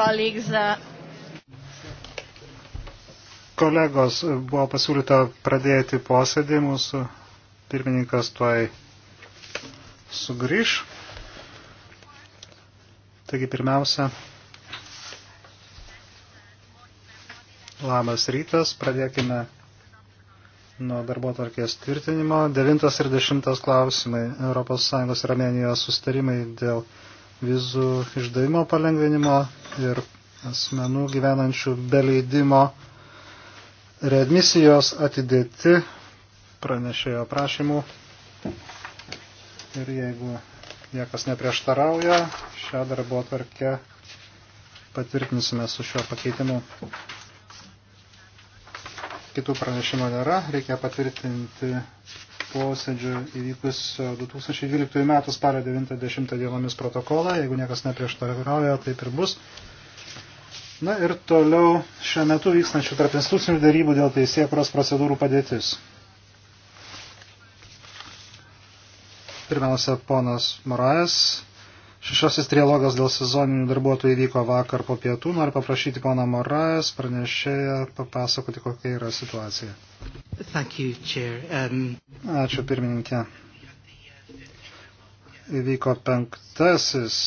colleagues. Uh, Kolegos, buvo pasiūlyta pradėti posėdį, mūsų pirmininkas tuoj sugrįž. Taigi pirmiausia, labas rytas, pradėkime nuo darbo tvarkės tvirtinimo. Devintas ir dešimtas klausimai ES ir Armenijos sustarimai dėl vizų išdavimo palengvinimo ir asmenų gyvenančių be leidimo readmisijos atidėti pranešėjo prašymų. Ir jeigu niekas neprieštarauja, šią darbo atvarkę patvirtinsime su šiuo pakeitimu. Kitų pranešimų nėra, reikia patvirtinti posėdžio įvykus 2012 e, m. spalio 90 dienomis protokolą. Jeigu niekas neprieštarauja, taip ir bus. Na ir toliau šiuo metu vykstančių tarp institucinių darybų dėl teisėkuros procedūrų padėtis. Pirmiausia, ponas Moraes Šešasis trialogas dėl sezoninių darbuotojų vyko vakar po pietų. Noriu paprašyti poną Moraes pranešėją papasakoti, kokia yra situacija. You, um... Ačiū pirmininkė. Įvyko penktasis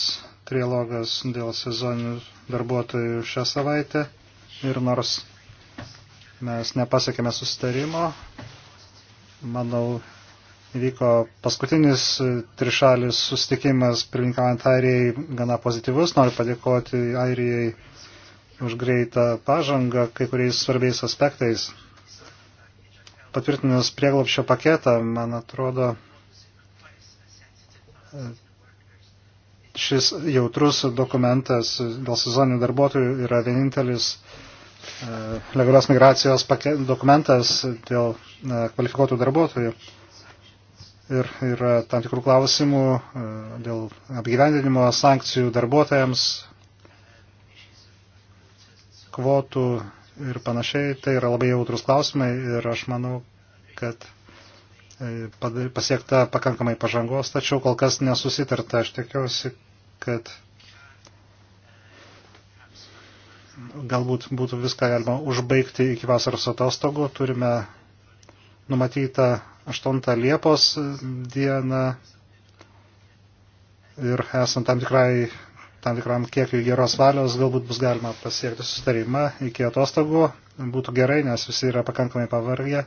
trialogas dėl sezoninių darbuotojų šią savaitę. Ir nors mes nepasakėme sustarimo, manau, Įvyko paskutinis trišalis sustikimas pirmininkaujant Airijai gana pozityvus. Noriu padėkoti Airijai už greitą pažangą kai kuriais svarbiais aspektais. Patvirtinus prieglopščio paketą, man atrodo, šis jautrus dokumentas dėl sezoninių darbuotojų yra vienintelis e, legalios migracijos dokumentas dėl e, kvalifikuotų darbuotojų ir yra tam tikrų klausimų e, dėl apgyvendinimo sankcijų darbuotojams, kvotų ir panašiai. Tai yra labai jautrus klausimai ir aš manau, kad e, pasiekta pakankamai pažangos, tačiau kol kas nesusitarta. Aš tikiuosi, kad galbūt būtų viską galima užbaigti iki vasaros atostogų. Turime numatytą 8 Liepos dieną ir esant tam, tikrai, tam tikram kiekiu geros valios, galbūt bus galima pasiekti sustarimą iki atostogų. Būtų gerai, nes visi yra pakankamai pavargę.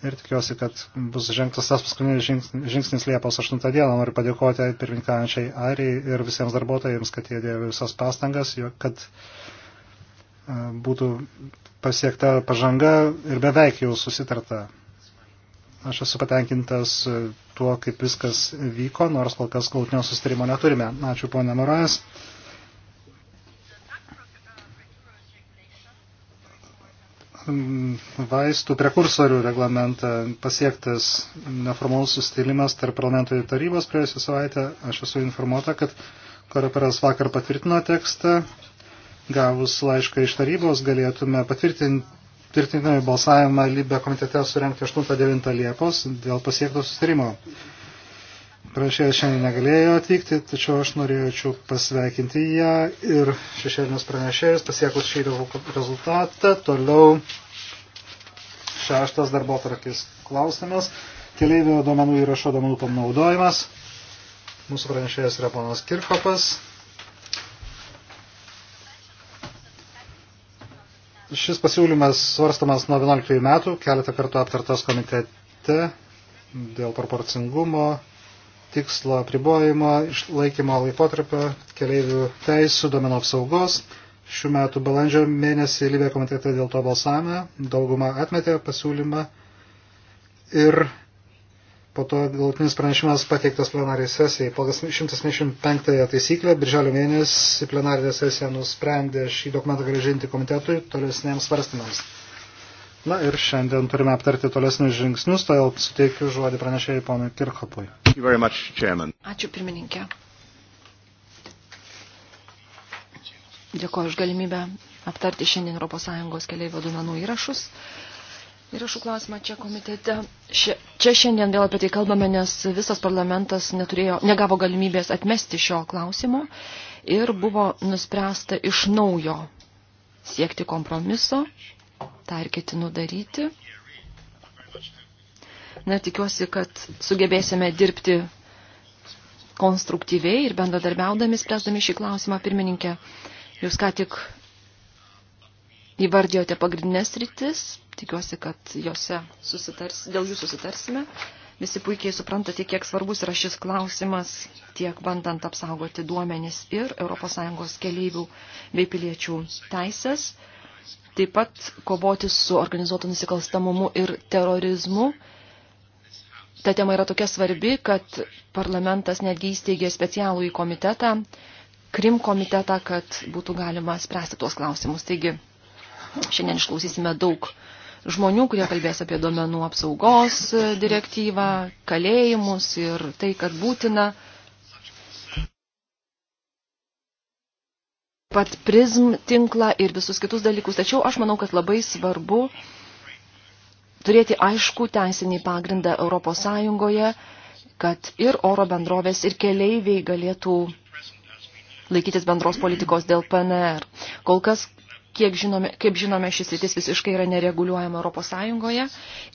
Ir tikiuosi, kad bus žengtas tas paskutinis žingsnis, žingsnis Liepos 8 dieną. Noriu padėkoti pirmininkančiai Arijai ir visiems darbuotojams, kad jie dėjo visas pastangas, kad būtų pasiekta pažanga ir beveik jau susitarta Aš esu patenkintas e, tuo, kaip viskas vyko, nors kol kas galutinio sustarimo neturime. Ačiū, ponė Morais. Mm, vaistų prekursorių reglamentą pasiektas neformalus sustarimas tarp parlamento ir tarybos praėjusią savaitę. Aš esu informuota, kad Koreperas vakar patvirtino tekstą. Gavus laišką iš tarybos galėtume patvirtinti tvirtinami balsavimą Libė komitete surenkti 8-9 Liepos dėl pasiekto sustarimo. Pranešėjas šiandien negalėjo atvykti, tačiau aš norėčiau pasveikinti ją ir šešėlinius pranešėjus pasiekus šį rezultatą. Toliau šeštas darbo trakis klausimas. Keleivio duomenų įrašo duomenų panaudojimas. Mūsų pranešėjas yra ponas Kirkopas. Šis pasiūlymas svarstamas nuo 11 metų, keletą kartų aptartas komitete dėl proporcingumo, tikslo apribojimo, išlaikymo laikotarpio, keleivių teisų, domenų apsaugos. Šių metų balandžio mėnesį Libė komitete dėl to balsavime dauguma atmetė pasiūlymą ir Po to galutinis pranešimas pateiktas plenariai sesijai. Pagal 175 taisyklę, birželio mėnesį plenarinė sesija nusprendė šį dokumentą gražinti komitetui tolesniems svarstymams. Na ir šiandien turime aptarti tolesnius žingsnius, todėl suteikiu žodį pranešėjai ponui Kirchhopui. Ačiū pirmininkė. Dėkuoju už galimybę aptarti šiandien ES keliaivių duomenų įrašus. Uh, Ir aš klausimą čia komitete. Šia, čia šiandien vėl apie tai kalbame, nes visas parlamentas neturėjo, negavo galimybės atmesti šio klausimo ir buvo nuspręsta iš naujo siekti kompromiso. Ta ir ketinu daryti. Na, tikiuosi, kad sugebėsime dirbti konstruktyviai ir bendradarbiaudami, spręsdami šį klausimą, pirmininkė. Jūs ką tik įvardėjote pagrindinės rytis, tikiuosi, kad jose susitars, dėl jų susitarsime. Visi puikiai suprantate, kiek svarbus yra šis klausimas, tiek bandant apsaugoti duomenis ir ES keleivių bei piliečių teisės, taip pat kovoti su organizuotu nusikalstamumu ir terorizmu. Ta tema yra tokia svarbi, kad parlamentas netgi įsteigė specialų į komitetą, Krim komitetą, kad būtų galima spręsti tuos klausimus. Taigi, Šiandien išklausysime daug žmonių, kurie kalbės apie duomenų apsaugos e, direktyvą, kalėjimus ir tai, kad būtina pat prizm tinklą ir visus kitus dalykus. Tačiau aš manau, kad labai svarbu turėti aišku teisinį pagrindą Europos Sąjungoje, kad ir oro bendrovės, ir keleiviai galėtų laikytis bendros politikos dėl PNR. Kol kas Kiek žinome, kaip žinome, šis rytis visiškai yra nereguliuojama Europos Sąjungoje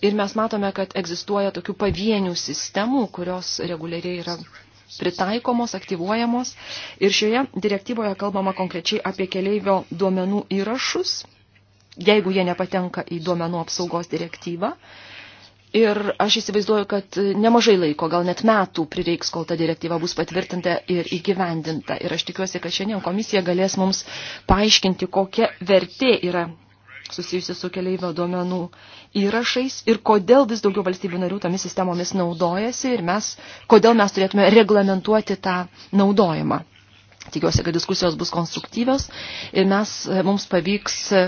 ir mes matome, kad egzistuoja tokių pavienių sistemų, kurios reguliariai yra pritaikomos, aktyvuojamos. Ir šioje direktyvoje kalbama konkrečiai apie keleivio duomenų įrašus, jeigu jie nepatenka į duomenų apsaugos direktyvą. Ir aš įsivaizduoju, kad nemažai laiko, gal net metų prireiks, kol ta direktyva bus patvirtinta ir įgyvendinta. Ir aš tikiuosi, kad šiandien komisija galės mums paaiškinti, kokia vertė yra susijusi su keleivio duomenų įrašais ir kodėl vis daugiau valstybių narių tomis sistemomis naudojasi ir mes, kodėl mes turėtume reglamentuoti tą naudojimą. Tikiuosi, kad diskusijos bus konstruktyvios ir mes, e, mums pavyks e,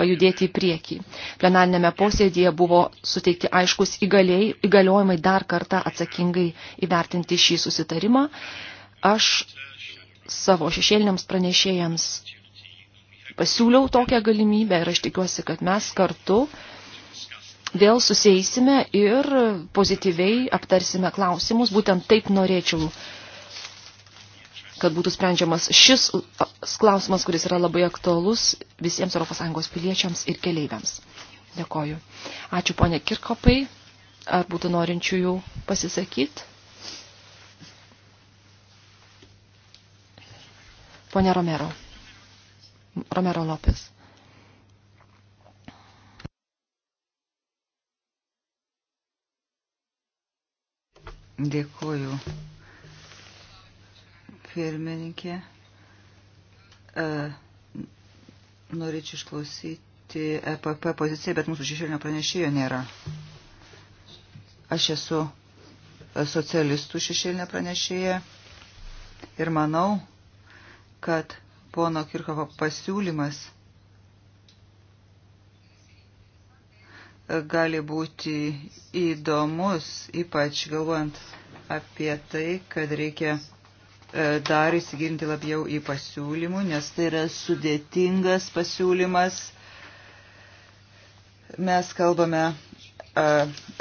pajudėti į priekį. Plenarinėme posėdėje buvo suteikti aiškus įgaliai, įgaliojimai dar kartą atsakingai įvertinti šį susitarimą. Aš savo šešėliniams pranešėjams pasiūliau tokią galimybę ir aš tikiuosi, kad mes kartu vėl susėsime ir pozityviai aptarsime klausimus. Būtent taip norėčiau kad būtų sprendžiamas šis klausimas, kuris yra labai aktualus visiems ES piliečiams ir keleiviams. Dėkoju. Ačiū ponė Kirkopai. Ar būtų norinčiųjų pasisakyti? Pone Romero. Romero Lopes. Dėkuoju pirmininkė. E, norėčiau išklausyti EPP poziciją, bet mūsų šešėlinio pranešėjo nėra. Aš esu socialistų šešėlinė pranešėja ir manau, kad pono Kirkovo pasiūlymas gali būti įdomus, ypač galvojant apie tai, kad reikia E, dar įsigilinti labiau į pasiūlymų, nes tai yra sudėtingas pasiūlymas. Mes kalbame e,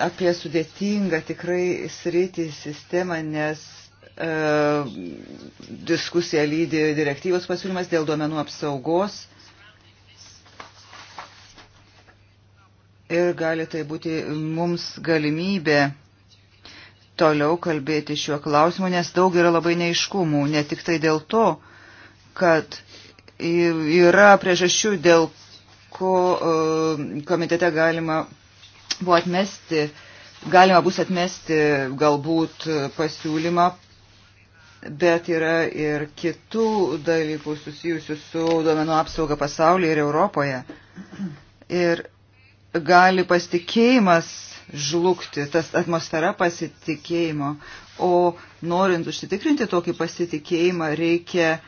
apie sudėtingą tikrai sritį sistemą, nes e, diskusija lydi direktyvos pasiūlymas dėl duomenų apsaugos. Ir gali tai būti mums galimybė toliau kalbėti šiuo klausimu, nes daug yra labai neiškumų, ne tik tai dėl to, kad yra priežasčių, dėl ko e, komitete galima buvo atmesti, galima bus atmesti galbūt pasiūlymą, bet yra ir kitų dalykų susijusių su duomenų apsauga pasaulyje ir Europoje. Ir gali pasitikėjimas žlugti, tas atmosfera pasitikėjimo. O norint užsitikrinti tokį pasitikėjimą, reikia e,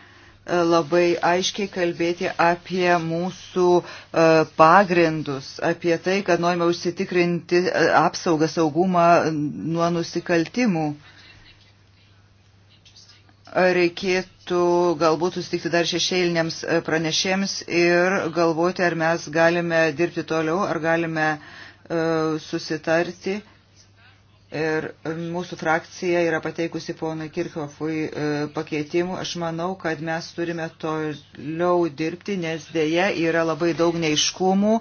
labai aiškiai kalbėti apie mūsų e, pagrindus, apie tai, kad norime užsitikrinti e, apsaugą, saugumą nuo nusikaltimų. Reikėtų galbūt susitikti dar šešėliniams pranešėms ir galvoti, ar mes galime dirbti toliau, ar galime uh, E, susitarti. Ir mūsų frakcija yra pateikusi ponui Kirchhoffui e, pakeitimų. Aš manau, kad mes turime toliau dirbti, nes dėja yra labai daug neiškumų,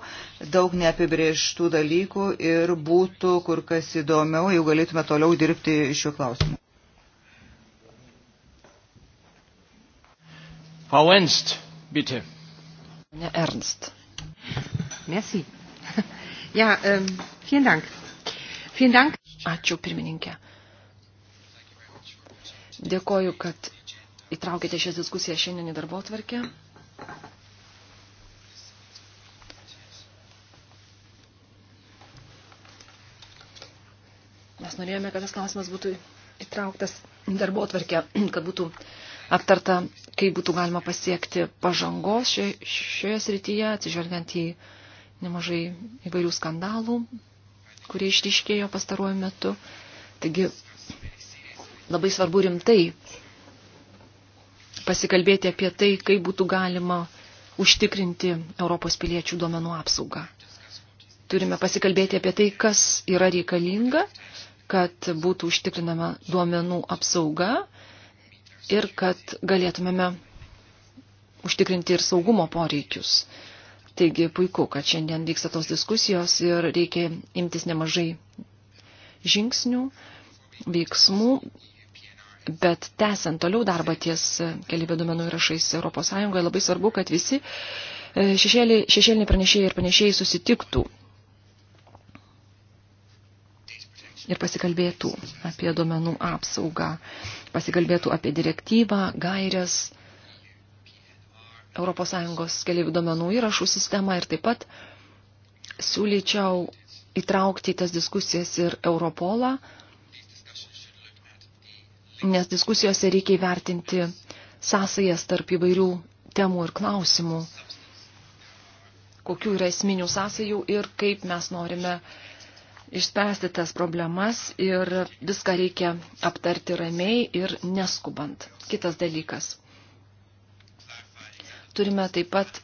daug neapibrieštų dalykų ir būtų kur kas įdomiau, jeigu galėtume toliau dirbti šiuo klausimu. Frau Ernst, bitte. Ne Ernst. Merci. Ja, um, vielen Dank. Vielen Dank. Ačiū, pirmininkė. Dėkoju, kad įtraukėte šias diskusijas šiandien į darbo tvarkę. Mes norėjome, kad tas klausimas būtų įtrauktas į darbo tvarkę, kad būtų aptarta, kaip būtų galima pasiekti pažangos šioje srityje, atsižvelgiant į nemažai įvairių skandalų, kurie išryškėjo pastaruoju metu. Taigi labai svarbu rimtai pasikalbėti apie tai, kaip būtų galima užtikrinti Europos piliečių duomenų apsaugą. Turime pasikalbėti apie tai, kas yra reikalinga, kad būtų užtikrinama duomenų apsauga ir kad galėtumėme užtikrinti ir saugumo poreikius. Taigi puiku, kad šiandien vyksta tos diskusijos ir reikia imtis nemažai žingsnių, veiksmų, bet tęsiant toliau darbą ties keliaivių duomenų įrašais ES labai svarbu, kad visi e, šešėlį, šešėliniai pranešėjai ir pranešėjai susitiktų ir pasikalbėtų apie duomenų apsaugą, pasikalbėtų apie direktyvą, gairias ES keliaivių duomenų įrašų sistemą ir taip pat siūlyčiau įtraukti į tas diskusijas ir Europolą, nes diskusijose reikia įvertinti sąsajas tarp įvairių temų ir klausimų, kokių yra esminių sąsajų ir kaip mes norime išspręsti tas problemas ir viską reikia aptarti ramiai ir neskubant. Kitas dalykas. Turime taip pat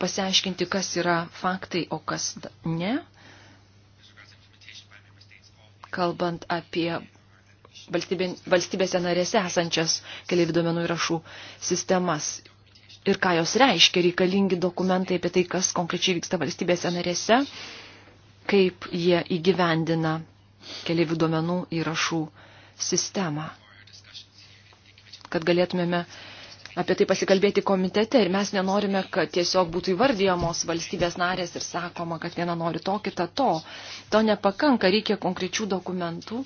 pasiaiškinti, kas yra faktai, o kas ne. Kalbant apie valstybė, valstybėse narėse esančias keliaivių duomenų įrašų sistemas ir ką jos reiškia, reikalingi dokumentai apie tai, kas konkrečiai vyksta valstybėse narėse, kaip jie įgyvendina keliaivių duomenų įrašų sistemą. Kad galėtumėme apie tai pasikalbėti komitete ir mes nenorime, kad tiesiog būtų įvardyjamos valstybės narės ir sakoma, kad viena nori to, kita to. To nepakanka, reikia konkrečių dokumentų.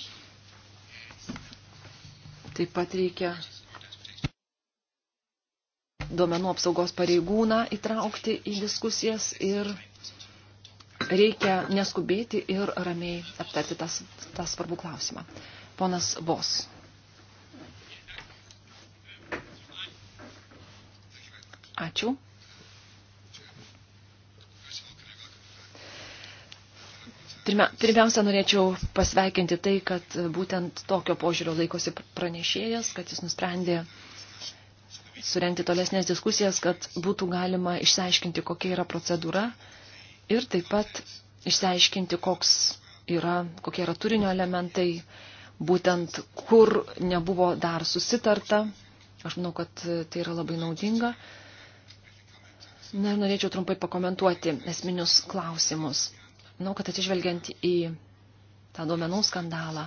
Taip pat reikia duomenų apsaugos pareigūną įtraukti į diskusijas ir reikia neskubėti ir ramiai aptarti tą svarbų klausimą. Ponas Vos. Ačiū. Pirmiausia, norėčiau pasveikinti tai, kad būtent tokio požiūrio laikosi pranešėjas, kad jis nusprendė surenti tolesnės diskusijas, kad būtų galima išsiaiškinti, kokia yra procedūra ir taip pat išsiaiškinti, koks yra, kokie yra turinio elementai, būtent kur nebuvo dar susitarta. Aš manau, kad tai yra labai naudinga. Na ir norėčiau trumpai pakomentuoti esminius klausimus. Manau, kad atsižvelgiant į tą duomenų skandalą,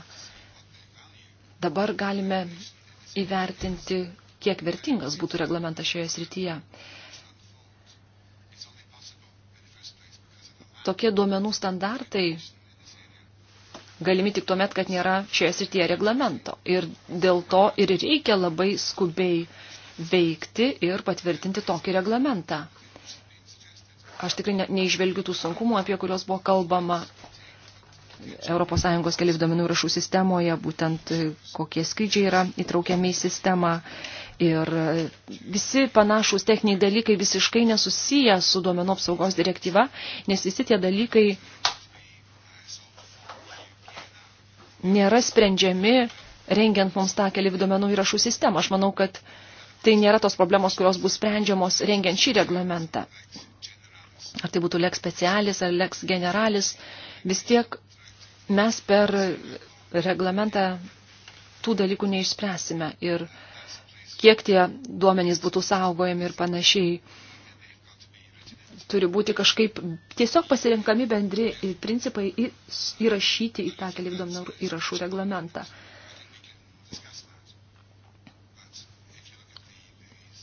dabar galime įvertinti, kiek vertingas būtų reglamentas šioje srityje. Tokie duomenų standartai galimi tik tuomet, kad nėra šioje srityje reglamento. Ir dėl to ir reikia labai skubiai veikti ir patvirtinti tokį reglamentą. Aš tikrai ne, neižvelgiu tų sunkumų, apie kurios buvo kalbama ES keliais domenų rašų sistemoje, būtent e, kokie skrydžiai yra įtraukiami į sistemą. Ir e, visi panašūs techniniai dalykai visiškai nesusiję su duomenų apsaugos direktyva, nes visi tie dalykai nėra sprendžiami rengiant mums tą kelių duomenų įrašų sistemą. Aš manau, kad tai nėra tos problemos, kurios bus sprendžiamos rengiant šį reglamentą ar tai būtų leks specialis ar leks generalis, vis tiek mes per reglamentą tų dalykų neišspręsime ir kiek tie duomenys būtų saugojami ir panašiai. Turi būti kažkaip tiesiog pasirinkami bendri principai įrašyti į tą kelių duomenų įrašų reglamentą.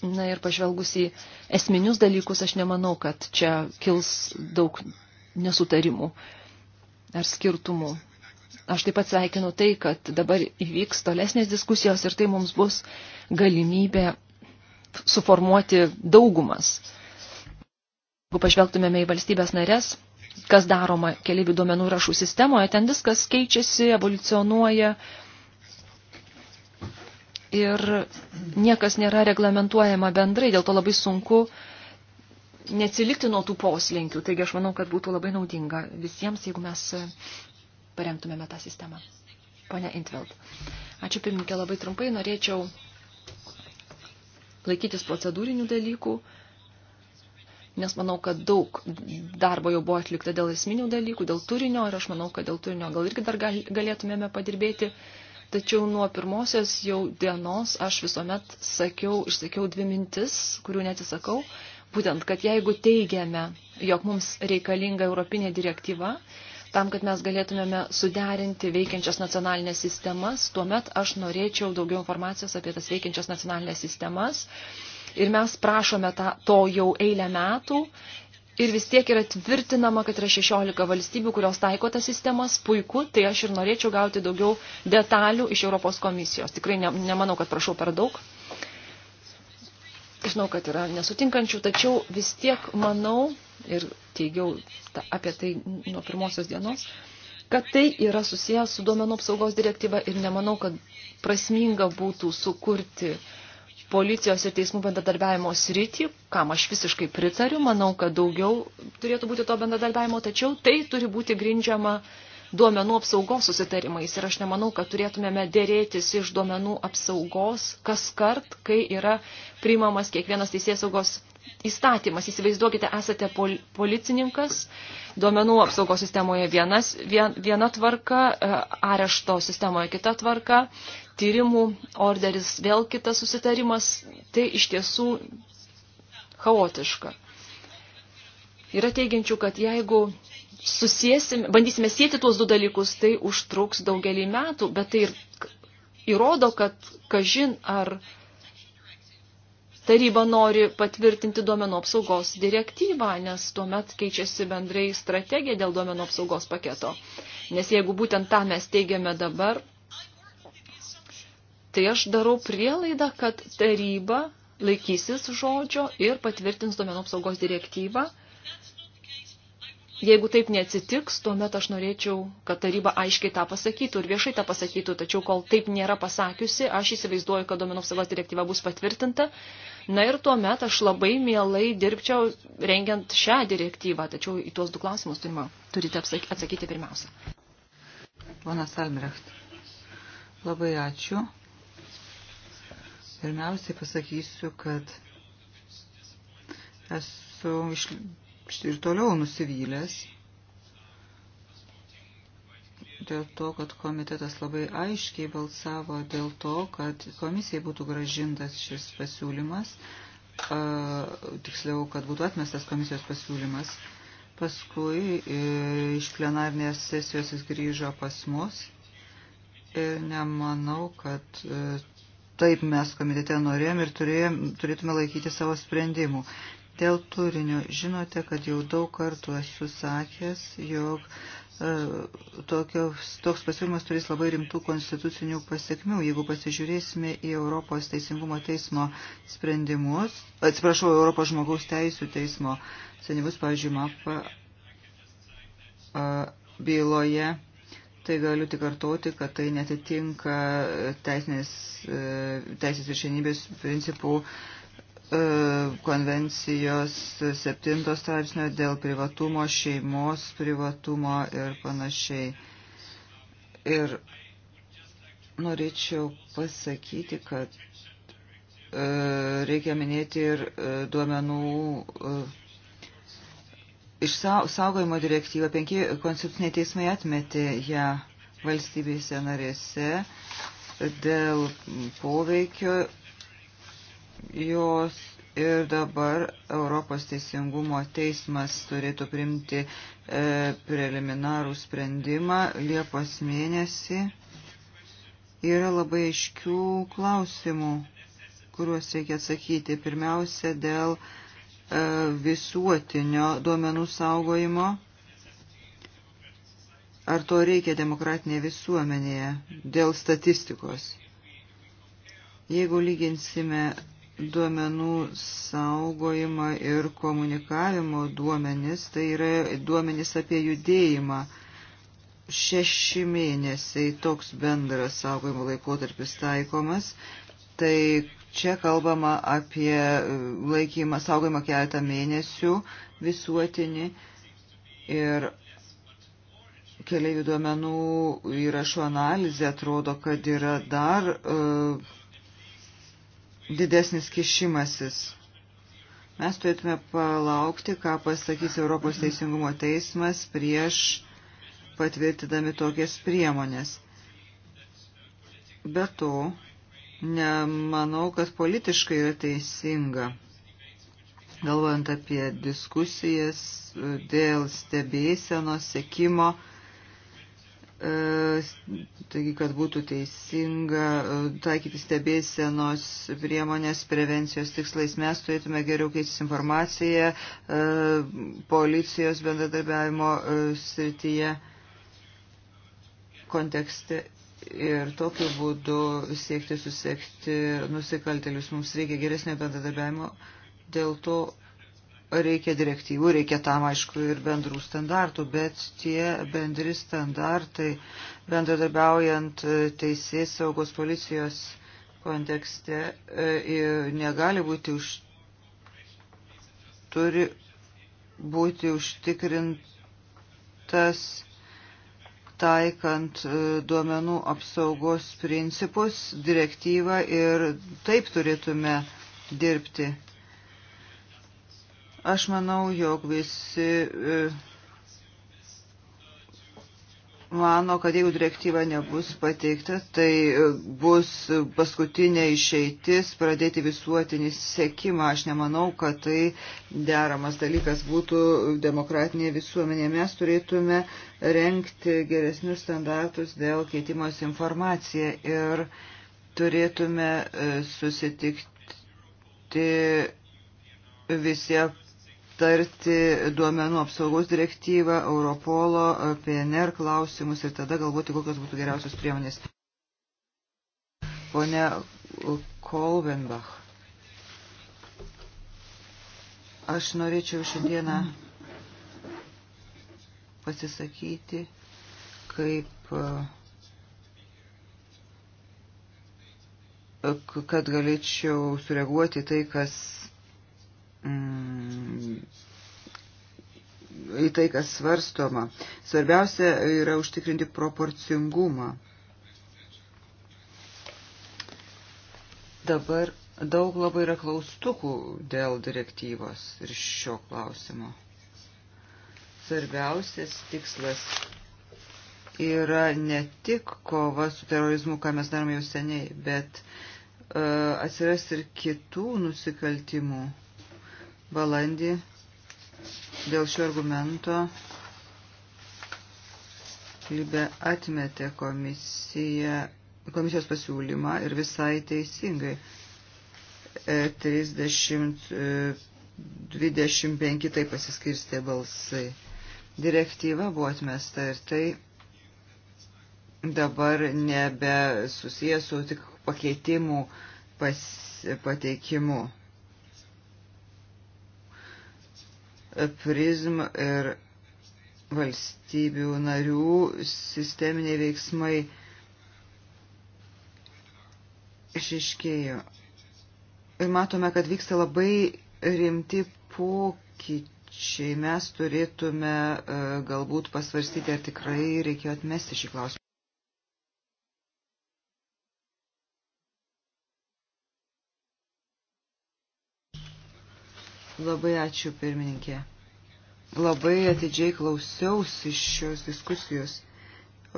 Na ir pažvelgus į esminius dalykus, aš nemanau, kad čia kils daug nesutarimų ar skirtumų. Aš taip pat sveikinu tai, kad dabar įvyks tolesnės diskusijos ir tai mums bus galimybė suformuoti daugumas. Jeigu pažvelgtumėme į valstybės narės, kas daroma keliaivių duomenų rašų sistemoje, ten viskas keičiasi, evoliucionuoja, ir niekas nėra reglamentuojama bendrai, dėl to labai sunku neatsilikti nuo tų poslinkių. Taigi aš manau, kad būtų labai naudinga visiems, jeigu mes paremtumėme tą sistemą. Pone Intveld. Ačiū pirmininkė, labai trumpai norėčiau laikytis procedūrinių dalykų, nes manau, kad daug darbo jau buvo atlikta dėl esminių dalykų, dėl turinio ir aš manau, kad dėl turinio gal irgi dar galėtumėme padirbėti. Tačiau nuo pirmosios jau dienos aš visuomet sakiau, išsakiau dvi mintis, kurių netisakau. Būtent, kad jeigu teigiame, jog mums reikalinga Europinė direktyva, tam, kad mes galėtumėme suderinti veikiančias nacionalinės sistemas, tuomet aš norėčiau daugiau informacijos apie tas veikiančias nacionalinės sistemas. Ir mes prašome tą, to jau eilę metų ir vis tiek yra tvirtinama, kad yra 16 valstybių, kurios taiko tas sistemas, puiku, tai aš ir norėčiau gauti daugiau detalių iš Europos komisijos. Tikrai ne, nemanau, kad prašau per daug. Žinau, kad yra nesutinkančių, tačiau vis tiek manau ir teigiau ta, apie tai nuo pirmosios dienos, kad tai yra susijęs su duomenų apsaugos direktyva ir nemanau, kad prasminga būtų sukurti uh, policijos ir teismų bendradarbiavimo sritį, kam aš visiškai pritariu, manau, kad daugiau turėtų būti to bendradarbiavimo, tačiau tai turi būti grindžiama duomenų apsaugos susitarimais ir aš nemanau, kad turėtumėme dėrėtis iš duomenų apsaugos kas kart, kai yra priimamas kiekvienas teisės saugos įstatymas. Įsivaizduokite, esate pol policininkas, duomenų apsaugos sistemoje vienas, vien, viena tvarka, e, arešto sistemoje kita tvarka, tyrimų orderis, vėl kitas susitarimas, tai iš tiesų chaotiška. Yra teigiančių, kad jeigu susiesim, bandysime sėti tuos du dalykus, tai užtruks daugelį metų, bet tai ir įrodo, kad kažin ar taryba nori patvirtinti duomenų apsaugos direktyvą, nes tuomet keičiasi bendrai strategija dėl duomenų apsaugos paketo. Nes jeigu būtent tą mes teigiame dabar, Tai aš darau prielaidą, kad taryba laikysis žodžio ir patvirtins duomenų apsaugos direktyvą. Jeigu taip neatsitiks, tuomet aš norėčiau, kad taryba aiškiai tą pasakytų ir viešai tą pasakytų, tačiau kol taip nėra pasakiusi, aš įsivaizduoju, kad duomenų apsaugos direktyva bus patvirtinta. Na ir tuomet aš labai mielai dirbčiau rengiant šią direktyvą, tačiau į tuos du klausimus turime, turite atsakyti pirmiausia. Ponas Almrecht, labai ačiū. Pirmiausiai pasakysiu, kad esu iš, ir toliau nusivylęs dėl to, kad komitetas labai aiškiai balsavo dėl to, kad komisijai būtų gražintas šis pasiūlymas, a, tiksliau, kad būtų atmestas komisijos pasiūlymas. Paskui e, iš plenarnės sesijos jis grįžo pas mus ir nemanau, kad e, taip mes komitete norėjom ir turėjom, turėtume laikyti savo sprendimų. Dėl turinio žinote, kad jau daug kartų esu sakęs, jog e, tokios, toks pasiūlymas turės labai rimtų konstitucinių pasiekmių. Jeigu pasižiūrėsime į Europos teisingumo teismo sprendimus, atsiprašau, Europos žmogaus teisų teismo sprendimus, pavyzdžiui, MAP e, byloje tai galiu tik kartoti, kad tai netitinka teisinės, e, teisės viršenybės principų e, konvencijos septinto straipsnio dėl privatumo, šeimos privatumo ir panašiai. Ir norėčiau pasakyti, kad e, reikia minėti ir duomenų Išsaugojimo direktyva penki konstituciniai teismai atmetė ją valstybėse narėse dėl poveikio jos ir dabar Europos teisingumo teismas turėtų primti e, preliminarų sprendimą Liepos mėnesį. Yra labai aiškių klausimų, kuriuos reikia atsakyti. Pirmiausia, dėl e, visuotinio duomenų saugojimo. Ar to reikia demokratinėje visuomenėje dėl statistikos? Jeigu lyginsime duomenų saugojimą ir komunikavimo duomenis, tai yra duomenis apie judėjimą. Šeši mėnesiai toks bendras saugojimo laikotarpis taikomas, tai Čia kalbama apie e, laikymą, saugojimą keletą mėnesių visuotinį ir keliaivių duomenų įrašų analizė atrodo, kad yra dar uh, didesnis kišimasis. Mes turėtume palaukti, ką pasakys Europos Teisingumo teismas prieš patvirtidami tokias priemonės. Be to, nemanau, kad politiškai yra teisinga. Galvojant apie diskusijas e, dėl stebėsenos, sekimo, e, taigi, kad būtų teisinga e, taikyti stebėsenos priemonės prevencijos tikslais, mes turėtume geriau keistis informaciją policijos bendradarbiavimo srityje kontekste ir tokiu būdu siekti susekti nusikaltelius. Mums reikia geresnio bendradarbiavimo, dėl to reikia direktyvų, reikia tam aišku ir bendrų standartų, bet tie bendri standartai bendradarbiaujant e, teisės saugos policijos kontekste e, negali būti už, turi būti užtikrintas taikant e, duomenų apsaugos principus, direktyvą ir taip turėtume dirbti. Aš manau, jog visi e, mano, kad jeigu direktyva nebus pateikta, tai e, bus paskutinė išeitis pradėti visuotinį sekimą. Aš nemanau, kad tai deramas dalykas būtų demokratinė visuomenė. Mes turėtume renkti geresnius standartus dėl keitimos informaciją ir turėtume e, susitikti visi aptarti duomenų apsaugos direktyvą, Europolo, PNR klausimus ir tada galvoti, kokios būtų geriausios priemonės. Pone Kolvenbach, aš norėčiau šiandieną pasisakyti kaip e, kad galėčiau sureaguoti tai, kas mm, į tai, kas svarstoma. Svarbiausia yra užtikrinti proporcingumą. Dabar daug labai yra klaustukų dėl direktyvos ir šio klausimo. Svarbiausias tikslas yra ne tik kova su terorizmu, ką mes darome jau seniai, bet uh, atsiras ir kitų nusikaltimų. Uh, balandį dėl šio argumento Libė atmetė komisiją, komisijos pasiūlymą ir visai teisingai. 30, e, 25 e, tai pasiskirstė balsai. Direktyva buvo atmesta ir tai dabar nebe susijęs su tik pakeitimų pas, pateikimu. prizm ir valstybių narių sisteminiai veiksmai išiškėjo. Ir matome, kad vyksta labai rimti pokyčiai. Mes turėtume e, galbūt pasvarstyti, ar tikrai reikėjo atmesti šį klausimą. Labai ačiū, pirmininkė. Labai atidžiai klausiausi šios diskusijos.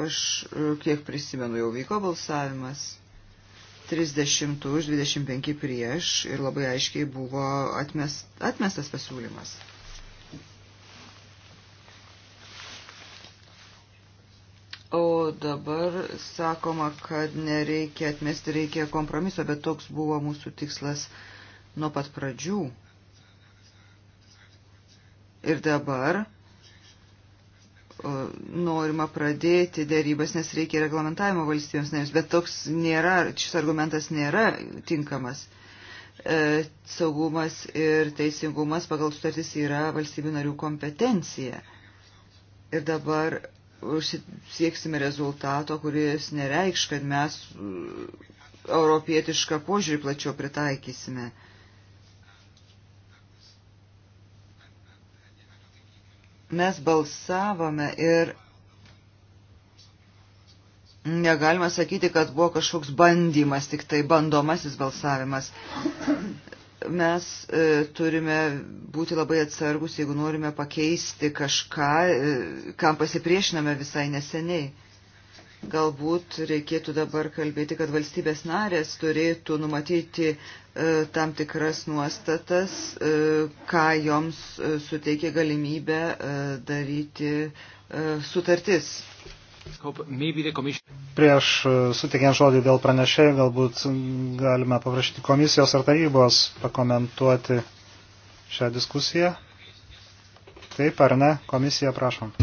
Aš, e, kiek prisimenu, jau vyko balsavimas. 30 už 25 prieš ir labai aiškiai buvo atmest, atmestas pasiūlymas. O dabar sakoma, kad nereikia atmesti, reikia kompromiso, bet toks buvo mūsų tikslas nuo pat pradžių. Ir dabar norima pradėti dėrybas, nes reikia reglamentavimo valstybėms narėms, bet toks nėra, šis argumentas nėra tinkamas. E, saugumas ir teisingumas pagal sutartis yra valstybių narių kompetencija. Ir dabar sieksime rezultato, kuris nereikš, kad mes e, europietišką požiūrį plačiau pritaikysime. E, Mes balsavome ir negalima sakyti, kad buvo kažkoks bandymas, tik tai bandomasis balsavimas. Mes e, turime būti labai atsargus, jeigu norime pakeisti kažką, e, kam pasipriešiname visai neseniai. Galbūt reikėtų dabar kalbėti, kad valstybės narės turėtų numatyti e, tam tikras nuostatas, e, ką joms e, suteikia galimybę e, daryti e, sutartis. Prieš e, sutikiant žodį dėl pranešėjų, galbūt galime paprašyti komisijos ar tarybos pakomentuoti šią diskusiją. Taip ar ne, komisija prašom.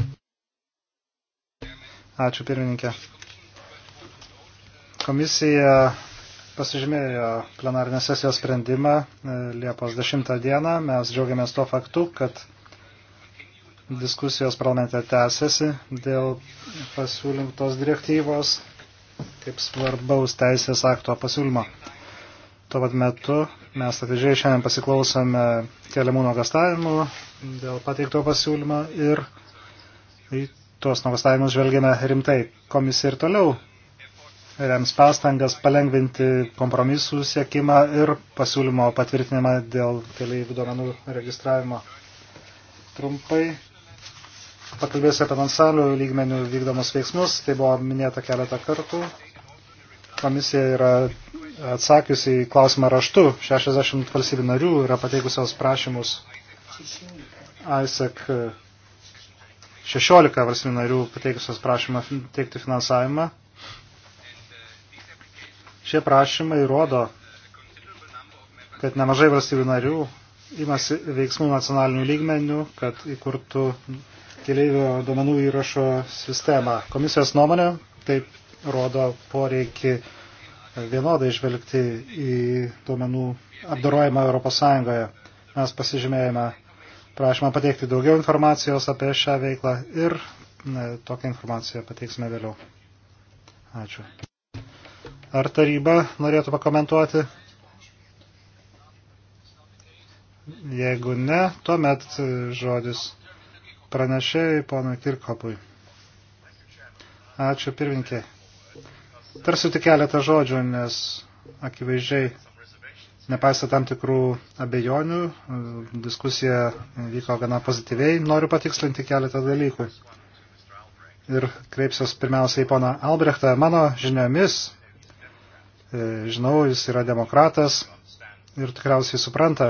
Ačiū pirmininkė. Komisija pasižymėjo plenarinės sesijos sprendimą e, Liepos 10 dieną. Mes džiaugiamės tuo faktu, kad diskusijos parlamente tęsiasi dėl pasiūlintos direktyvos kaip svarbaus teisės akto pasiūlymo. Tuo pat metu mes atidžiai šiandien pasiklausome keliamų nuogastavimų dėl pateikto pasiūlymo ir tuos nuogastavimus žvelgiame rimtai. Komisija ir toliau rems pastangas palengvinti kompromisų siekimą ir pasiūlymo patvirtinimą dėl keliaivių duomenų registravimo. Trumpai pakalbėsiu apie Mansalių lygmenių vykdomus veiksmus, tai buvo minėta keletą kartų. Komisija yra atsakiusi į klausimą raštu, 60 valstybių narių yra pateikusios prašymus ISEC 16 valstybių narių pateikusios prašymą teikti finansavimą. Šie prašymai rodo, kad nemažai valstybių narių imasi veiksmų nacionalinių lygmenių, kad įkurtų keleivio duomenų įrašo sistemą. Komisijos nuomonė taip rodo poreikį vienodai žvelgti į duomenų apdarojimą ES. Mes pasižymėjome prašymą pateikti daugiau informacijos apie šią veiklą ir ne, tokią informaciją pateiksime vėliau. Ačiū. Ar taryba norėtų pakomentuoti? Jeigu ne, tuomet žodis pranešėjai ponui Kirkopui. Ačiū pirminkė. Tarsiu tik keletą žodžių, nes akivaizdžiai Nepaisant tam tikrų abejonių, diskusija vyko gana pozityviai. Noriu patikslinti keletą dalykų. Ir kreipsiuos pirmiausiai į poną Albrechtą. Mano žiniomis, e, žinau, jis yra demokratas ir tikriausiai supranta,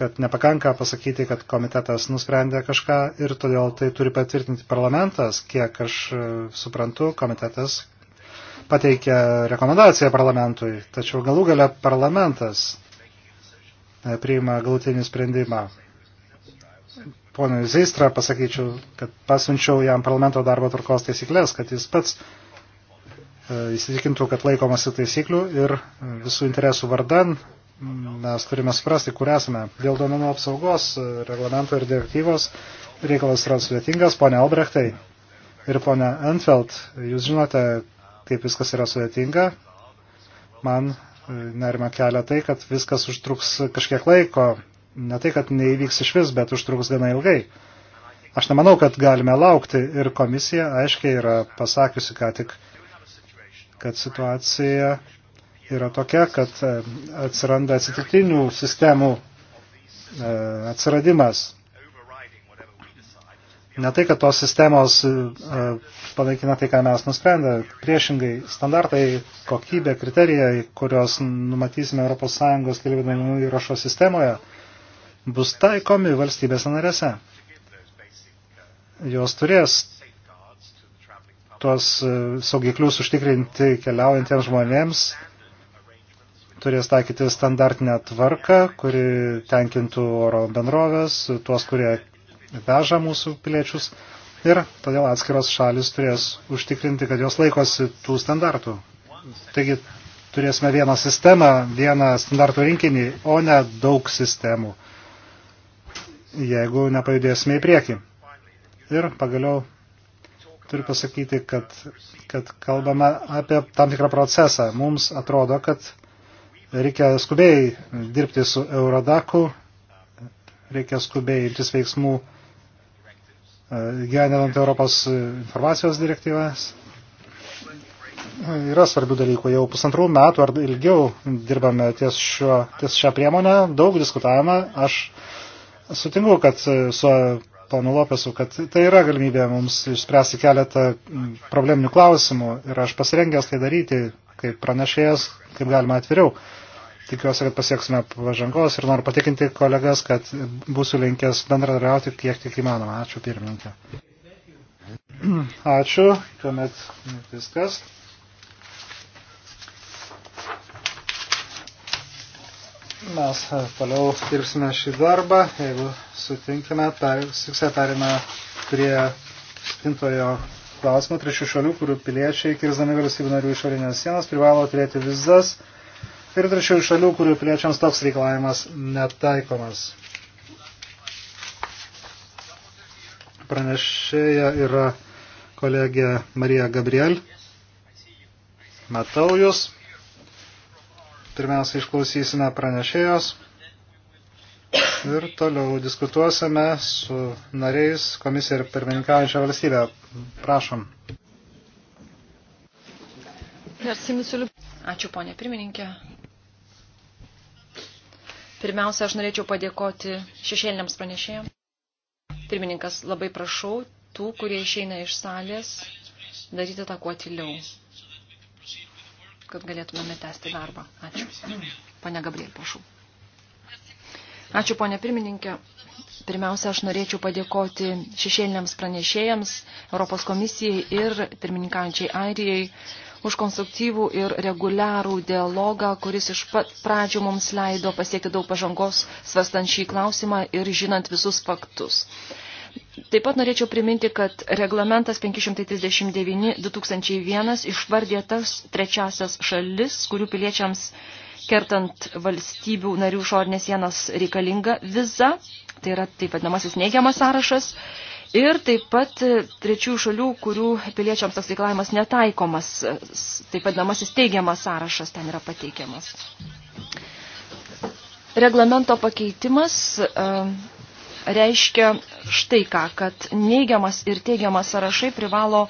kad nepakanka pasakyti, kad komitetas nusprendė kažką ir todėl tai turi patvirtinti parlamentas. Kiek aš e, suprantu, komitetas pateikė rekomendaciją parlamentui, tačiau galų gale parlamentas e, priima galutinį sprendimą. Ponui Zeistra pasakyčiau, kad pasiunčiau jam parlamento darbo tvarkos taisyklės, kad jis pats e, įsitikintų, kad laikomasi taisyklių ir visų interesų vardan mes turime suprasti, kur esame. Dėl duomenų apsaugos e, reglamento ir direktyvos reikalas yra sudėtingas, ponia Albrechtai ir ponia Enfeld. Jūs žinote, kaip viskas yra sudėtinga. Man e, nerima kelia tai, kad viskas užtruks kažkiek laiko. Ne tai, kad neįvyks iš vis, bet užtruks gana ilgai. Aš nemanau, kad galime laukti ir komisija aiškiai yra pasakiusi ką tik, kad situacija yra tokia, kad e, atsiranda atsitiktinių sistemų e, atsiradimas Ne tai, kad tos sistemos e, e, panaikina tai, ką mes nusprendę. Priešingai, standartai, kokybė, kriterijai, kuriuos numatysime ES keliavinamų įrašo sistemoje, bus taikomi valstybės narėse. Jos turės tuos e, saugiklius užtikrinti keliaujantiems žmonėms, turės taikyti standartinę tvarką, kuri tenkintų oro bendrovės, tuos, kurie veža mūsų piliečius ir todėl atskiros šalis turės užtikrinti, kad jos laikosi tų standartų. Taigi turėsime vieną sistemą, vieną standartų rinkinį, o ne daug sistemų, jeigu nepajudėsime į priekį. Ir pagaliau turiu pasakyti, kad, kad kalbame apie tam tikrą procesą. Mums atrodo, kad reikia skubiai dirbti su Eurodaku, reikia skubiai imtis veiksmų E, gyvenant Europos informacijos direktyvas. E, yra svarbių dalykų. Jau pusantrų metų ar ilgiau dirbame ties, šio, ties šią priemonę, daug diskutavome. Aš sutinku, kad e, su ponu Lopesu, kad tai yra galimybė mums išspręsti keletą probleminių klausimų ir aš pasirengęs tai daryti, kaip pranešėjas, kaip galima atviriau. Tikiuosi, kad pasieksime pažangos ir noriu patikinti kolegas, kad būsiu linkęs bendradarbiauti kiek tik įmanoma. Ačiū pirmininkė. Ačiū, tuomet viskas. Mes toliau dirbsime šį darbą, jeigu sutinkame, per, siksę perėmę prie spintojo klausimų trečių šalių, kurių piliečiai, kirzdami valstybių narių išorinės sienas, privalo turėti vizas ir trečiųjų šalių, kurių piliečiams toks reikalavimas netaikomas. Pranešėja yra kolegė Marija Gabriel. Matau jūs. Pirmiausia, išklausysime pranešėjos ir toliau diskutuosime su nariais komisija ir pirmininkaujančia valstybė. Prašom. Ačiū, ponė pirmininkė. Pirmiausia, aš norėčiau padėkoti šešėliniams pranešėjams. Pirmininkas, labai prašau tų, kurie išeina iš salės, daryti tą kuo tyliau, kad galėtumėme tęsti darbą. Ačiū. Pane Gabriel, prašau. Ačiū, ponė pirmininkė. Pirmiausia, aš norėčiau padėkoti šešėliniams pranešėjams, Europos komisijai ir pirmininkaujančiai Airijai už konstruktyvų ir reguliarų dialogą, kuris iš pat pradžių mums leido pasiekti daug pažangos, svastant šį klausimą ir žinant visus faktus. Taip pat norėčiau priminti, kad reglamentas 539-2001 išvardė tas trečiasias šalis, kurių piliečiams kertant valstybių narių šornės sienas reikalinga viza, tai yra taip vadinamasis neigiamas sąrašas. Ir taip pat trečių šalių, kurių piliečiams toks reikalavimas netaikomas, taip vadinamasis teigiamas sąrašas ten yra pateikiamas. Reglamento pakeitimas e, reiškia štai ką, kad neigiamas ir teigiamas sąrašai privalo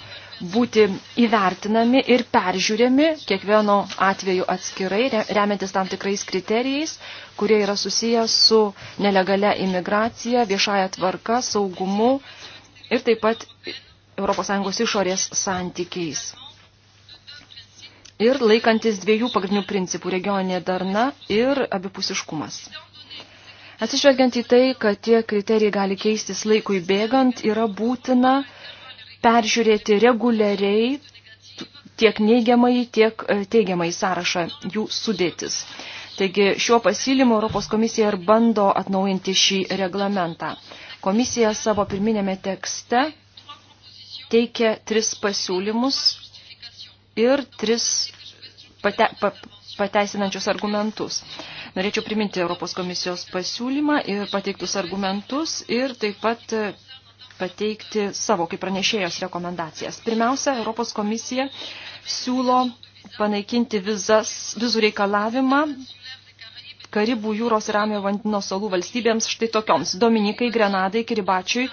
būti įvertinami ir peržiūrėmi kiekvieno atveju atskirai, remiantis tam tikrais kriterijais, kurie yra susiję su nelegalia imigracija, viešaja tvarka, saugumu, ir taip pat ES išorės santykiais. Ir laikantis dviejų pagrindinių principų – regioninė darna ir abipusiškumas. Atsižvelgiant į tai, kad tie kriterijai gali keistis laikui bėgant, yra būtina peržiūrėti reguliariai tiek neigiamai, tiek e, teigiamai sąrašą jų sudėtis. Taigi šiuo pasiūlymu Europos komisija ir bando atnaujinti šį reglamentą. Komisija savo pirminėme tekste teikia tris pasiūlymus ir tris pate, pa, pateisinančius argumentus. Norėčiau priminti Europos komisijos pasiūlymą ir pateiktus argumentus ir taip pat e, pateikti savo kaip pranešėjos rekomendacijas. Pirmiausia, Europos komisija siūlo panaikinti vizas, vizų reikalavimą Karibų jūros ir Ramio Vandino salų valstybėms štai tokioms – Dominikai, Grenadai, Kiribačiui,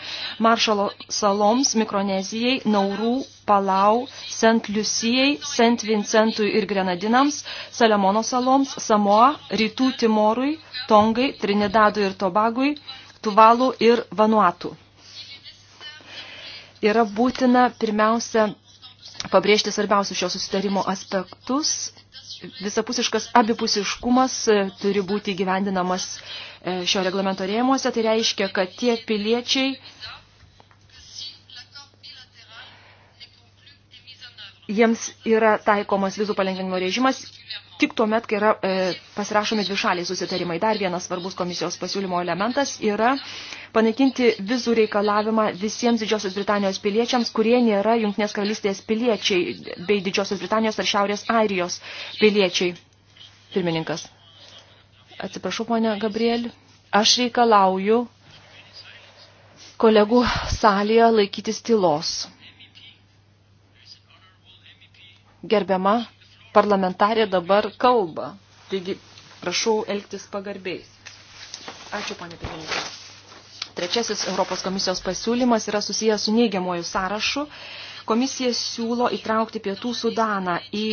Maršalo saloms, Mikronezijai, Naurų, Palau, Sent Liusijai, Sent Vincentui ir Grenadinams, Salemono saloms, Samoa, Rytų Timorui, Tongai, Trinidadui ir Tobagui, Tuvalu ir Vanuatu. Yra būtina pirmiausia pabrėžti svarbiausius šio susitarimo aspektus – visapusiškas abipusiškumas e, turi būti gyvendinamas e, šio reglamento rėmuose. Tai reiškia, kad tie piliečiai, jiems yra taikomas vizų palengvinimo režimas, tik tuo met, kai yra e, pasirašomi dvišaliai susitarimai. Dar vienas svarbus komisijos pasiūlymo elementas yra panaikinti vizų reikalavimą visiems Didžiosios Britanijos piliečiams, kurie nėra Junktinės karalystės piliečiai bei Didžiosios Britanijos ar Šiaurės Airijos piliečiai. Pirmininkas. Atsiprašau, ponia Gabriel. Aš reikalauju kolegų salėje laikytis tylos. Gerbiama parlamentarė dabar kalba. Taigi, prašau elgtis pagarbiais. Ačiū, panė pirmininkė. Trečiasis Europos komisijos pasiūlymas yra susijęs su neigiamuoju sąrašu. Komisija siūlo įtraukti Pietų Sudaną į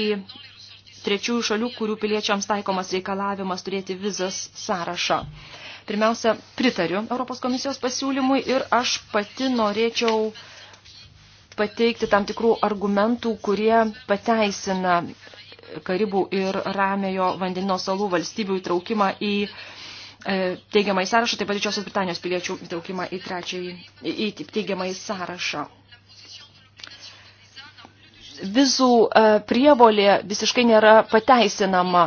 trečiųjų šalių, kurių piliečiams taikomas reikalavimas turėti vizas sąrašą. Pirmiausia, pritariu Europos komisijos pasiūlymui ir aš pati norėčiau pateikti tam tikrų argumentų, kurie pateisina Karibų ir Ramėjo vandenino salų valstybių įtraukimą į e, teigiamą į sąrašą, taip pat Didžiosios Britanijos piliečių įtraukimą į, trečiąjį, į teigiamą į sąrašą. Vizų e, prievolė visiškai nėra pateisinama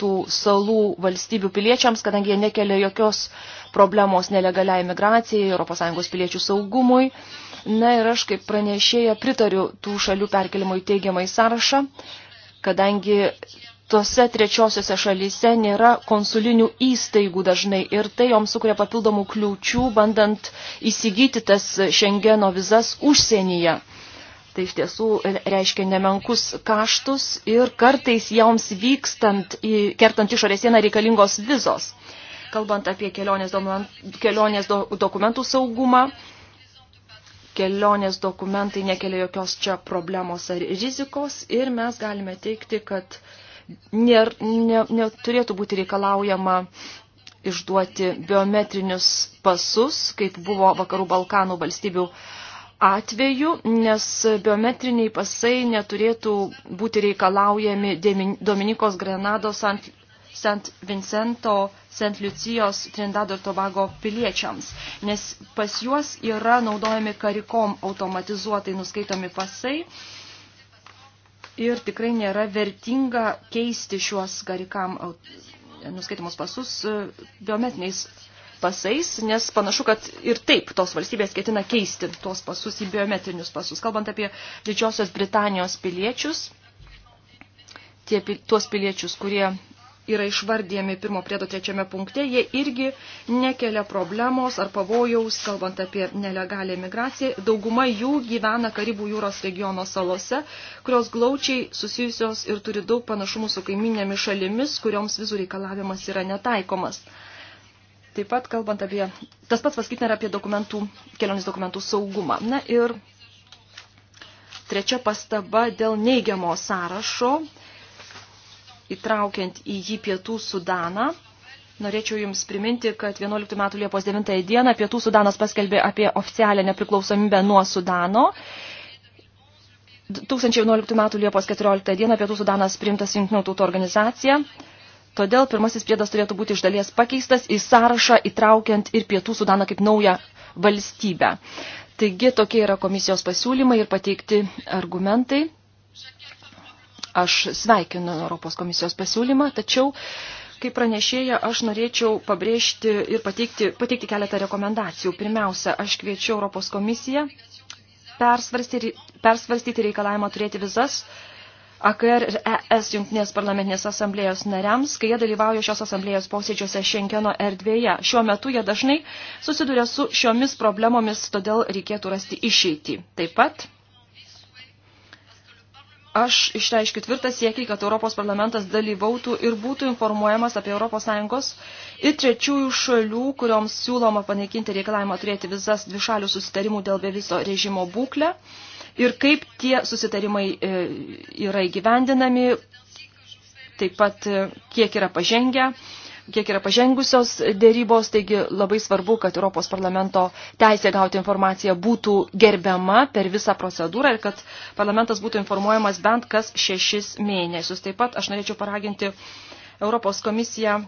tų salų valstybių piliečiams, kadangi jie nekelia jokios problemos nelegaliai migracijai, ES piliečių saugumui. Na ir aš kaip pranešėja pritariu tų šalių perkelimui teigiamai sąrašą kadangi tose trečiosiose šalyse nėra konsulinių įstaigų dažnai ir tai joms sukuria papildomų kliūčių, bandant įsigyti tas Šengeno vizas užsienyje. Tai iš tiesų reiškia nemenkus kaštus ir kartais joms vykstant, į, kertant išorės sieną reikalingos vizos. Kalbant apie kelionės, do, kelionės do, dokumentų saugumą, kelionės dokumentai nekelia jokios čia problemos ar rizikos ir mes galime teikti, kad nėr, ne, neturėtų būti reikalaujama išduoti biometrinius pasus, kaip buvo Vakarų Balkanų valstybių atveju, nes biometriniai pasai neturėtų būti reikalaujami Dominikos Grenados, St. Vincento, St. Lucijos, Trindado ir Tobago piliečiams, nes pas juos yra naudojami karikom automatizuotai nuskaitomi pasai ir tikrai nėra vertinga keisti šiuos karikam nuskaitimus pasus e, biometiniais pasais, nes panašu, kad ir taip tos valstybės ketina keisti tuos pasus į biometrinius pasus. Kalbant apie Didžiosios Britanijos piliečius, tie, tuos piliečius, kurie yra išvardyjami pirmo priedo trečiame punkte, jie irgi nekelia problemos ar pavojaus, kalbant apie nelegalią migraciją. Dauguma jų gyvena Karibų jūros regiono salose, kurios glaučiai susijusios ir turi daug panašumų su kaiminėmis šalimis, kurioms vizų reikalavimas yra netaikomas. Taip pat kalbant apie, tas pats paskaitinė yra apie dokumentų, kelionės dokumentų saugumą. Na ir trečia pastaba dėl neigiamo sąrašo įtraukiant į jį pietų Sudaną. Norėčiau Jums priminti, kad 11 metų Liepos 9 dieną pietų Sudanas paskelbė apie oficialią nepriklausomybę nuo Sudano. 2011 metų Liepos 14 dieną pietų Sudanas priimtas Junktinių tautų organizacija. Todėl pirmasis priedas turėtų būti iš dalies pakeistas į sąrašą įtraukiant ir pietų Sudaną kaip naują valstybę. Taigi tokie yra komisijos pasiūlymai ir pateikti argumentai. Aš sveikinu Europos komisijos pasiūlymą, tačiau kaip pranešėja aš norėčiau pabrėžti ir pateikti, pateikti keletą rekomendacijų. Pirmiausia, aš kviečiu Europos komisiją persvarstyti, persvarstyti reikalavimą turėti vizas AKR ir ES jungtinės parlamentinės asamblėjos nariams, kai jie dalyvauja šios asamblėjos posėdžiuose Šenkeno erdvėje. Šiuo metu jie dažnai susiduria su šiomis problemomis, todėl reikėtų rasti išeitį. Taip pat Aš išreiškiu tvirtą siekį, kad Europos parlamentas dalyvautų ir būtų informuojamas apie ES ir trečiųjų šalių, kurioms siūloma panaikinti reikalavimą turėti visas dvišalių susitarimų dėl beviso režimo būklę ir kaip tie susitarimai e, yra įgyvendinami, taip pat e, kiek yra pažengę kiek yra pažengusios dėrybos, taigi labai svarbu, kad Europos parlamento teisė gauti informaciją būtų gerbiama per visą procedūrą ir kad parlamentas būtų informuojamas bent kas šešis mėnesius. Taip pat aš norėčiau paraginti Europos komisiją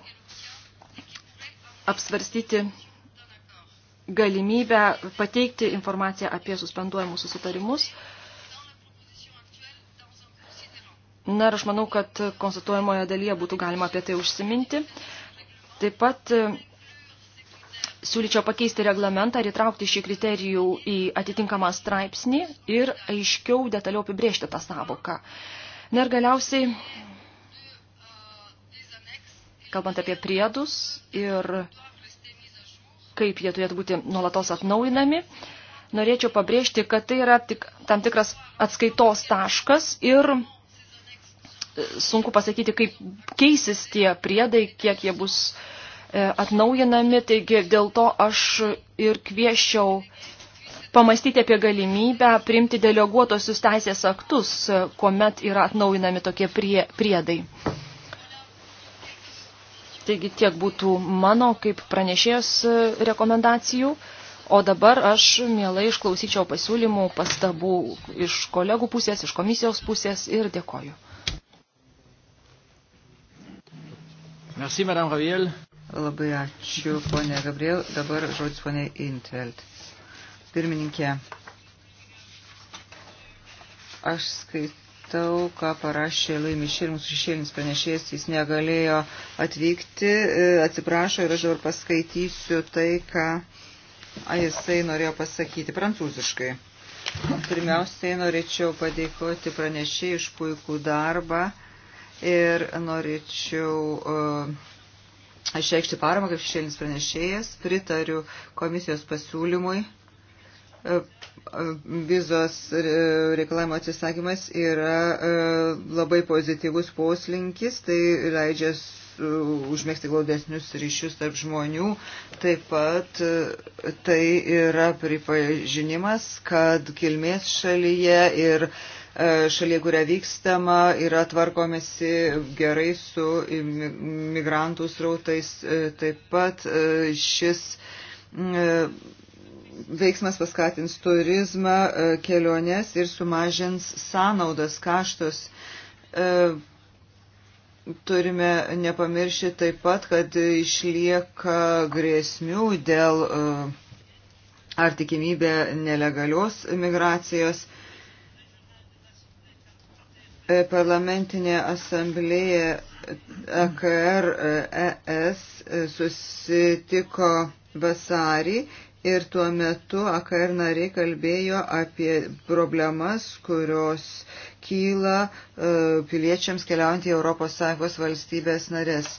apsvarstyti galimybę pateikti informaciją apie suspenduojamus susitarimus. Na ir aš manau, kad konstatuojamoje dalyje būtų galima apie tai užsiminti. Taip pat e, siūlyčiau pakeisti reglamentą ir įtraukti šį kriterijų į atitinkamą straipsnį ir aiškiau detaliau apibrėžti tą savoką. Na ir galiausiai, kalbant apie priedus ir kaip jie turėtų būti nuolatos atnaujinami, norėčiau pabrėžti, kad tai yra tik tam tikras atskaitos taškas ir sunku pasakyti, kaip keisis tie priedai, kiek jie bus e, atnaujinami. Taigi dėl to aš ir kvieščiau pamastyti apie galimybę priimti deleguotosius teisės aktus, e, kuomet yra atnaujinami tokie prie, priedai. Taigi tiek būtų mano kaip pranešėjos e, rekomendacijų. O dabar aš mielai išklausyčiau pasiūlymų, pastabų iš kolegų pusės, iš komisijos pusės ir dėkoju. Merci, Madame Gabriel. Labai ačiū, ponė Gabriel. Dabar žodis ponė Intveld. Pirmininkė, aš skaitau, ką parašė Laimiš ir mūsų šešėlinis pranešėjas, jis negalėjo atvykti, e, atsiprašo ir aš dabar paskaitysiu tai, ką jisai norėjo pasakyti prancūziškai. Pirmiausiai norėčiau padėkoti pranešėjai už puikų darbą ir norėčiau e, išreikšti paramą kaip šešėlinis pranešėjas. Pritariu komisijos pasiūlymui. E, e, vizos reikalavimo atsisakymas yra labai pozityvus poslinkis, tai leidžia užmėgsti glaudesnius ryšius tarp žmonių. Taip pat tai yra pripažinimas, kad kilmės šalyje ir uh, E, šalyje, kuria vykstama, yra tvarkomisi gerai su migrantų srautais. E, taip pat e, šis veiksmas paskatins turizmą, keliones ir sumažins sąnaudas, kaštus turime nepamiršti taip pat, kad išlieka grėsmių dėl ar tikimybė nelegalios migracijos. E, parlamentinė asamblėja AKR e, e ES susitiko vasarį ir tuo metu AKR nariai kalbėjo apie problemas, kurios kyla piliečiams keliaujant į ES valstybės narės.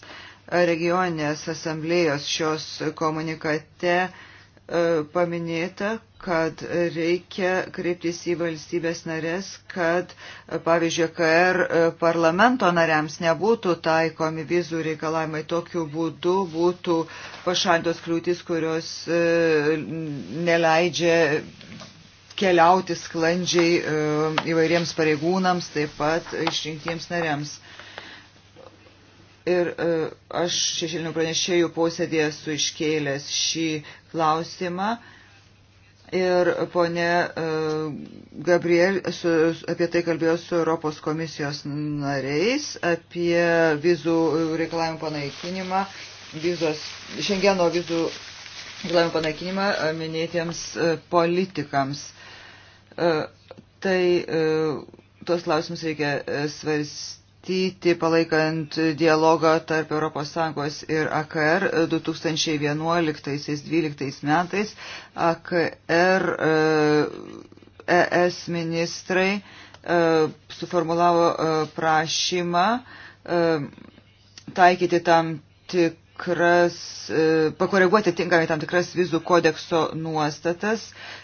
Regioninės asamblėjos šios komunikate uh, E, paminėta, kad reikia kreiptis į valstybės narės, kad, e, pavyzdžiui, e KR parlamento nariams nebūtų taikomi vizų reikalavimai. Tokiu būdu būtų pašalintos kliūtis, kurios neleidžia keliauti sklandžiai įvairiems pareigūnams, taip pat išrinktiems nariams. Ir e, aš šešėlinių pranešėjų posėdėje su iškėlęs šį klausimą. Ir ponė e, Gabriel su, apie tai kalbėjo su Europos komisijos nariais, apie vizų reikalavimų panaikinimą, vizos, šengeno vizų reikalavimų panaikinimą e, minėtiems politikams. Tai tuos klausimus reikia svarstyti svarstyti, palaikant dialogą tarp ES ir AKR 2011-2012 metais. AKR ES e ministrai e, suformulavo e, prašymą taikyti tam tik tikras, e, pakoreguoti tinkamai tam tikras vizų kodekso nuostatas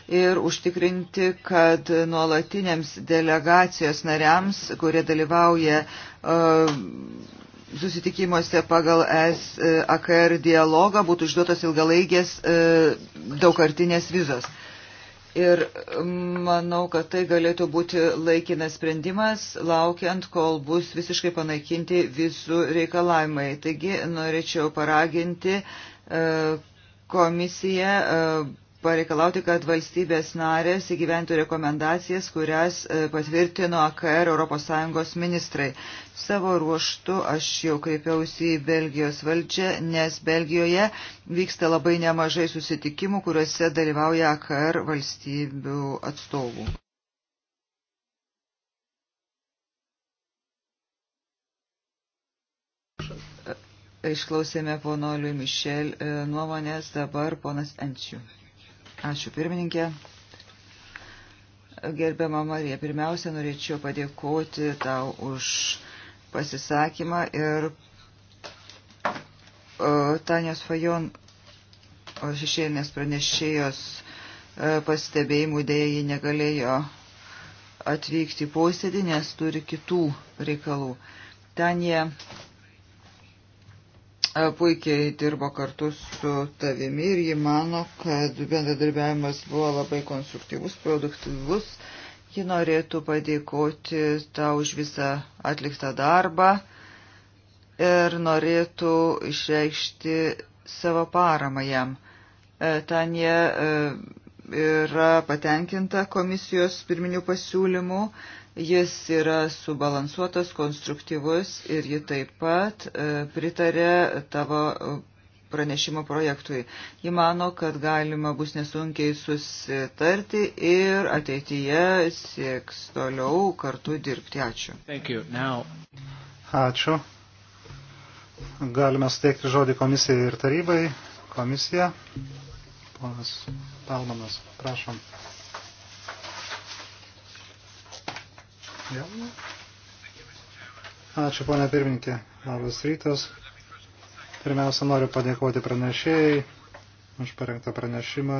ir užtikrinti, kad nuolatiniams delegacijos nariams, kurie dalyvauja e, susitikimuose pagal SAKR e, dialogą, būtų išduotos ilgalaikės daugkartinės vizos. Ir manau, kad tai galėtų būti laikinas sprendimas, laukiant, kol bus visiškai panaikinti visų reikalavimai. Taigi norėčiau paraginti e, komisiją e, pareikalauti, kad valstybės narės įgyventų rekomendacijas, kurias e, patvirtino AKR ES ministrai. Savo ruoštų aš jau kreipiausi į Belgijos valdžią, nes Belgijoje vyksta labai nemažai susitikimų, kuriuose dalyvauja AKR valstybių atstovų. E, išklausėme pono Liu Mišel e, nuomonės, dabar ponas Enčių. Ačiū pirmininkė. Gerbiama Marija, pirmiausia, norėčiau padėkoti tau už pasisakymą ir uh, Tanės Fajon šešėlinės pranešėjos uh, pastebėjimų dėja ji negalėjo atvykti į posėdį, nes turi kitų reikalų. Tanė E, puikiai dirbo kartu su tavimi ir ji mano, kad bendradarbiavimas buvo labai konstruktyvus, produktyvus. Ji norėtų padėkoti tau už visą atliktą darbą ir norėtų išreikšti savo paramą jam. E, Tanja e, yra patenkinta komisijos pirminių pasiūlymų Jis yra subalansuotas, konstruktyvus ir ji taip pat e, pritarė tavo pranešimo projektui. Ji mano, kad galima bus nesunkiai susitarti ir ateityje sieks toliau kartu dirbti. Ačiū. Ačiū. Galime suteikti žodį komisijai ir tarybai. Komisija. Ponas Palmanas, prašom. Ačiū, ponia pirmininkė. Labas rytas. Pirmiausia, noriu padėkoti pranešėjai už parengtą pranešimą,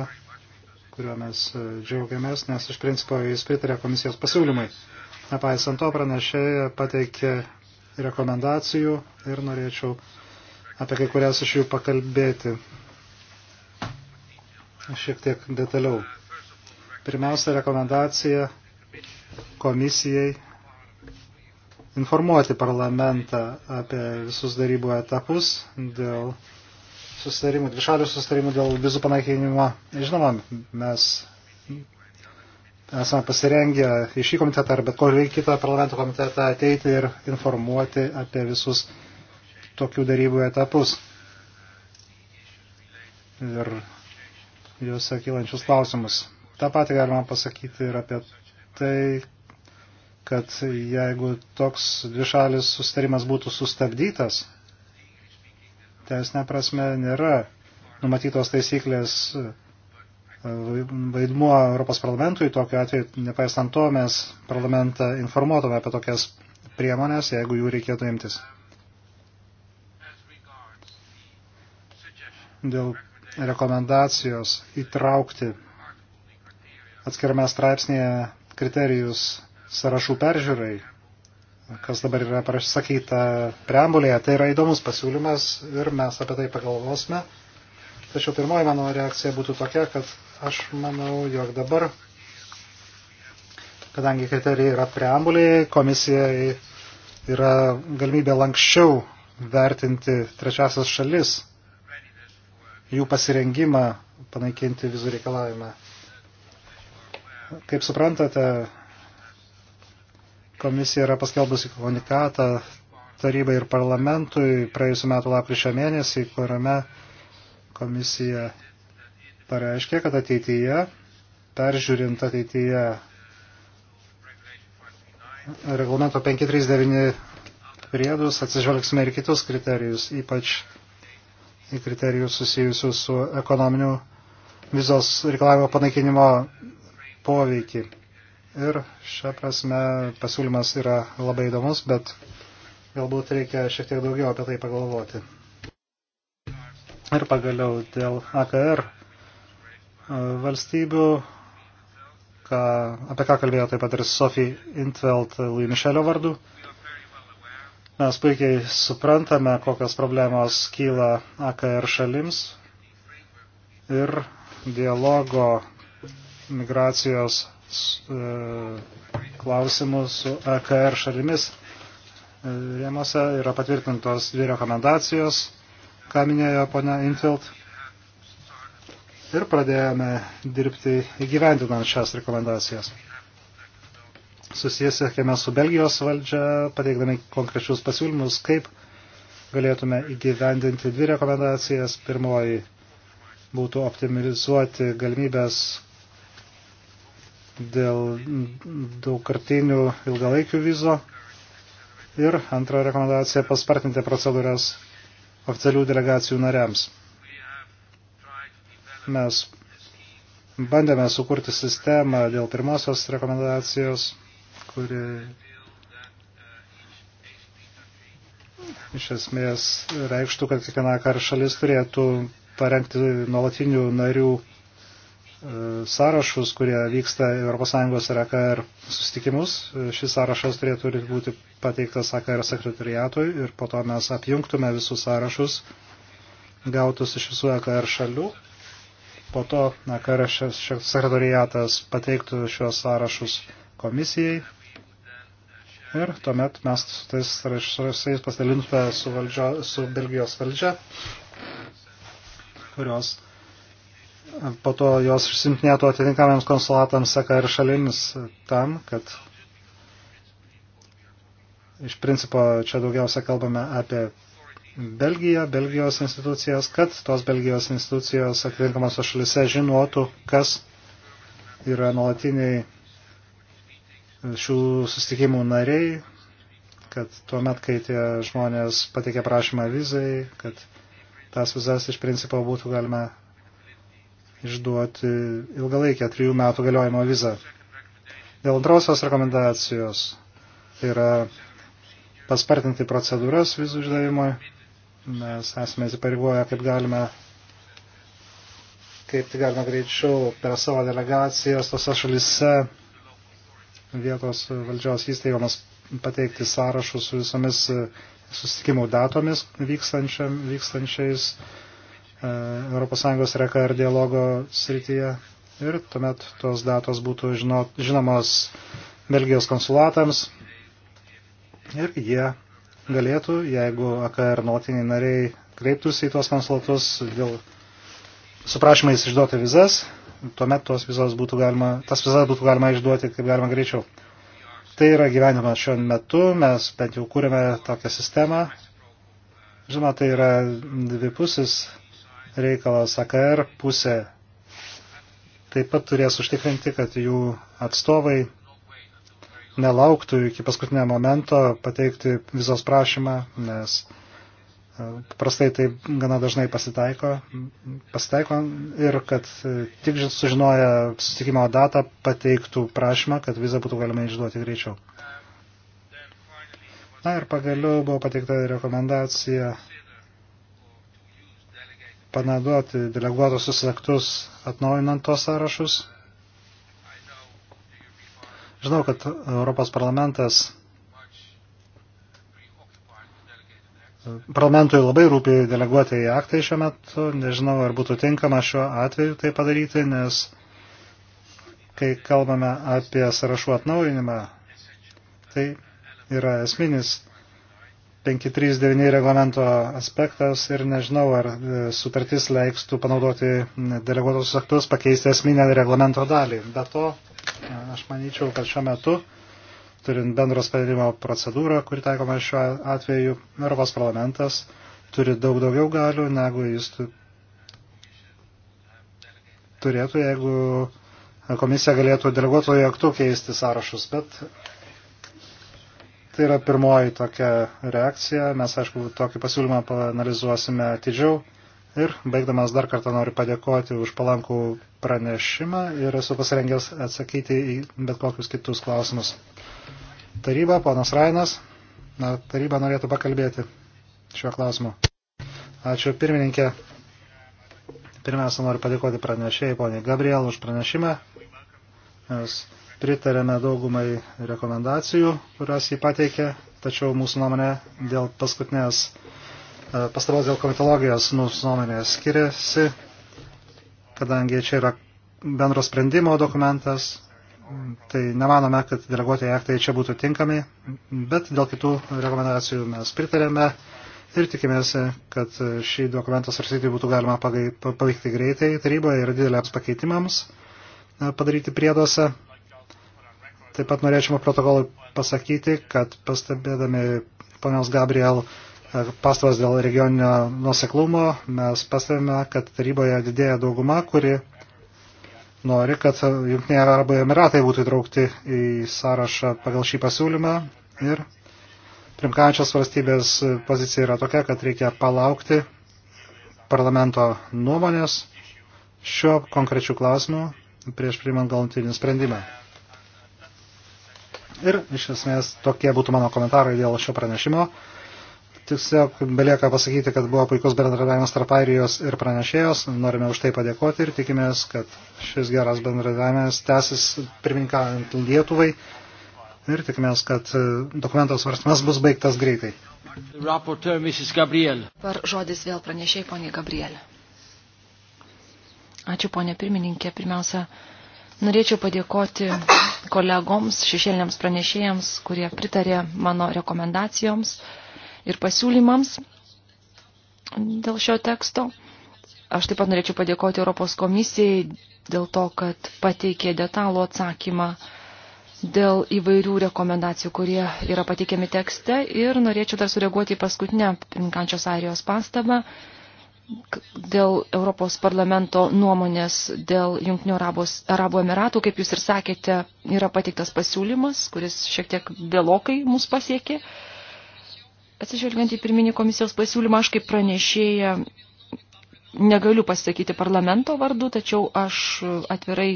kuriuo mes e, džiaugiamės, nes iš principo jis pritarė komisijos pasiūlymai. Nepaisant to, pranešėja pateikė rekomendacijų ir norėčiau apie kai kurias iš jų pakalbėti šiek tiek detaliau. Pirmiausia rekomendacija komisijai informuoti parlamentą apie visus darybų etapus dėl susitarimų, dvišalių susitarimų dėl vizų panaikinimo. Žinoma, mes esame pasirengę į šį komitetą ar bet kokį kitą parlamento komitetą ateiti ir informuoti apie visus tokių darybų etapus ir juose kylančius klausimus. Ta pati galima pasakyti ir apie tai, kad jeigu toks dvišalis sustarimas būtų sustabdytas, teisinė prasme nėra numatytos taisyklės e, vaidmuo Europos parlamentui, tokiu atveju, nepaisant to, mes parlamentą informuotume apie tokias priemonės, jeigu jų reikėtų imtis. Dėl rekomendacijos įtraukti atskirame straipsnėje kriterijus sąrašų peržiūrai, kas dabar yra parašyta preambulėje, tai yra įdomus pasiūlymas ir mes apie tai pagalvosime. Tačiau pirmoji mano reakcija būtų tokia, kad aš manau, jog dabar, kadangi kriterijai yra preambulėje, komisijai yra galimybė lankščiau vertinti trečiasias šalis, jų pasirengimą panaikinti vizų reikalavimą. Kaip suprantate, komisija yra paskelbusi komunikatą tarybai ir parlamentui praėjusiu metu lapkričio mėnesį, kuriame komisija pareiškė, kad ateityje, peržiūrint ateityje reglamento 539 priedus, atsižvelgsime ir kitus kriterijus, ypač į kriterijus susijusius su ekonominiu vizos reikalavimo panaikinimo poveikį. Ir šią prasme pasiūlymas yra labai įdomus, bet galbūt reikia šiek tiek daugiau apie tai pagalvoti. Ir pagaliau dėl AKR valstybių, ką, apie ką kalbėjo taip pat ir Sofija Intveld Louis Michelio vardu. Mes puikiai suprantame, kokios problemos kyla AKR šalims ir dialogo migracijos e, klausimų su EKR šalimis e, rėmose yra patvirtintos dvi rekomendacijos, ką minėjo ponia Infield. Ir pradėjome dirbti įgyvendinant šias rekomendacijas. Susisiekėme su Belgijos valdžia, pateikdami konkrečius pasiūlymus, kaip galėtume įgyvendinti dvi rekomendacijas. Pirmoji būtų optimizuoti galimybės dėl daugkartinių ilgalaikių vizo. Ir antra rekomendacija - paspartinti procedūras oficialių delegacijų nariams. Mes bandėme sukurti sistemą dėl pirmosios rekomendacijos, kuri iš esmės reikštų, kad kiekviena kar šalis turėtų parengti nuolatinių narių sąrašus, kurie vyksta ES ir AKR susitikimus. Šis sąrašas turėtų būti pateiktas AKR sekretariatui ir po to mes apjungtume visus sąrašus gautus iš visų AKR šalių. Po to AKR sekretariatas pateiktų šios sąrašus komisijai ir tuomet mes su tais sąrašais pasidalintume su, valdžio, su Belgijos valdžia, kurios po to jos išsintinėtų atitinkamiems konsulatams SAKR šalims tam, kad iš principo čia daugiausia kalbame apie Belgiją, Belgijos institucijas, kad tos Belgijos institucijos atitinkamose šalise žinotų, kas yra nuolatiniai šių sustikimų nariai, kad tuo met, kai tie žmonės patikė prašymą vizai, kad tas vizas iš principo būtų galima išduoti ilgalaikę trijų metų galiojimo vizą. Dėl antrosios rekomendacijos tai yra paspartinti procedūras vizų išdavimui. Mes esame įsipareigoję, kaip galime kaip tai galima greičiau per savo delegacijas tose šalise vietos valdžios įstaigomis pateikti sąrašus su visomis susitikimų datomis vykstančiais ES rekar dialogo srityje ir tuomet tos datos būtų žino, žinomos Belgijos konsulatams ir jie galėtų, jeigu AKR nuotiniai nariai kreiptųsi į tuos konsulatus dėl su prašymais išduoti vizas, tuomet tos vizos būtų galima, tas vizas būtų galima išduoti kaip galima greičiau. Tai yra gyvenimas šiuo metu, mes bent jau kūrėme tokią sistemą. Žinoma, tai yra dvipusis reikalas AKR pusė taip pat turės užtikrinti, kad jų atstovai nelauktų iki paskutinio momento pateikti vizos prašymą, nes e, paprastai tai gana dažnai pasitaiko, pasitaiko ir kad e, tik sužinoja susitikimo datą pateiktų prašymą, kad vizą būtų galima išduoti greičiau. Na ir pagaliau buvo pateikta rekomendacija panaudoti deleguotosius aktus atnaujinant tos sąrašus. Žinau, kad Europos parlamentas parlamentui labai rūpi deleguotieji aktai šiuo metu. Nežinau, ar būtų tinkama šiuo atveju tai padaryti, nes kai kalbame apie sąrašų atnaujinimą, tai yra esminis 539 reglamento aspektas ir nežinau, ar e, sutartis leikstų panaudoti deleguotus aktus, pakeisti esminę reglamento dalį. Be to, e, aš manyčiau, kad šiuo metu, turint bendro sprendimo procedūrą, kuri taikoma šiuo atveju, Europos parlamentas turi daug daugiau galių, negu jis turėtų, jeigu komisija galėtų deleguotojų aktų keisti sąrašus, bet Tai yra pirmoji tokia reakcija. Mes, aišku, tokį pasiūlymą panalizuosime atidžiau. Ir baigdamas dar kartą noriu padėkoti už palankų pranešimą ir esu pasirengęs atsakyti į bet kokius kitus klausimus. Taryba, ponas Rainas, na, taryba norėtų pakalbėti šiuo klausimu. Ačiū pirmininkė. Pirmiausia, noriu padėkoti pranešėjai, poniai Gabriel, už pranešimą. Mes pritarėme daugumai rekomendacijų, kurias jį pateikė, tačiau mūsų nuomonė dėl paskutinės e, pastabos dėl komitologijos mūsų nuomonė skiriasi, kadangi čia yra bendro sprendimo dokumentas, tai nemanome, kad deleguotieji aktai čia būtų tinkami, bet dėl kitų rekomendacijų mes pritarėme ir tikimės, kad šį dokumentą svarstyti būtų galima paveikti greitai taryboje ir didelėms pakeitimams e, padaryti prieduose. Taip pat norėčiau protokolui pasakyti, kad pastebėdami ponios Gabriel e, pastabas dėl regioninio nuseklumo, mes pastebime, kad taryboje didėja dauguma, kuri nori, kad Junktinėje Arabų Emiratai būtų įtraukti į sąrašą pagal šį pasiūlymą. Ir primkančios valstybės pozicija yra tokia, kad reikia palaukti parlamento nuomonės šiuo konkrečiu klausimu prieš priimant galutinį sprendimą. Ir iš esmės tokie būtų mano komentarai dėl šio pranešimo. Tiesiog belieka pasakyti, kad buvo puikus bendradavimas tarp airijos ir pranešėjos. Norime už tai padėkoti ir tikimės, kad šis geras bendradavimas tęsis pirmininkaujant Lietuvai. Ir tikimės, kad e, dokumentos svarstymas bus baigtas greitai. Par žodis vėl pranešėjai, ponė Gabrielė. Ačiū, ponė pirmininkė. Pirmiausia, norėčiau padėkoti kolegoms, šešėliniams pranešėjams, kurie pritarė mano rekomendacijoms ir pasiūlymams dėl šio teksto. Aš taip pat norėčiau padėkoti Europos komisijai dėl to, kad pateikė detalų atsakymą dėl įvairių rekomendacijų, kurie yra pateikiami tekste. Ir norėčiau dar sureaguoti į paskutinę pirminkančios arijos pastabą dėl Europos parlamento nuomonės dėl Junktinio Arabos, Arabų Emiratų, kaip jūs ir sakėte, yra pateiktas pasiūlymas, kuris šiek tiek vėlokai mus pasiekė. Atsižvelgiant į pirminį komisijos pasiūlymą, aš kaip pranešėja negaliu pasakyti parlamento vardu, tačiau aš atvirai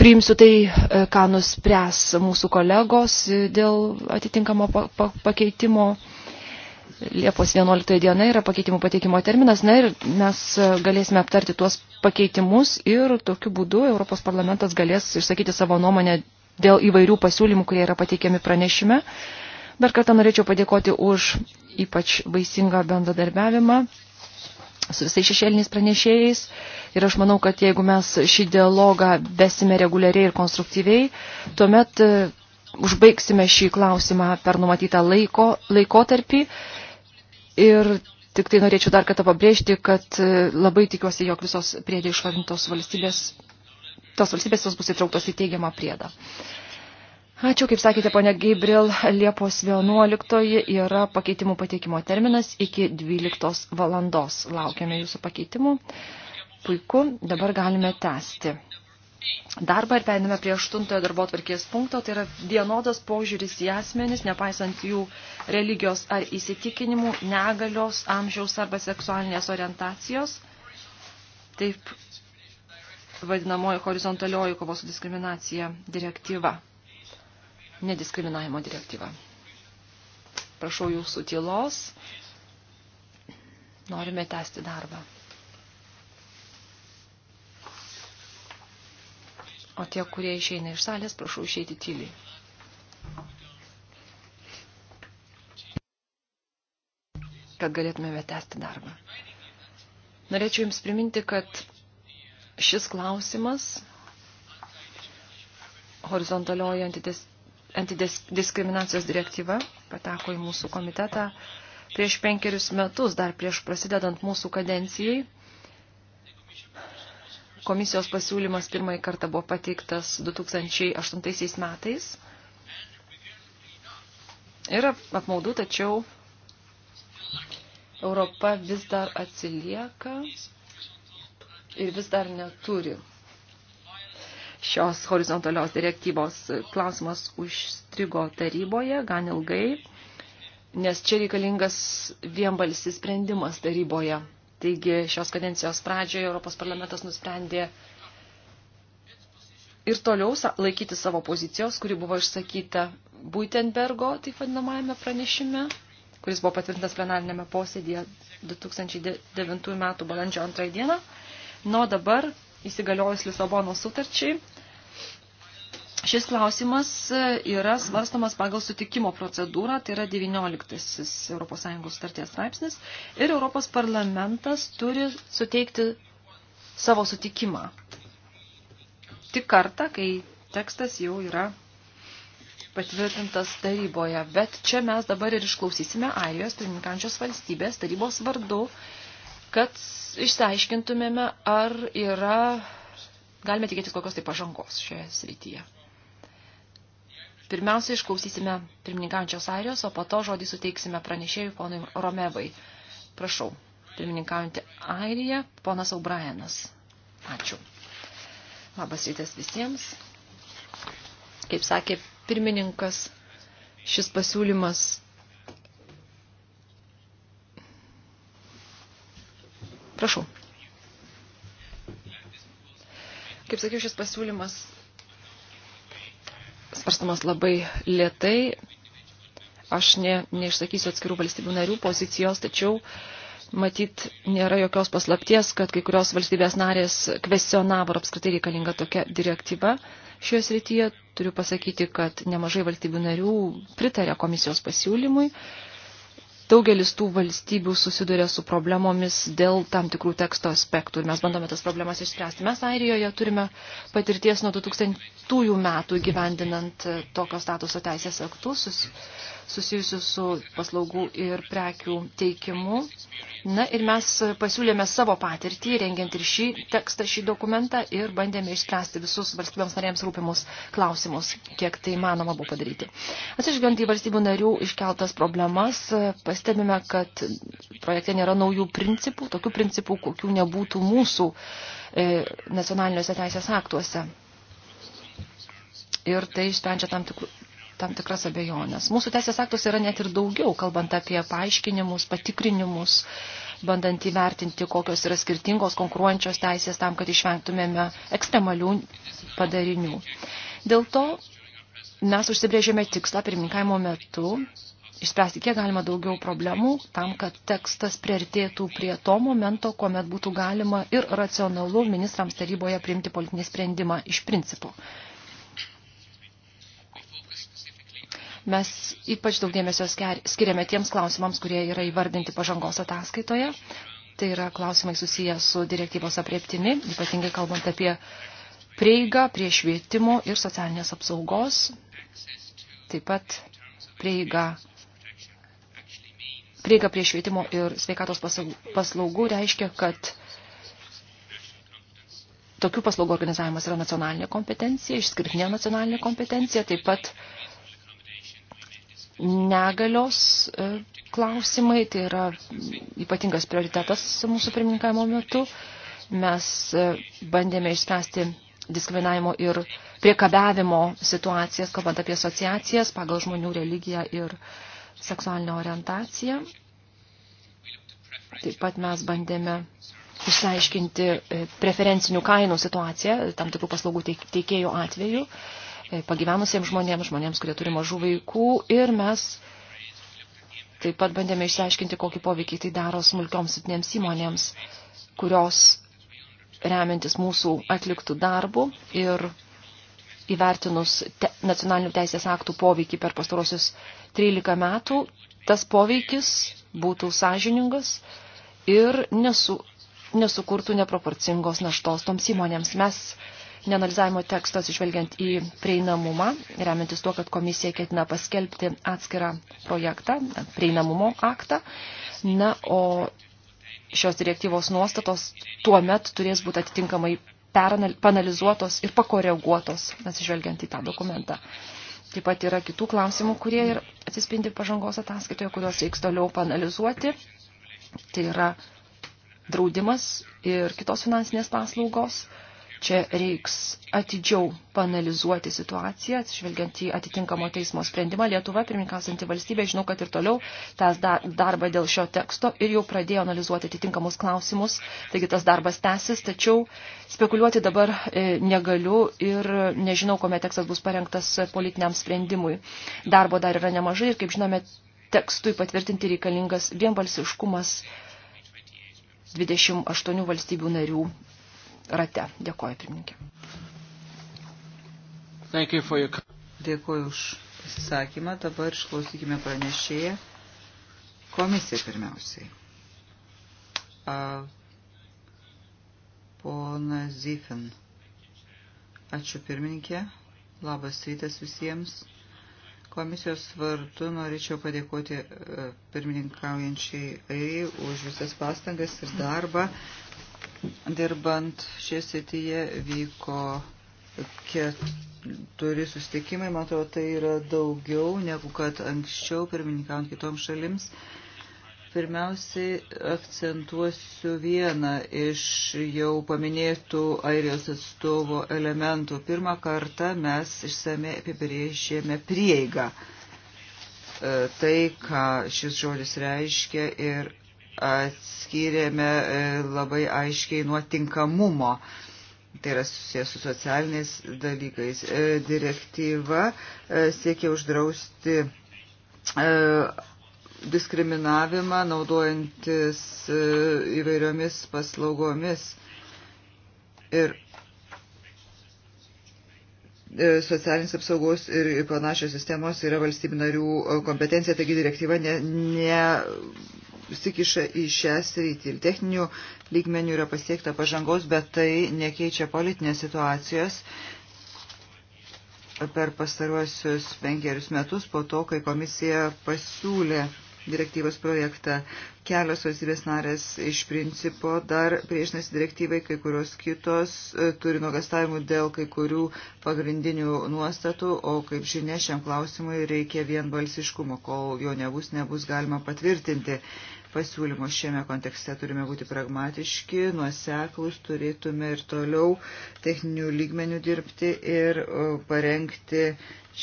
priimsiu tai, e, ką nuspręs mūsų kolegos dėl atitinkamo pakeitimo. Pa Liepos 11 diena yra pakeitimų pateikimo terminas, na ir mes e, galėsime aptarti tuos pakeitimus ir tokiu būdu Europos parlamentas galės išsakyti savo nuomonę dėl įvairių pasiūlymų, kurie yra pateikiami pranešime. Dar kartą norėčiau padėkoti už ypač vaisingą bendradarbiavimą su visais šešėliniais pranešėjais. Ir aš manau, kad jeigu mes šį dialogą besime reguliariai ir konstruktyviai, tuomet e, užbaigsime šį klausimą per numatytą laiko, laikotarpį Ir tik tai norėčiau dar kartą pabrėžti, kad e, labai tikiuosi, jog visos priedė išvardintos valstybės, tos valstybės jos bus įtrauktos į teigiamą priedą. Ačiū, kaip sakėte, ponia Gabriel, Liepos 11 yra pakeitimų pateikimo terminas iki 12 valandos. Laukiame jūsų pakeitimų. Puiku, dabar galime tęsti darbą ir perėmėme prie aštuntojo darbo tvarkės punkto, tai yra vienodas požiūris į asmenis, nepaisant jų religijos ar įsitikinimų, negalios, amžiaus arba seksualinės orientacijos. Taip vadinamoji horizontalioji kovos su diskriminacija direktyva, nediskriminavimo direktyva. Prašau jūsų tylos, norime tęsti darbą. O tie, kurie išeina iš salės, prašau išeiti tyliai. Kad galėtumėme tęsti darbą. Norėčiau Jums priminti, kad šis klausimas horizontalioji antides, antidiskriminacijos direktyva pateko į mūsų komitetą prieš penkerius metus, dar prieš prasidedant mūsų kadencijai. Komisijos pasiūlymas pirmąjį kartą buvo pateiktas 2008 metais. Ir apmaudu, tačiau Europa vis dar atsilieka ir vis dar neturi šios horizontalios direktyvos klausimas užstrigo taryboje gan ilgai, nes čia reikalingas vienbalsis sprendimas taryboje Taigi šios kadencijos pradžioje Europos parlamentas nusprendė ir toliau laikyti savo pozicijos, kuri buvo išsakyta Buitenbergo, taip vadinamajame pranešime, kuris buvo patvirtintas plenarinėme posėdėje 2009 m. balandžio 2 dieną. Nuo dabar įsigaliojus Lisabono sutarčiai, Šis klausimas e, yra svarstamas pagal sutikimo procedūrą, tai yra 19 ES starties straipsnis, ir Europos parlamentas turi suteikti savo sutikimą. Tik kartą, kai tekstas jau yra patvirtintas taryboje, bet čia mes dabar ir išklausysime Airijos pirmininkančios valstybės tarybos vardu, kad išsiaiškintumėme, ar yra, galime tikėtis kokios tai pažangos šioje srityje. Pirmiausia, išklausysime pirmininkančios Airijos, o po to žodį suteiksime pranešėjui ponui Romevai. Prašau, pirmininkaujantį Airiją, ponas Aubraenas. Ačiū. Labas rytas visiems. Kaip sakė pirmininkas, šis pasiūlymas Prašau. Kaip sakiau, šis pasiūlymas svarstamas labai lietai. Aš ne, neišsakysiu atskirų valstybių narių pozicijos, tačiau matyt nėra jokios paslapties, kad kai kurios valstybės narės kvestionavo ar apskritai reikalinga tokia direktyva. Šioje srityje turiu pasakyti, kad nemažai valstybių narių pritarė komisijos pasiūlymui daugelis tų valstybių susiduria su problemomis dėl tam tikrų teksto aspektų ir mes bandome tas problemas išspręsti. Mes Airijoje turime patirties nuo 2000 metų gyvendinant tokio statuso teisės aktus sus, susijusius su paslaugų ir prekių teikimu. Na ir mes pasiūlėme savo patirtį, rengiant ir šį tekstą, šį dokumentą ir bandėme išspręsti visus valstybėms narėms rūpimus klausimus, kiek tai manoma buvo padaryti. Atsižvelgiant į valstybių narių iškeltas problemas, pas pastebime, kad projekte nėra naujų principų, tokių principų, kokių nebūtų mūsų e, nacionaliniuose teisės aktuose. Ir tai išsprendžia tam, tikru, tam tikras abejonės. Mūsų teisės aktuose yra net ir daugiau, kalbant apie paaiškinimus, patikrinimus, bandant įvertinti, kokios yra skirtingos konkuruojančios teisės tam, kad išvengtumėme ekstremalių padarinių. Dėl to mes užsibrėžėme tikslą pirmininkavimo metu išspręsti kiek galima daugiau problemų, tam, kad tekstas priartėtų prie to momento, kuomet būtų galima ir racionalu ministrams taryboje priimti politinį sprendimą iš principų. Mes ypač daug dėmesio skiriame tiems klausimams, kurie yra įvardinti pažangos ataskaitoje. Tai yra klausimai susiję su direktyvos apreptimi, ypatingai kalbant apie prieigą prie švietimo ir socialinės apsaugos, taip pat prieiga prieiga prie švietimo ir sveikatos paslaugų reiškia, kad tokių paslaugų organizavimas yra nacionalinė kompetencija, išskirtinė nacionalinė kompetencija, taip pat negalios e, klausimai, tai yra ypatingas prioritetas mūsų pirmininkavimo metu. Mes e, bandėme išspręsti diskriminavimo ir priekabiavimo situacijas, kalbant apie asociacijas pagal žmonių religiją ir uh, seksualinę orientaciją. Taip pat mes bandėme išsiaiškinti e, preferencinių kainų situaciją tam tikrų paslaugų teikėjų atveju, e, pagyvenusiems žmonėms, žmonėms, kurie turi mažų vaikų ir mes taip pat bandėme išsiaiškinti, kokį poveikį tai daro smulkioms silpnėms įmonėms, kurios remiantis mūsų atliktų darbų ir įvertinus te, nacionalinių teisės aktų poveikį per pastarosius 13 metų, tas poveikis būtų sąžiningas ir nesu, nesukurtų neproporcingos naštos toms įmonėms. Mes neanalizavimo tekstas išvelgiant į prieinamumą, remiantis tuo, kad komisija ketina paskelbti atskirą projektą, prieinamumo aktą. Na, o šios direktyvos nuostatos tuo met turės būti atitinkamai panalizuotos ir pakoreguotos, atsižvelgiant į tą dokumentą. Taip pat yra kitų klausimų, kurie ir atsispindi pažangos ataskaitoje, kurios reiks toliau panalizuoti. Tai yra draudimas ir kitos finansinės paslaugos. Čia reiks atidžiau panalizuoti situaciją, atsižvelgiant į atitinkamo teismo sprendimą. Lietuva, pirmininkasanti valstybė, žinau, kad ir toliau tas darbą dėl šio teksto ir jau pradėjo analizuoti atitinkamus klausimus, taigi tas darbas tęsis, tačiau spekuliuoti dabar e, negaliu ir nežinau, kuomet tekstas bus parengtas politiniam sprendimui. Darbo dar yra nemažai ir, kaip žinome, tekstui patvirtinti reikalingas vienbalsiškumas 28 valstybių narių rate. Dėkoju, pirmininkė. You your... Dėkoju už pasisakymą. Dabar išklausykime pranešėją. Komisija pirmiausiai. A, pona Zifin. Ačiū pirmininkė. Labas rytas visiems. Komisijos vardu norėčiau padėkoti e, pirmininkaujančiai Airijai už visas pastangas ir darbą. Mm Dirbant šioje srityje vyko keturi susitikimai, man atrodo, tai yra daugiau negu kad anksčiau, pirmininkant kitoms šalims. Pirmiausiai akcentuosiu vieną iš jau paminėtų Airijos atstovo elementų. Pirmą kartą mes išsame apibrėžėme prieigą e, tai, ką šis žodis reiškia ir atskyrėme e, labai aiškiai nuo tinkamumo. Tai yra susijęs su socialiniais dalykais. E, direktyva e, siekia uždrausti diskriminavimą naudojantis įvairiomis paslaugomis. Ir socialinės apsaugos ir panašios sistemos yra valstybių narių kompetencija, taigi direktyva ne, ne įsikiša į šią sritį. Ir techninių lygmenių yra pasiekta pažangos, bet tai nekeičia politinės situacijos per pastaruosius penkerius metus po to, kai komisija pasiūlė direktyvos projektą. Kelios valstybės narės iš principo dar priešinasi direktyvai, kai kurios kitos e, turi nuogastavimų dėl kai kurių pagrindinių nuostatų, o kaip žinia, šiam klausimui reikia vienbalsiškumo, kol jo nebus, nebus galima patvirtinti pasiūlymo šiame kontekste. Turime būti pragmatiški, nuoseklus, turėtume ir toliau techninių lygmenių dirbti ir parengti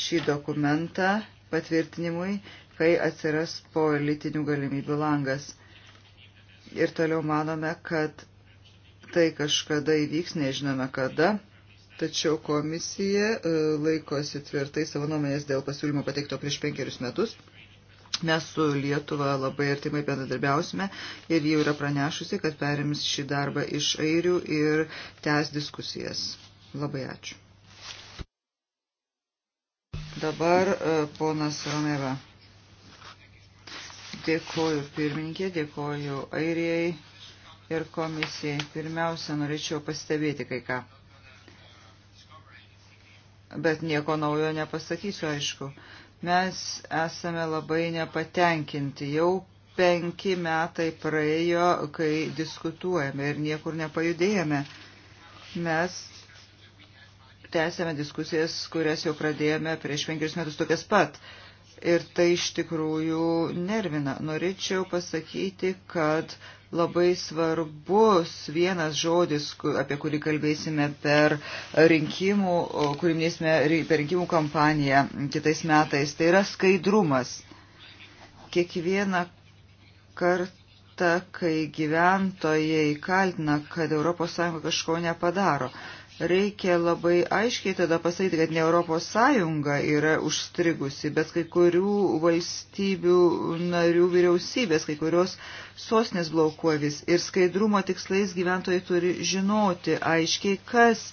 šį dokumentą patvirtinimui, kai atsiras politinių galimybių langas. Ir toliau manome, kad tai kažkada įvyks, nežinome kada. Tačiau komisija e, laikosi tvirtai savo nuomonės dėl pasiūlymo pateikto prieš penkerius metus. Mes su Lietuva labai artimai bendradarbiausime ir jau yra pranešusi, kad perims šį darbą iš airių ir tęs diskusijas. Labai ačiū. Dabar e, ponas Romeva. Dėkoju pirmininkė, dėkoju airijai ir komisijai. Pirmiausia, norėčiau pastebėti kai ką. Bet nieko naujo nepasakysiu, aišku. Mes esame labai nepatenkinti. Jau penki metai praėjo, kai diskutuojame ir niekur nepajudėjome. Mes tęsėme diskusijas, kurias jau pradėjome prieš penkerius metus tokias pat. Ir tai iš tikrųjų nervina. Norėčiau pasakyti, kad uh, labai svarbus vienas žodis, apie kurį kalbėsime per rinkimų, kurį minėsime per rinkimų kampaniją kitais metais, tai yra skaidrumas. Kiekvieną kartą, kai gyventojai kaltina, kad ES kažko nepadaro, reikia labai aiškiai tada pasakyti, kad ne Europos Sąjunga yra užstrigusi, bet kai kurių valstybių narių vyriausybės, kai kurios sosnės blokuovis. Ir skaidrumo tikslais gyventojai turi žinoti aiškiai, kas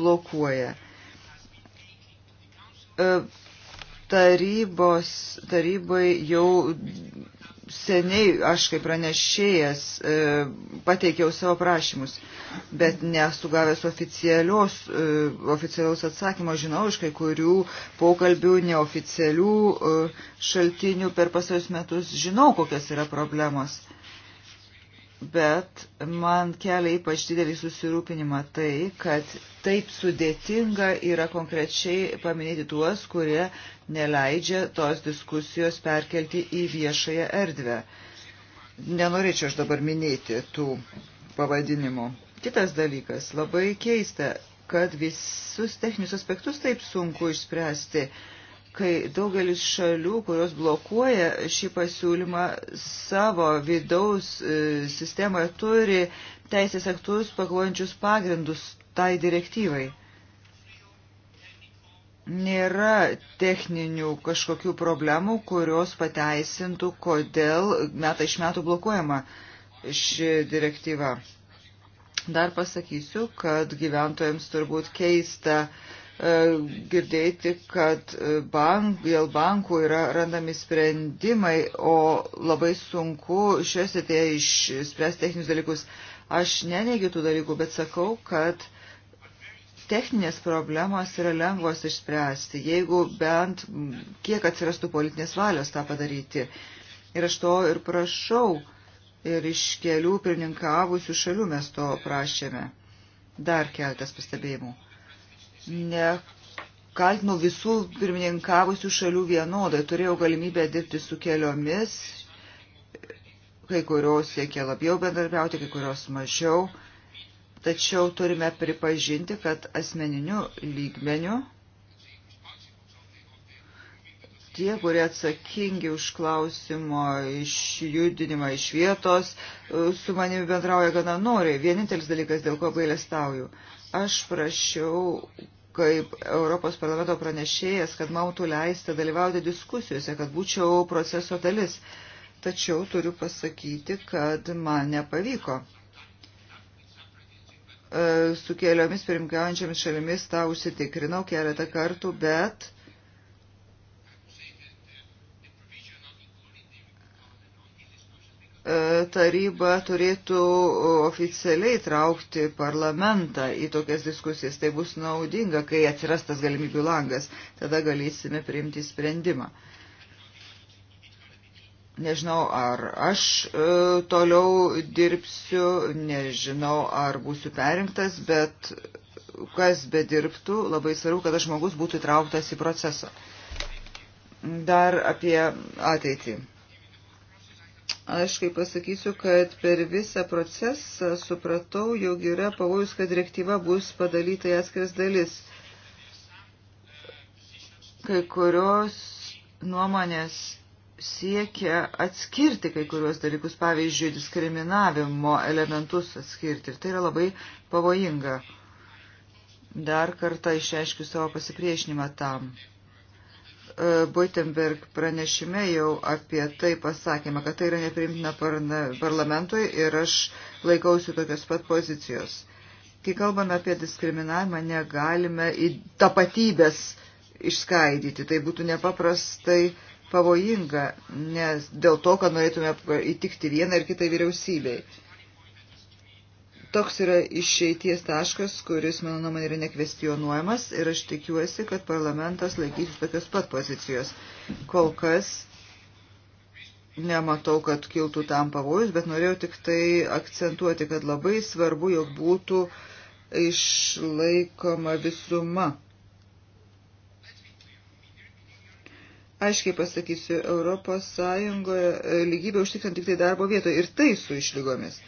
blokuoja. E, tarybos, tarybai jau seniai aš kaip pranešėjas e, pateikiau savo prašymus, bet nesugavęs oficialios, e, oficialiaus atsakymo žinau iš kai kurių pokalbių, neoficialių e, šaltinių per pasarius metus žinau, kokios yra problemos. E, bet man kelia ypač didelį susirūpinimą tai, kad taip sudėtinga yra konkrečiai paminėti tuos, kurie neleidžia tos diskusijos perkelti į viešąją erdvę. Nenorėčiau aš dabar minėti tų pavadinimų. Kitas dalykas, labai keista, kad visus techninius aspektus taip sunku išspręsti kai daugelis šalių, kurios blokuoja šį pasiūlymą savo vidaus e, sistemoje, turi teisės aktus paklojančius pagrindus tai direktyvai. Nėra techninių kažkokių problemų, kurios pateisintų, kodėl metai iš metų blokuojama ši direktyva. Dar pasakysiu, kad gyventojams turbūt keista uh, E, girdėti, kad e, bank, dėl bankų yra randami sprendimai, o labai sunku šiuose tie išspręsti techninius dalykus. Aš neneigiu tų dalykų, bet sakau, kad techninės problemos yra lengvos išspręsti, jeigu bent kiek atsirastų politinės valios tą padaryti. Ir aš to ir prašau. Ir iš kelių pirmininkavusių šalių mes to prašėme. Dar keltas pastebėjimų nekaltinau visų pirmininkavusių šalių vienodai. Turėjau galimybę dirbti su keliomis, kai kurios siekia labiau bendarbiauti, kai kurios mažiau. Tačiau turime pripažinti, kad asmeniniu lygmeniu tie, kurie atsakingi už klausimo išjudinimą iš vietos, su manimi bendrauja gana noriai. Vienintelis dalykas, dėl ko gailestauju. Aš prašiau kaip Europos parlamento pranešėjas, kad man būtų leista dalyvauti diskusijose, kad būčiau proceso dalis. Tačiau turiu pasakyti, kad man nepavyko. E, su keliomis pirmkiaujančiamis šalimis tą užsitikrinau keletą kartų, bet taryba turėtų oficialiai traukti parlamentą į tokias diskusijas. Tai bus naudinga, kai atsiras tas galimybių langas. Tada galėsime priimti sprendimą. Nežinau, ar aš e, toliau dirbsiu, nežinau, ar būsiu perinktas, bet kas bedirbtų, labai svarbu, kad žmogus būtų įtrauktas į procesą. Dar apie ateitį. Aš kaip pasakysiu, kad per visą procesą supratau, jog yra pavojus, kad direktyva bus padalyta į atskiras dalis. Kai kurios nuomonės siekia atskirti kai kuriuos dalykus, pavyzdžiui, diskriminavimo elementus atskirti. Ir tai yra labai pavojinga. Dar kartą išreiškiu savo pasipriešinimą tam. E, Buitenberg pranešime jau apie tai pasakėme, kad tai yra neprimtina parlamentui ir aš laikausi tokios pat pozicijos. Kai kalbame apie diskriminavimą, negalime į tapatybės išskaidyti. Tai būtų nepaprastai pavojinga, nes dėl to, kad norėtume įtikti vieną ir kitai vyriausybei. Toks yra išeities taškas, kuris, mano nuomonė, yra nekvestionuojamas ir aš tikiuosi, kad parlamentas laikysis tokios pat pozicijos. Kol kas nematau, kad kiltų tam pavojus, bet norėjau tik tai akcentuoti, kad labai svarbu, jog būtų išlaikoma visuma. Aiškiai pasakysiu, Europos Sąjungoje lygybė užtikrina tik tai darbo vietoje ir tai su išlygomis.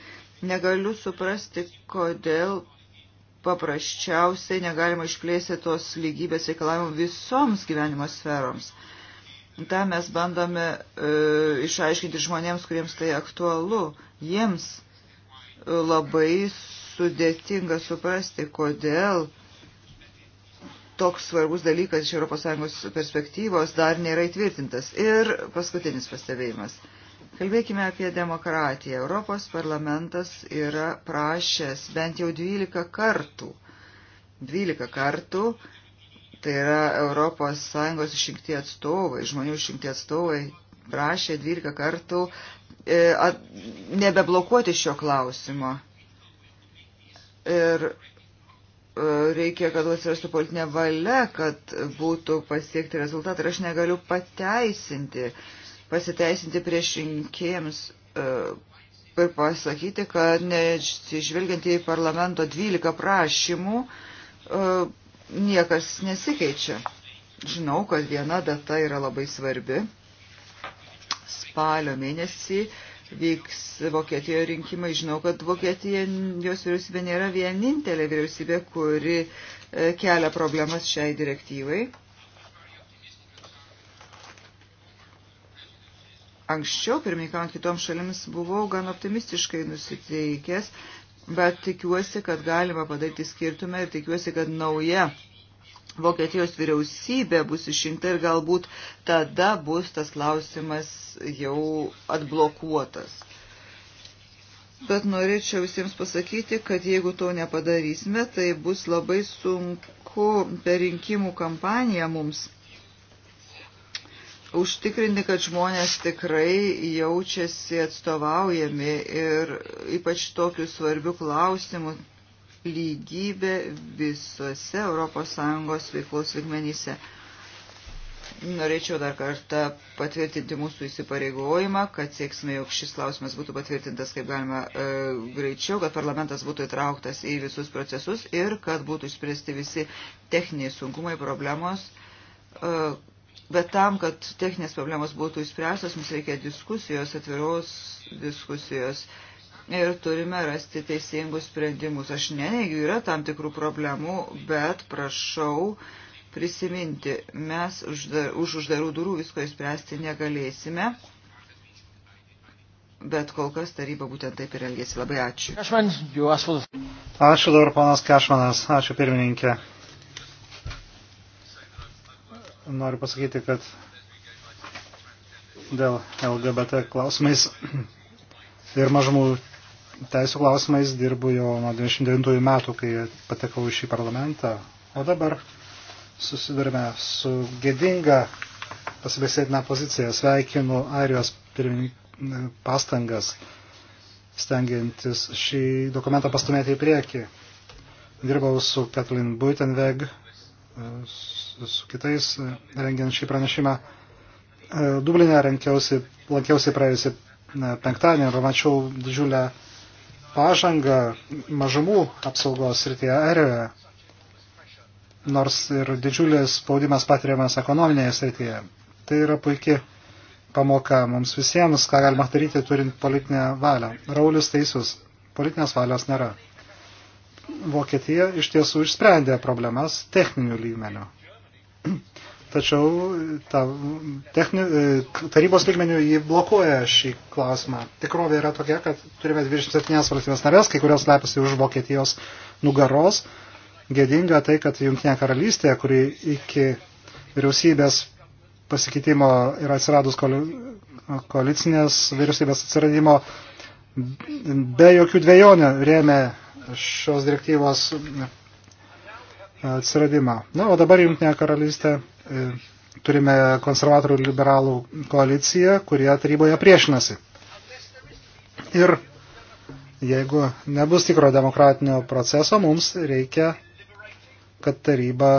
Negaliu suprasti, kodėl paprasčiausiai negalima išplėsti tos lygybės reikalavimų visoms gyvenimo sferoms. Ta mes bandome e, išaiškinti žmonėms, kuriems tai aktualu. Jiems e, labai sudėtinga suprasti, kodėl toks svarbus dalykas iš ES perspektyvos dar nėra įtvirtintas. Ir paskutinis pastebėjimas. E, Kalbėkime apie demokratiją. Europos parlamentas yra prašęs bent jau 12 kartų. 12 kartų tai yra ES išrinkti atstovai, žmonių išrinkti atstovai prašė 12 kartų e, at, nebeblokuoti šio klausimo. Ir e, reikia, kad atsirastų politinė valia, kad būtų pasiekti rezultatai. Ir aš negaliu pateisinti pasiteisinti prieš rinkėjams e, ir pasakyti, kad nežvelgiant į parlamento 12 prašymų, e, niekas nesikeičia. Žinau, kad viena data yra labai svarbi. Spalio mėnesį vyks Vokietijoje rinkimai. Žinau, kad Vokietija, jos vyriausybė nėra vienintelė vyriausybė, kuri e, kelia problemas šiai direktyvai. Anksčiau, pirmininkant kitoms šalims, buvau gan optimistiškai nusiteikęs, bet tikiuosi, kad galima padaryti skirtumą ir tikiuosi, kad nauja Vokietijos vyriausybė bus išrinkta ir galbūt tada bus tas klausimas jau atblokuotas. Bet norėčiau visiems pasakyti, kad jeigu to nepadarysime, tai bus labai sunku per rinkimų kampaniją mums užtikrinti, kad žmonės tikrai jaučiasi atstovaujami ir ypač tokių svarbių klausimų lygybė visose ES veiklos lygmenyse. Norėčiau dar kartą patvirtinti mūsų įsipareigojimą, kad sieksime, jog šis klausimas būtų patvirtintas kaip galima e, greičiau, kad parlamentas būtų įtrauktas į visus procesus ir kad būtų išspręsti visi techniniai sunkumai, problemos, e, Bet tam, kad techninės problemos būtų išspręstos, mums reikia diskusijos, atviros diskusijos ir turime rasti teisingus sprendimus. Aš neneigiu, yra tam tikrų problemų, bet prašau prisiminti, mes uždar, už uždarų durų visko išspręsti negalėsime. Bet kol kas taryba būtent taip ir elgėsi. Labai ačiū. Ačiū dabar, panas Kešmanas. Ačiū pirmininkė noriu pasakyti, kad dėl LGBT klausimais ir mažumų teisų klausimais dirbu jau nuo 99 metų, kai patekau į šį parlamentą. O dabar susidurime su gėdinga pasibėsėtina pozicija. Sveikinu Airijos pastangas stengiantis šį dokumentą pastumėti į priekį. Dirbau su Kathleen Buitenweg su kitais e, rengiant šį pranešimą. E, Dublinė renkiausi, lankiausi praėjusį e, penktadienį ir mačiau didžiulę pažangą mažumų apsaugos srityje aerijoje, nors ir didžiulis spaudimas patiriamas ekonominėje srityje. Tai yra puikia pamoka mums visiems, ką galima daryti turint politinę valią. Raulis teisus, politinės valios nėra. Vokietija iš tiesų išsprendė problemas techninių lygmenių. Tačiau ta, techni, e, tarybos lygmenių jį blokuoja šį klausimą. Tikrovė yra tokia, kad turime 27 valstybės narės, kai kurios lepiasi už Vokietijos nugaros. Gėdinga tai, kad Junktinė karalystė, kuri iki vyriausybės pasikeitimo ir atsiradus koalicinės vyriausybės atsiradimo be jokių dviejonių rėmė šios direktyvos e, atsiradimą. Na, o dabar Junktinė karalystė e, turime konservatorių ir liberalų koaliciją, kurie taryboje priešinasi. Ir jeigu nebus tikro demokratinio proceso, mums reikia, kad taryba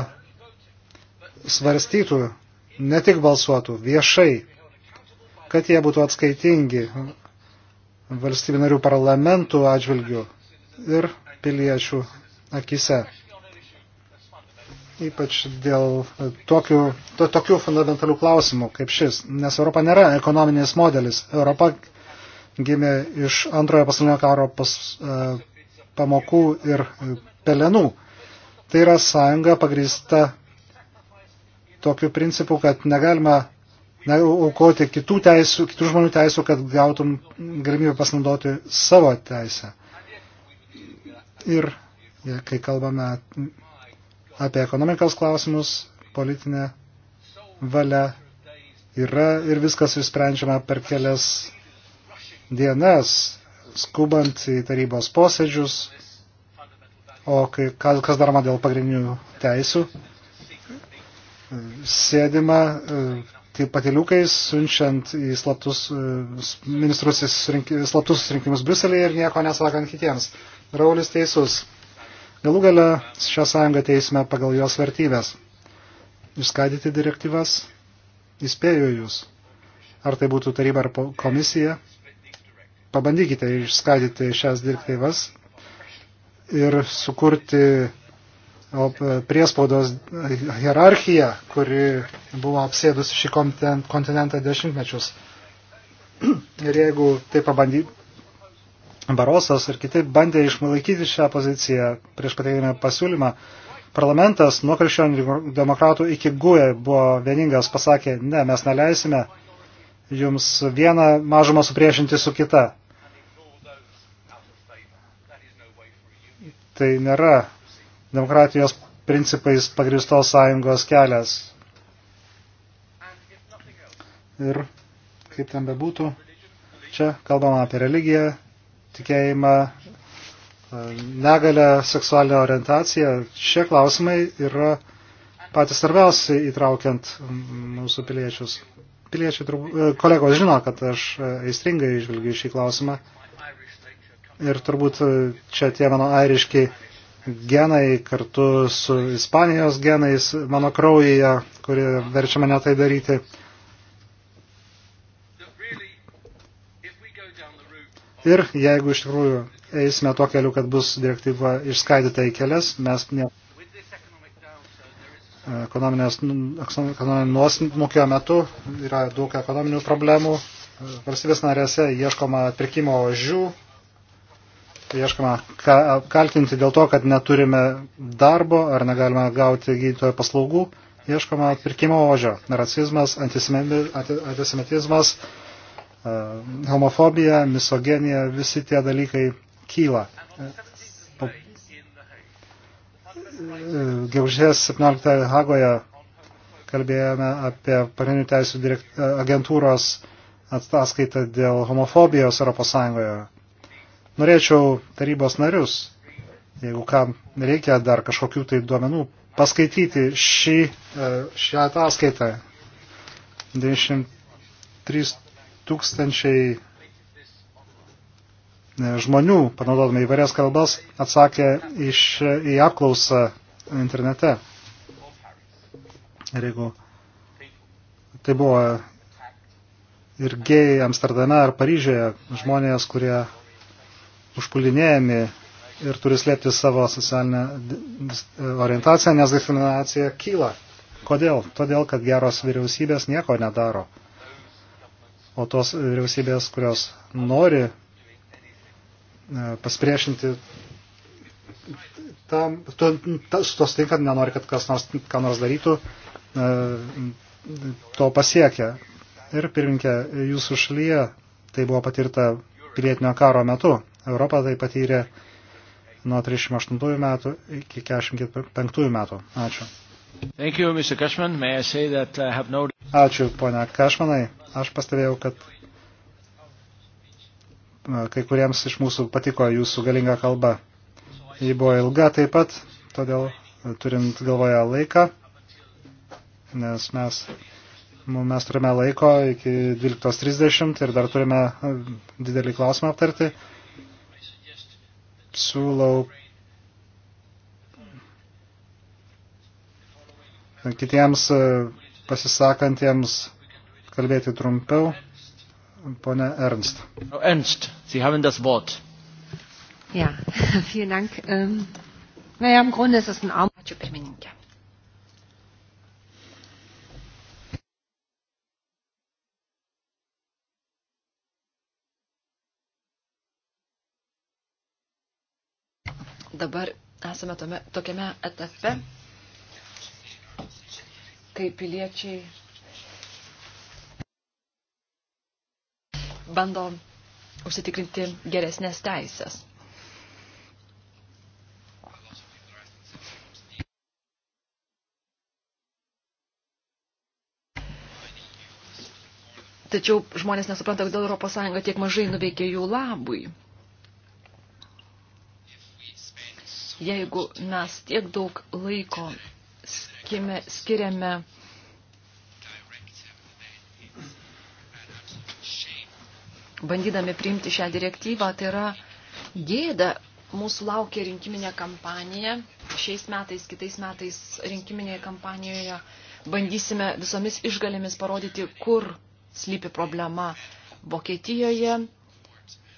svarstytų, ne tik balsuotų, viešai, kad jie būtų atskaitingi valstybinarių parlamentų atžvilgių ir piliečių akise. Ypač dėl tokių, to, tokių fundamentalių klausimų kaip šis, nes Europa nėra ekonominis modelis. Europa gimė iš antrojo pasaulinio karo pas, e, pamokų ir pelenų. Tai yra sąjunga pagrįsta tokiu principu, kad negalima ne, aukoti kitų, teisų, kitų žmonių teisų, kad gautum galimybę pasinaudoti savo teisę. Ir e, kai kalbame apie ekonomikos klausimus, politinė valia yra ir viskas išsprendžiama per kelias dienas, skubant į tarybos posėdžius, o kai, kas, kas daroma dėl pagrindinių teisių, sėdima tai patiliukais, siunčiant į slaptus e, ministrus į slaptus susirinkimus Briuselėje ir nieko nesakant kitiems. Raulis teisus. Galų gale šią sąjungą teisime pagal jos vertybės. Išskaidyti direktyvas, įspėju jūs. Ar tai būtų taryba ar komisija, pabandykite išskaidyti šias direktyvas ir sukurti priespaudos hierarchiją, kuri buvo apsėdusi šį kontinentą dešimtmečius. Ir jeigu tai pabandy, Barosas ir kiti bandė išmalaikyti šią poziciją prieš pateikdami pasiūlymą. Parlamentas nuo krikščionių demokratų iki GUE buvo vieningas, pasakė, ne, mes neleisime jums vieną mažumą supriešinti su kita. Tai nėra demokratijos principais pagristos sąjungos kelias. Ir kaip ten bebūtų, čia kalbama apie religiją, tikėjimą, e, negalę, seksualinę orientaciją. Šie klausimai yra patys svarbiausi įtraukiant mūsų piliečius. Piliečiai, turbūt, e, kolegos žino, kad aš e, aistringai išvilgiu šį klausimą. Ir turbūt čia tie mano airiški genai kartu su Ispanijos genais mano kraujyje, kurie verčia mane tai daryti. Ir jeigu iš tikrųjų eisime tuo keliu, kad bus direktyva išskaidyta į kelias, mes ne ekonominės, ekonominio nuosmukio metu yra daug ekonominių problemų. Varsybės narėse ieškoma pirkimo ožių, ieškoma ką apkaltinti dėl to, kad neturime darbo ar negalime gauti gydytojo paslaugų, ieškoma pirkimo ožio. Rasizmas, antisemitizmas, homofobija, misogenija, visi tie dalykai kyla. Gegužės 17 Hagoje kalbėjome apie pareinių teisų direkt, agentūros ataskaitą dėl homofobijos Europos Sąjungoje. Norėčiau tarybos narius, jeigu kam reikia dar kažkokių tai duomenų, paskaityti šį, šią ataskaitą. 93 tūkstančiai e, žmonių, panaudodami įvairias kalbas, atsakė iš, į apklausą internete. Ir jeigu tai buvo ir gėjai Amsterdame ar Paryžioje, žmonės, kurie užpulinėjami ir turi slėpti savo socialinę orientaciją, nes diskriminacija kyla. Kodėl? Todėl, kad geros vyriausybės nieko nedaro. O tos vyriausybės, kurios nori e, pasipriešinti tam, tu, ta, su tos tai, kad nenori, kad kas nors, ką nors darytų, e, to pasiekia. Ir pirminkė, jūsų šalyje tai buvo patirta pilietinio karo metu. Europa tai patyrė nuo 38 metų iki 45 metų. Ačiū. Thank you, Mr. Cashman. May I say that I have no... Ačiū, ponia Kašmanai. Aš pastebėjau, kad kai kuriems iš mūsų patiko jūsų galinga kalba. Ji buvo ilga taip pat, todėl turint galvoje laiką, nes mes, mes turime laiko iki 12.30 ir dar turime didelį klausimą aptarti. Siūlau kitiems e, pasisakantiems kalbėti trumpiau. Pone Ernst. Ernst, Sie haben das Wort. Ja, vielen Dank. Ähm, naja, im Grunde ist es ein Arm. Ačiū pirmininkė. Dabar esame tome, tokiame etape, kai piliečiai bando užsitikrinti geresnės teisės. Tačiau žmonės nesupranta, kodėl ES tiek mažai nuveikė jų labui. Jeigu mes tiek daug laiko skime, skiriame bandydami priimti šią direktyvą, tai yra gėda. Mūsų laukia rinkiminė kampanija. Šiais metais, kitais metais rinkiminėje kampanijoje bandysime visomis išgalėmis parodyti, kur slypi problema. Vokietijoje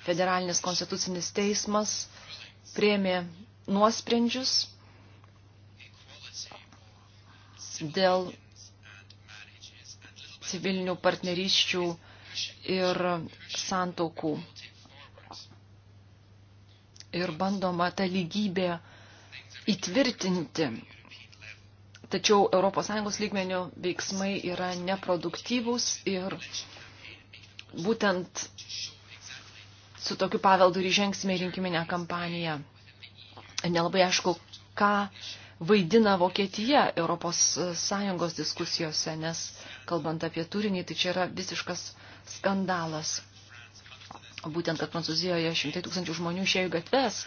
federalinis konstitucinis teismas priemė nuosprendžius dėl civilinių partnerysčių ir santokų. Ir bandoma tą lygybę įtvirtinti. Tačiau ES lygmenio veiksmai yra neproduktyvūs ir būtent su tokiu paveldu ir įžengsime į rinkiminę kampaniją. Nelabai aišku, ką vaidina Vokietija ES diskusijose, nes kalbant apie turinį, tai čia yra visiškas skandalas. Būtent, kad Prancūzijoje šimtai tūkstančių žmonių išėjo į gatves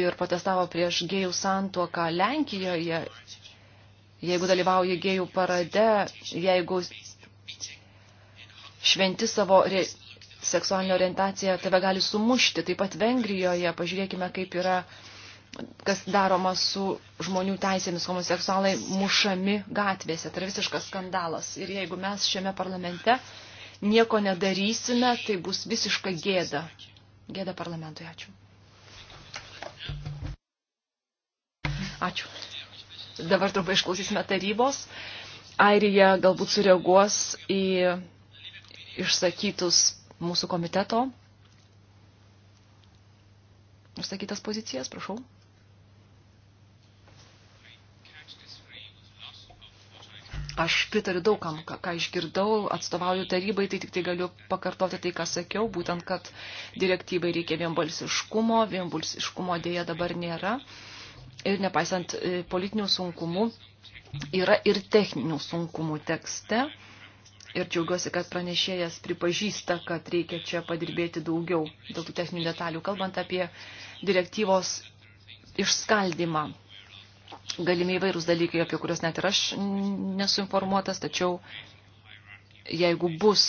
ir protestavo prieš gėjų santuoką Lenkijoje. Jeigu dalyvauji gėjų parade, jeigu šventi savo re... seksualinę orientaciją, tave gali sumušti. Taip pat Vengrijoje, pažiūrėkime, kaip yra kas daroma su žmonių teisėmis, homoseksualai mušami gatvėse. Tai yra visiškas skandalas. Ir jeigu mes šiame parlamente nieko nedarysime, tai bus visiška gėda. Gėda parlamentui. Ačiū. Ačiū. Dabar trumpai išklausysime tarybos. Airija galbūt sureaguos į išsakytus mūsų komiteto. Išsakytas pozicijas, prašau. Aš pritariu daugam, ką išgirdau, atstovauju tarybai, tai tik tai galiu pakartoti tai, ką sakiau, būtent, kad direktyvai reikia vienbalsiškumo, vienbalsiškumo dėja dabar nėra. Ir nepaisant e, politinių sunkumų, yra ir techninių sunkumų tekste. Ir džiaugiuosi, kad pranešėjas pripažįsta, kad reikia čia padirbėti daugiau dėl tų techninių detalių, kalbant apie direktyvos išskaldimą galimi įvairūs dalykai, apie kuriuos net ir aš nesu informuotas, tačiau jeigu bus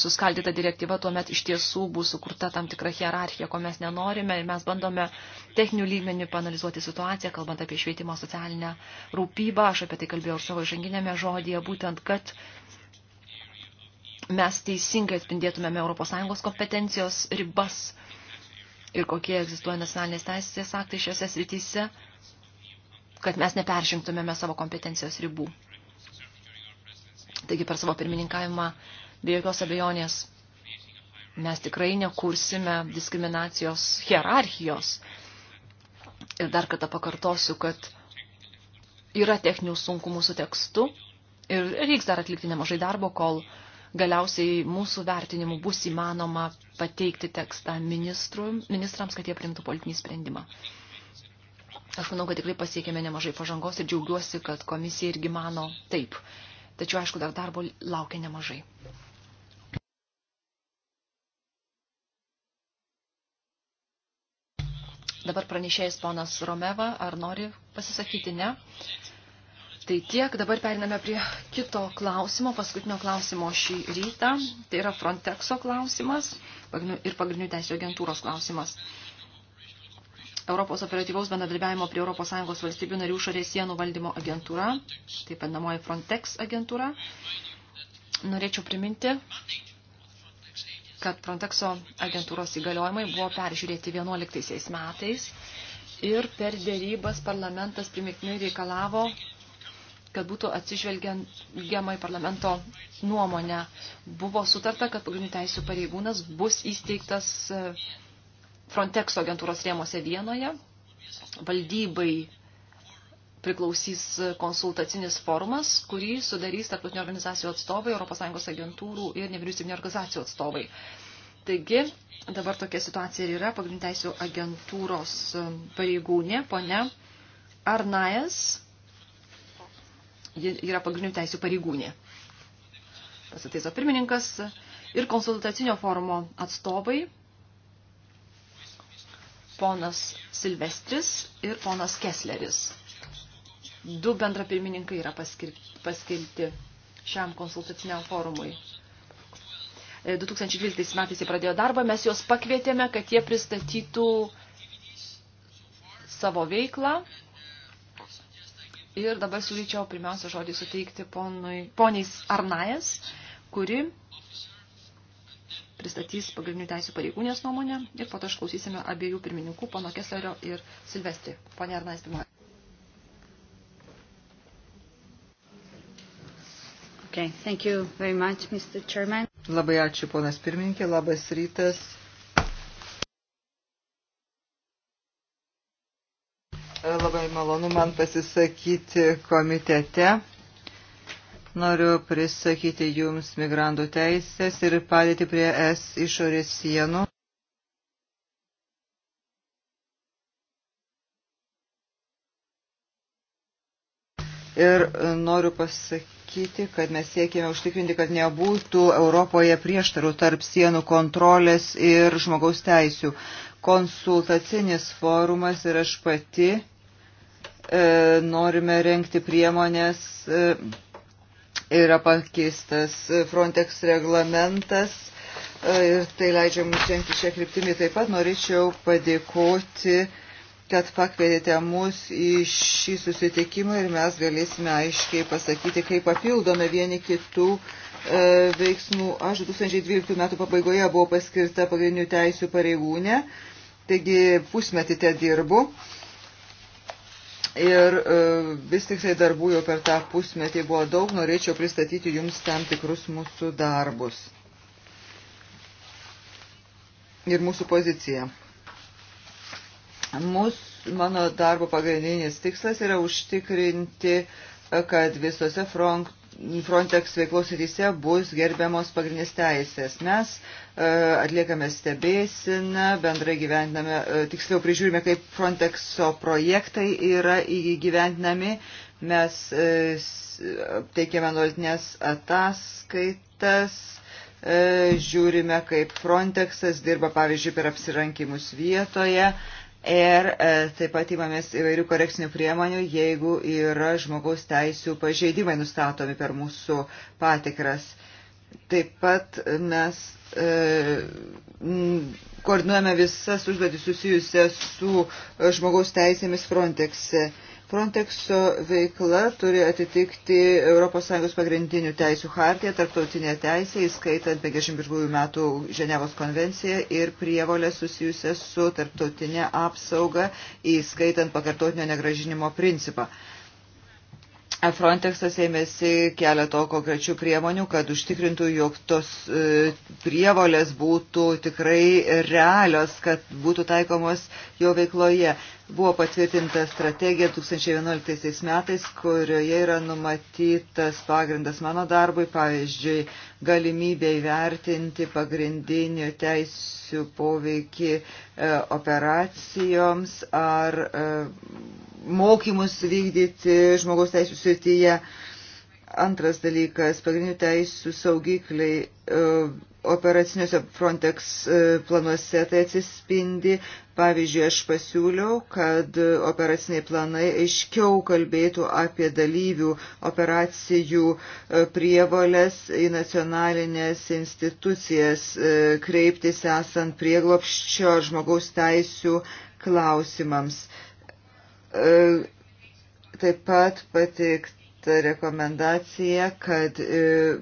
suskaldyta direktyva, tuomet iš tiesų bus sukurta tam tikra hierarchija, ko mes nenorime ir mes bandome techninių lygmenių panalizuoti situaciją, kalbant apie švietimo socialinę rūpybą. Aš apie tai kalbėjau savo žanginėme žodėje, būtent, kad mes teisingai atspindėtumėme ES kompetencijos ribas ir kokie egzistuoja nacionalinės teisės aktai šiose srityse kad mes neperžengtumėme savo kompetencijos ribų. Taigi per savo pirmininkavimą, be jokios abejonės, mes tikrai nekursime diskriminacijos hierarchijos. Ir dar kartą pakartosiu, kad yra techninių sunkumų su tekstu ir reiks dar atlikti nemažai darbo, kol galiausiai mūsų vertinimu bus įmanoma pateikti tekstą ministrams, kad jie primtų politinį sprendimą. Aš manau, kad tikrai pasiekėme nemažai pažangos ir džiaugiuosi, kad komisija irgi mano taip. Tačiau, aišku, dar darbo laukia nemažai. Dabar pranešėjas ponas Romeva, ar nori pasisakyti? Ne. Tai tiek, dabar periname prie kito klausimo, paskutinio klausimo šį rytą. Tai yra Frontexo klausimas ir pagrindinių teisų agentūros klausimas. Europos operatyvaus bendradarbiavimo prie ES valstybių narių šalies sienų valdymo agentūra, taip vadinamoji Frontex agentūra. Norėčiau priminti, kad Frontexo agentūros įgaliojimai buvo peržiūrėti 11 metais ir per dėrybas parlamentas primiktinai reikalavo, kad būtų atsižvelgiama į parlamento nuomonę. Buvo sutarta, kad pagrindinių teisų pareigūnas bus įsteigtas Frontex agentūros rėmose Vienoje. Valdybai priklausys konsultacinis forumas, kurį sudarys tarptautinių organizacijų atstovai, ES agentūrų ir nevyriausybinio organizacijų atstovai. Taigi, dabar tokia situacija ir yra pagrindteisių agentūros um, pareigūnė, ponia Arnajas, ji yra pagrindinių teisių pareigūnė. Pasitaiso pirmininkas ir konsultacinio forumo atstovai ponas Silvestris ir ponas Kesleris. Du bendra pirmininkai yra paskirti šiam konsultaciniam forumui. 2012 e, metais jie pradėjo darbą, mes juos pakvietėme, kad jie pristatytų savo veiklą. Ir dabar siūlyčiau pirmiausia žodį suteikti ponui, poniais Arnajas, kuri pristatys pagrindinių teisų pareigūnės nuomonę ir po to išklausysime abiejų pirmininkų, pono Keslerio ir Silvestri. Pone Arnais, pirmoji. Okay, thank you very much, Mr. Chairman. Labai ačiū, ponas pirmininkė, labas rytas. Labai malonu man pasisakyti komitete. Noriu prisakyti Jums migrantų teisės ir padėti prie S išorės sienų. Ir noriu pasakyti, kad mes siekėme užtikrinti, kad nebūtų Europoje prieštarų tarp sienų kontrolės ir žmogaus teisių. Konsultacinis forumas ir aš pati e, norime renkti priemonės. E, yra pakeistas Frontex reglamentas e, ir tai leidžia mums žengti šią kryptimį. Taip pat norėčiau padėkoti kad pakvietėte mus į šį susitikimą ir mes galėsime aiškiai pasakyti, kaip papildome vieni kitų e, veiksmų. Aš 2012 metų pabaigoje buvau paskirta pagrindinių teisių pareigūnė, taigi pusmetį te dirbu. E, Ir e, vis tik tai darbų jau per tą pusmetį buvo daug, norėčiau pristatyti jums tam tikrus mūsų darbus. Ir mūsų poziciją. Mūsų, mano darbo pagrindinis tikslas yra užtikrinti, kad visose front, Frontex veiklos rytise bus gerbiamos pagrindinės teisės. Mes e, atliekame stebėsiną, bendrai gyventiname, e, tiksliau prižiūrime, kaip Frontexo projektai yra įgyventinami. Mes e, teikiame nuolatinės ataskaitas, žiūrime, kaip Frontexas dirba, pavyzdžiui, per apsirankimus vietoje Ir e, taip pat įmamės įvairių korekcinių priemonių, jeigu yra žmogaus teisų pažeidimai nustatomi per mūsų patikras. Taip pat mes e, m, koordinuojame visas užduotis susijusias su žmogaus teisėmis Frontexe. E, Frontexo veikla turi atitikti ES pagrindinių teisų hartiją, tarptautinę teisę, įskaitant 51 metų Ženevos konvenciją ir prievolę susijusią su tarptautinė apsauga, įskaitant pakartotinio negražinimo principą. Frontexas ėmėsi keleto konkrečių priemonių, kad užtikrintų, jog tos e, prievolės būtų tikrai realios, kad būtų taikomos jo veikloje. Buvo patvirtinta strategija 2011 metais, kurioje yra numatytas pagrindas mano darbui, pavyzdžiui, galimybė įvertinti pagrindinių teisių poveikį e, operacijoms ar e, mokymus vykdyti žmogaus teisų srityje. Antras dalykas - pagrindinių teisų saugikliai e, operaciniuose Frontex e, planuose tai atsispindi. Pavyzdžiui, aš pasiūliau, kad operaciniai planai aiškiau kalbėtų apie dalyvių operacijų e, prievolės į nacionalinės institucijas kreiptis esant prieglopščio žmogaus teisų klausimams Taip pat pateikta rekomendacija, kad e,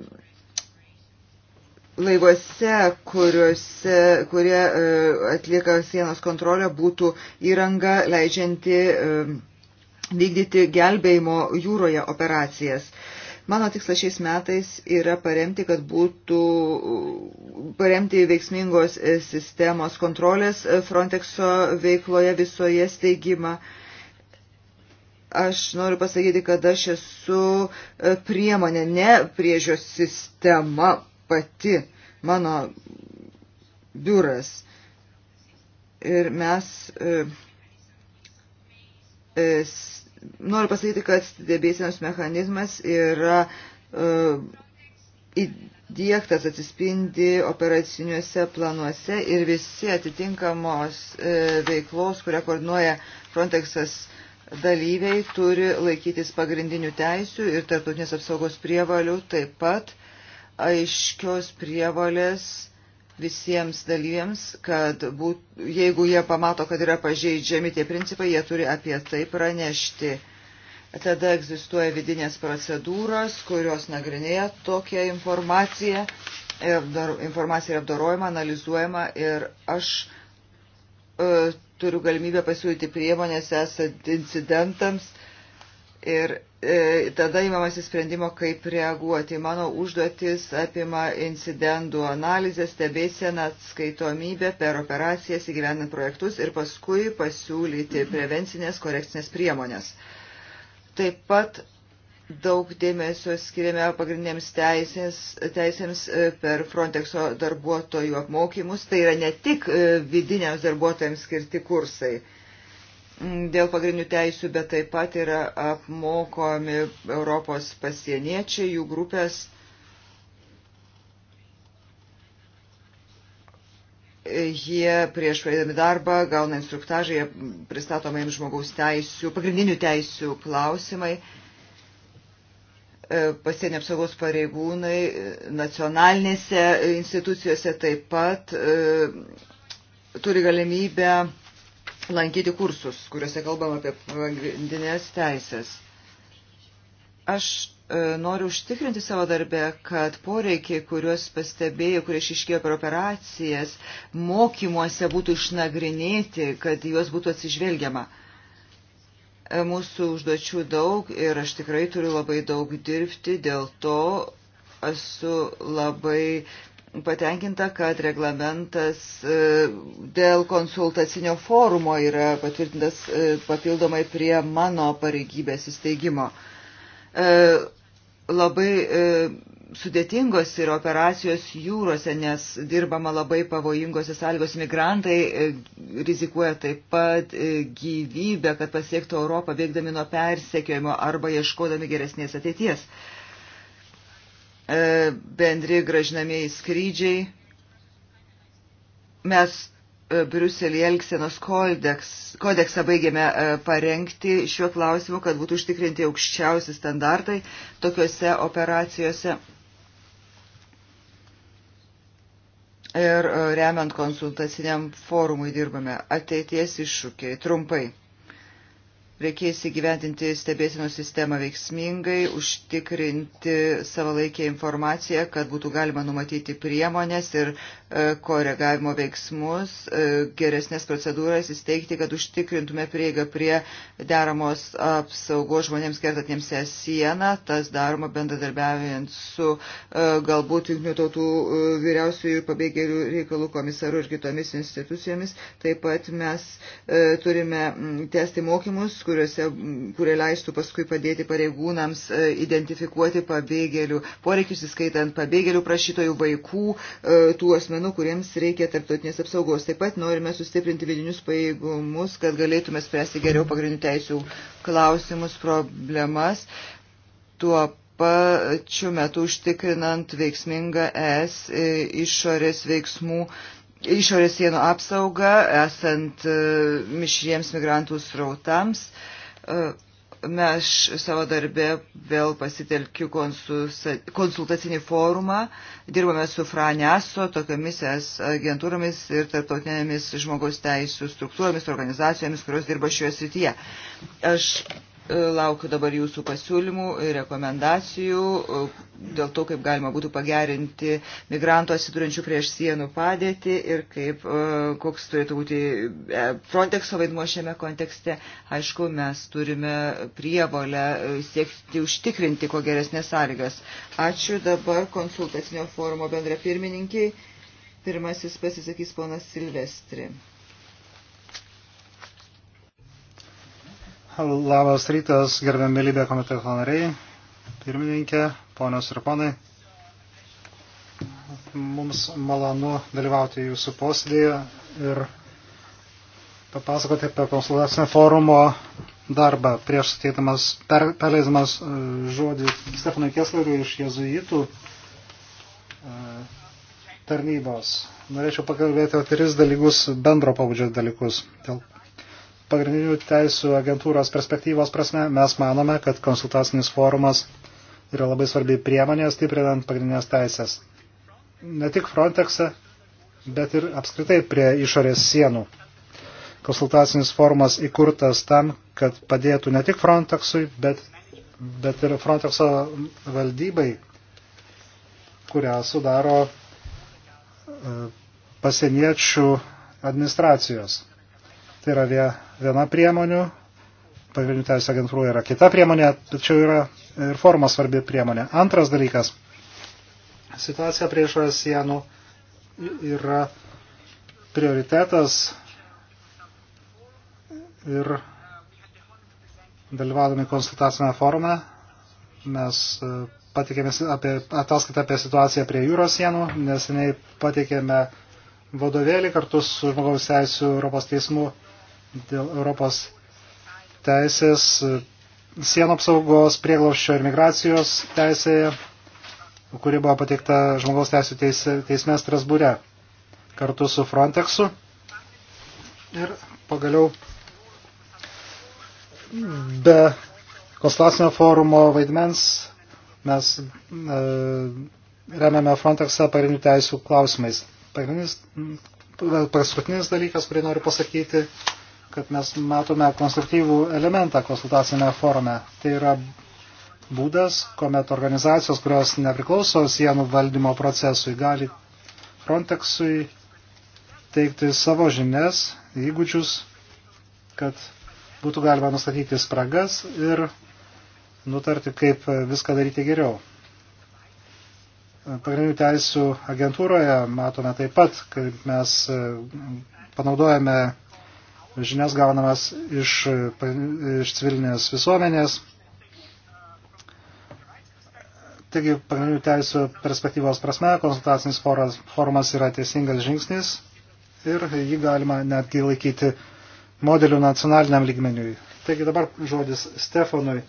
laivuose, kuriuose, kurie e, atlieka sienos kontrolę, būtų įranga leidžianti e, vykdyti gelbėjimo jūroje operacijas. Mano tikslas šiais metais yra paremti, kad būtų paremti veiksmingos sistemos kontrolės Frontexo veikloje visoje steigimą. Aš noriu pasakyti, kad aš esu e, priemonė, ne priežios sistema pati, mano biuras. Ir mes e, e, noriu pasakyti, kad stebėsienos mechanizmas yra e, įdėktas atsispindi operaciniuose planuose ir visi atitinkamos e, veiklos, kurią koordinuoja Frontexas e, dalyviai turi laikytis pagrindinių teisių ir tarptautinės apsaugos prievalių, taip pat aiškios prievalės visiems dalyviams, kad būt, jeigu jie pamato, kad yra pažeidžiami tie principai, jie turi apie tai pranešti. Tada egzistuoja vidinės procedūros, kurios nagrinėja tokią informaciją. Informacija yra apdorojama, analizuojama ir aš e, turiu galimybę pasiūlyti priemonės esant incidentams ir e, tada įmamasi sprendimo, kaip reaguoti. Mano užduotis apima incidentų analizę, stebėsieną, atskaitomybę per operacijas įgyvenant projektus ir paskui pasiūlyti prevencinės korekcinės priemonės. Taip pat daug dėmesio skiriame pagrindiniams teisėms, teisėms per Frontexo darbuotojų apmokymus. Tai yra ne tik e, vidiniams darbuotojams skirti kursai mm, dėl pagrindinių teisių, bet taip pat yra apmokomi Europos pasieniečiai, jų grupės. E, jie prieš pradėdami darbą gauna instruktažą, jie pristatoma jiems žmogaus teisių, pagrindinių teisių klausimai. E, pasienio apsaugos pareigūnai e, nacionalinėse institucijose taip pat e, turi galimybę lankyti kursus, kuriuose kalbam apie pagrindinės teisės. Aš noriu užtikrinti savo darbę, kad poreikiai, kuriuos pastebėjau, kurie išiškėjo per operacijas, mokymuose būtų išnagrinėti, kad juos būtų atsižvelgiama. E, mūsų užduočių daug ir aš tikrai turiu labai daug dirbti, dėl to esu labai patenkinta, kad reglamentas e, dėl konsultacinio forumo yra patvirtintas e, papildomai prie mano pareigybės įsteigimo. Labai sudėtingos yra operacijos jūrose, nes dirbama labai pavojingose sąlygos. Migrantai e, rizikuoja taip pat e, gyvybę, kad pasiektų Europą bėgdami nuo persekiojimo arba ieškodami geresnės ateities. E, bendri gražinamieji skrydžiai. Mes Briuselį Elksenos kodeks, kodeksą baigėme parengti šiuo klausimu, kad būtų užtikrinti aukščiausi standartai tokiuose operacijose. ir e, remiant konsultaciniam forumui dirbame. Ateities iššūkiai trumpai. Reikės įgyventinti stebėsinų sistemą veiksmingai, užtikrinti savalaikę informaciją, kad būtų galima numatyti priemonės ir e, koregavimo veiksmus, e, geresnės procedūras įsteigti, kad užtikrintume prieigą prie deramos apsaugos žmonėms kertatiems e sieną. Tas daroma bendradarbiaujant su e, galbūt jungtinių tautų e, vyriausiųjų pabėgėlių reikalų komisaru ir kitomis institucijomis. Taip pat mes e, turime tęsti mokymus, kuriuose, kurie leistų paskui padėti pareigūnams e, identifikuoti pabėgėlių poreikius, įskaitant pabėgėlių prašytojų vaikų, e, tų asmenų, kuriems reikia tarptautinės apsaugos. Taip pat norime sustiprinti vidinius pajėgumus, kad galėtume spręsti geriau pagrindinių teisių klausimus, problemas. Tuo pačiu metu užtikrinant veiksmingą es e, išorės veiksmų išorės sienų apsaugą, esant e, mišriems migrantų srautams. E, Mes savo darbę vėl pasitelkiu konsultacinį forumą, dirbame su Franeso, tokiamis agentūromis ir tarptautinėmis žmogaus teisų struktūromis, organizacijomis, kurios dirba šioje srityje. Aš E, laukiu dabar jūsų pasiūlymų ir rekomendacijų e, dėl to, kaip galima būtų pagerinti migrantų atsidurančių prieš sienų padėtį ir kaip, e, koks turėtų būti Frontexo vaidmo šiame kontekste. Aišku, mes turime prievolę siekti užtikrinti ko geresnės sąlygas. Ačiū dabar konsultacinio forumo bendra pirmininkiai. Pirmasis pasisakys ponas Silvestri. Labas rytas, gerbiami lybė komiteto nariai, pirmininkė, ponios ir ponai. Mums malonu dalyvauti jūsų posėdėje ir papasakoti apie konsultacinę forumo darbą. Prieš suteikdamas, per, perleisdamas e, žodį Stefanui Kesleriui iš jezuitų e, tarnybos. Norėčiau pakalbėti apie tris dalykus, bendro pabudžio dalykus. Dėl pagrindinių teisų agentūros perspektyvos prasme mes manome, kad konsultacinis forumas yra labai svarbi priemonė stiprinant pagrindinės teisės. Ne tik Frontexą, bet ir apskritai prie išorės sienų. Konsultacinis forumas įkurtas tam, kad padėtų ne tik Frontexui, bet, bet ir Frontexo valdybai, kurią sudaro e, pasieniečių administracijos. Tai yra viena priemonių, pagrindinių teisų agentūra yra kita priemonė, tačiau yra ir forma svarbi priemonė. Antras dalykas. Situacija prieš sienų yra prioritetas ir dalyvaudami konsultacinę formą mes e, patikėme apie, ataskaitą apie situaciją prie jūros sienų, neseniai patikėme vadovėlį kartu su žmogaus teisų Europos teismų dėl Europos teisės sienų apsaugos, prieglauščio ir migracijos teisėje, kuri buvo pateikta žmogaus teisų teisė, teisme Strasbūre kartu su Frontexu. Ir pagaliau be konstelacinio forumo vaidmens mes e, remiame Frontexą pagrindinių teisų klausimais. Pagrindinis, paskutinis dalykas, kurį noriu pasakyti, kad mes matome konstruktyvų elementą konsultacinėme forume. Tai yra būdas, kuomet organizacijos, kurios nepriklauso sienų valdymo procesui, gali Frontexui teikti savo žinias, įgūdžius, kad būtų galima nustatyti spragas ir nutarti, kaip viską daryti geriau. Pagrindinių teisų agentūroje matome taip pat, kaip mes panaudojame žinias gaunamas iš, iš civilinės visuomenės. Taigi, pagrindinių teisų perspektyvos prasme, konsultacinis foras, formas yra teisingas žingsnis ir jį galima netgi laikyti modelių nacionaliniam lygmeniui. Taigi dabar žodis Stefanui,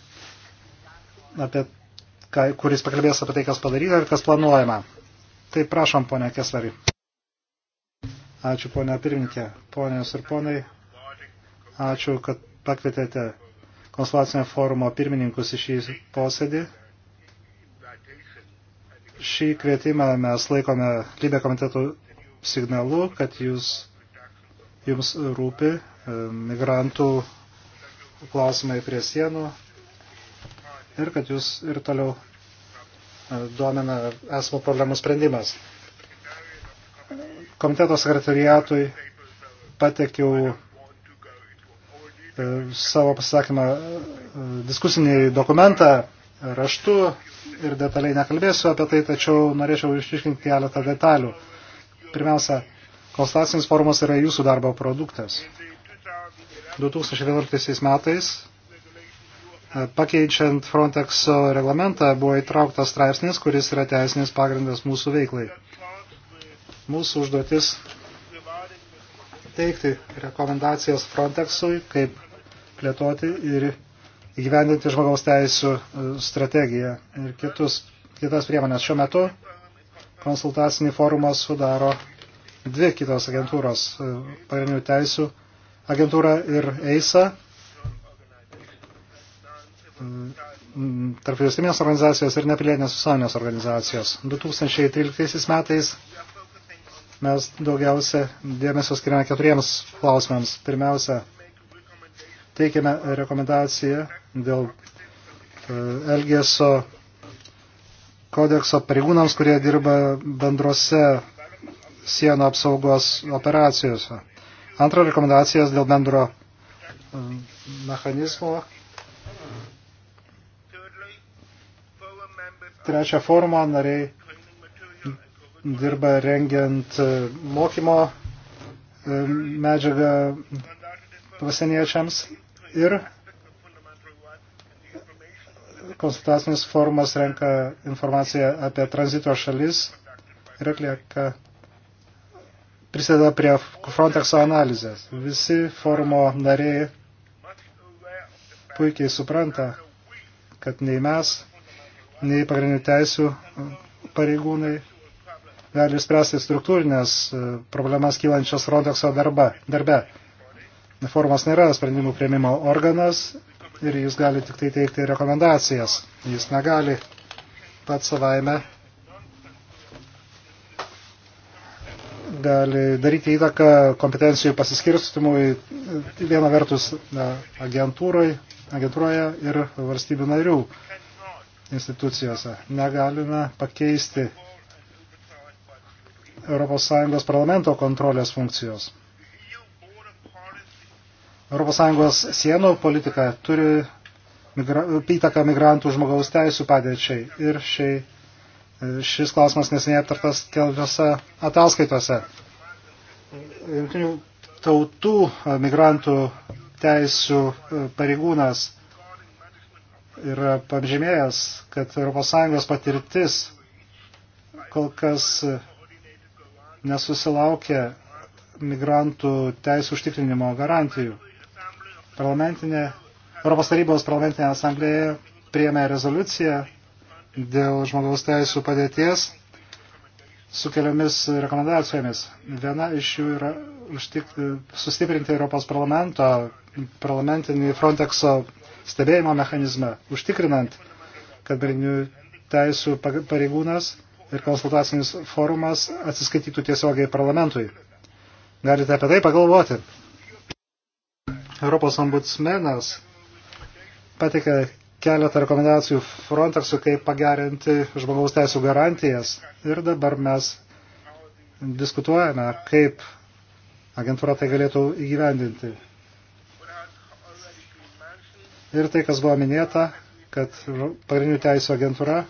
apie, ką, kuris pakalbės apie tai, kas padaryta ir kas planuojama. Tai prašom, ponia Kesvari. Ačiū, ponia pirminkė. Ponios ir ponai, Ačiū, kad pakvietėte konsultacinio forumo pirmininkus į šį posėdį. Šį kvietimą mes laikome lybė komitetų signalu, kad jūs, jums rūpi e, migrantų klausimai prie sienų ir kad jūs ir toliau e, duomena esmo problemų sprendimas. Komiteto sekretariatui patekiau E, savo pasisakymą e, diskusinį dokumentą raštu ir detaliai nekalbėsiu apie tai, tačiau norėčiau išriškinti keletą detalių. Pirmiausia, konstatacinis forumas yra jūsų darbo produktas. 2011 metais e, pakeičiant Frontex reglamentą buvo įtrauktas straipsnis, kuris yra teisinis pagrindas mūsų veiklai. Mūsų užduotis teikti rekomendacijas Frontexui kaip plėtoti ir įgyvendinti žmogaus teisų e, strategiją ir kitus, kitas priemonės. Šiuo metu konsultacinį forumą sudaro dvi kitos agentūros e, - pagrindinių teisų agentūra ir EISA. Mm, mm, tarp vyriausybinės organizacijos ir nepilietinės visuomenės organizacijos. 2013 metais mes daugiausia dėmesio skiriame keturiems klausimams. Pirmiausia, teikiame rekomendaciją dėl e, Elgėso kodekso pareigūnams, kurie dirba bendrose sienų apsaugos operacijose. Antra rekomendacijas dėl bendro e, mechanizmo. Trečia forma nariai dirba rengiant e, mokymo medžiagą pasieniečiams ir konsultacinis forumas renka informaciją apie tranzito šalis ir atlieka prisideda prie Frontexo analizės. Visi forumo nariai puikiai supranta, kad nei mes, nei pagrindinių teisių pareigūnai gali spręsti struktūrinės e, problemas kylančias Frontexo darba, darbe. Forumas nėra sprendimų prieimimo organas ir jis gali tik tai teikti rekomendacijas. Jis negali pat savaime gali daryti įtaką kompetencijų pasiskirstimui viena vertus agentūroje, agentūroje ir valstybių narių institucijose. Negalime pakeisti ES parlamento kontrolės funkcijos. ES sienų politika turi migra įtaką migrantų žmogaus teisų padėčiai ir šiai, šis klausimas nesiniai aptartas keliose ataskaitose. Jungtinių tautų e, migrantų teisų e, pareigūnas yra pažymėjęs, kad ES patirtis kol kas nesusilaukė migrantų teisų užtikrinimo garantijų. Parlamentinė, Europos tarybos parlamentinė asamblėje priėmė rezoliuciją dėl žmogaus teisų padėties su keliomis rekomendacijomis. Viena iš jų yra užtik, sustiprinti Europos parlamento parlamentinį Frontexo stebėjimo mechanizmą, užtikrinant, kad bernių teisų pareigūnas ir konsultacinis forumas atsiskaitytų tiesiogiai parlamentui. Galite apie tai pagalvoti. Europos ombudsmenas patikė keletą rekomendacijų Frontexų, kaip pagerinti žmogaus teisų garantijas. Ir dabar mes diskutuojame, kaip agentūra tai galėtų įgyvendinti. Ir tai, kas buvo minėta, kad pagrindinių teisų agentūra e,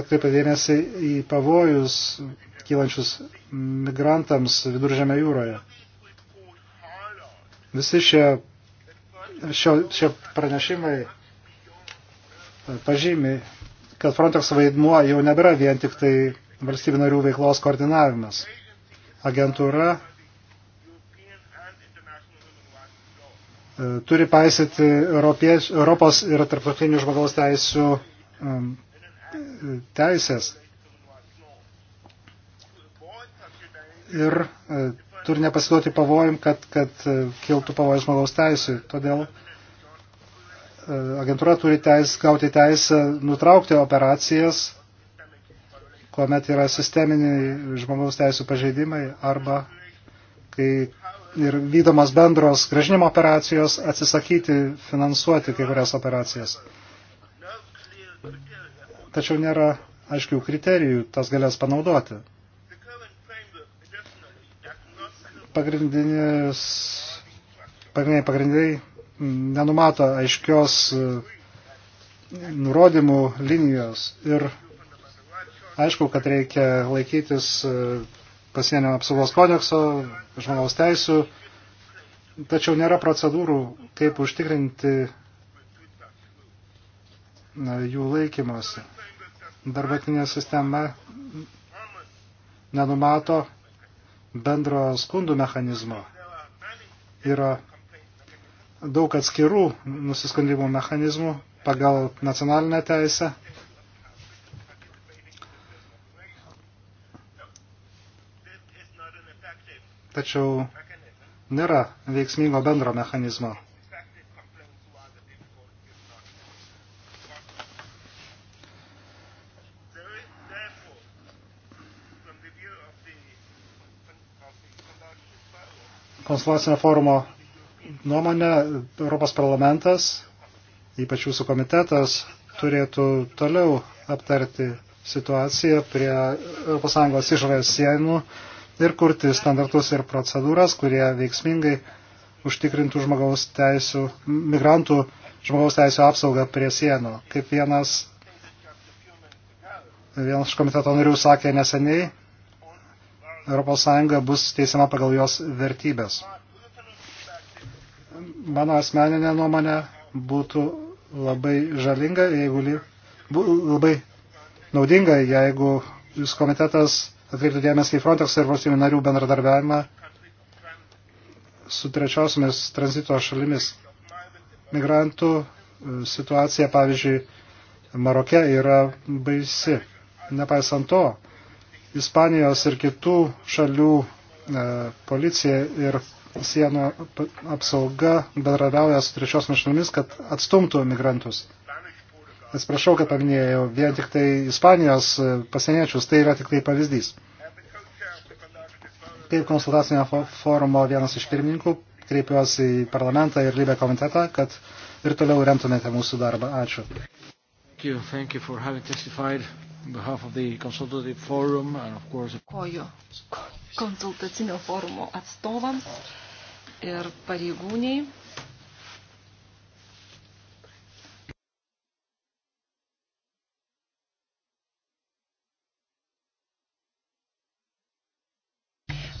atkreipia dėmesį į pavojus kylančius migrantams viduržėme jūroje. Visi šie, šio, šie pranešimai e, pažymi, kad Frontex vaidmuo jau nebėra vien tik tai valstybių narių veiklos koordinavimas. Agentūra e, turi paisyti Europės, Europos ir tarptautinių žmogaus teisų teisės. Ir e, turi nepasiduoti pavojim, kad, kad e, kiltų pavojus žmogaus teisui. Todėl e, agentūra turi teis, gauti teisę nutraukti operacijas, kuomet yra sisteminiai žmogaus teisų pažeidimai arba kai ir vykdomas bendros gražinimo operacijos atsisakyti finansuoti kai kurias operacijas. Tačiau nėra aiškių kriterijų tas galės panaudoti. pagrindiniai pagrindiniai nenumato aiškios e, nurodymų linijos ir aišku, kad reikia laikytis e, pasienio apsaugos kodekso, žmogaus teisų, tačiau nėra procedūrų, kaip užtikrinti jų laikymosi. Darbatinė sistema nenumato bendro skundų mechanizmo. Yra daug atskirų nusiskundimų mechanizmų pagal nacionalinę teisę. Tačiau nėra veiksmingo bendro mechanizmo. konsultacinio forumo nuomonę, Europos parlamentas, ypač jūsų komitetas, turėtų toliau aptarti situaciją prie ES išorės sienų ir kurti standartus ir procedūras, kurie veiksmingai užtikrintų žmogaus teisų, migrantų žmogaus teisų apsaugą prie sienų. Kaip vienas, vienas komiteto narių sakė neseniai, ES bus teisiama pagal jos vertybės. Mano asmeninė nuomonė būtų labai žalinga, jeigu li, bu, labai naudinga, jeigu jūs komitetas atkreiptų dėmesį į Frontex ir valstybių narių bendradarbiavimą su trečiosiomis tranzito šalimis. Migrantų e, situacija, pavyzdžiui, Maroke yra baisi. Nepaisant to, Ispanijos ir kitų šalių e, policija ir sienų apsauga bendradarbiauja su trečiosiomis šalimis, kad atstumtų migrantus. Atsiprašau, kad paminėjau vien tik tai Ispanijos e, pasieniečius, tai yra tik tai pavyzdys. Kaip konsultacinio forumo vienas iš pirmininkų, kreipiuosi į parlamentą ir lybę komitetą, kad ir toliau remtumėte mūsų darbą. Ačiū. Thank you. Thank you behalf of the consultative forum and of course Koju konsultacinio forumo atstovams ir pareigūniai.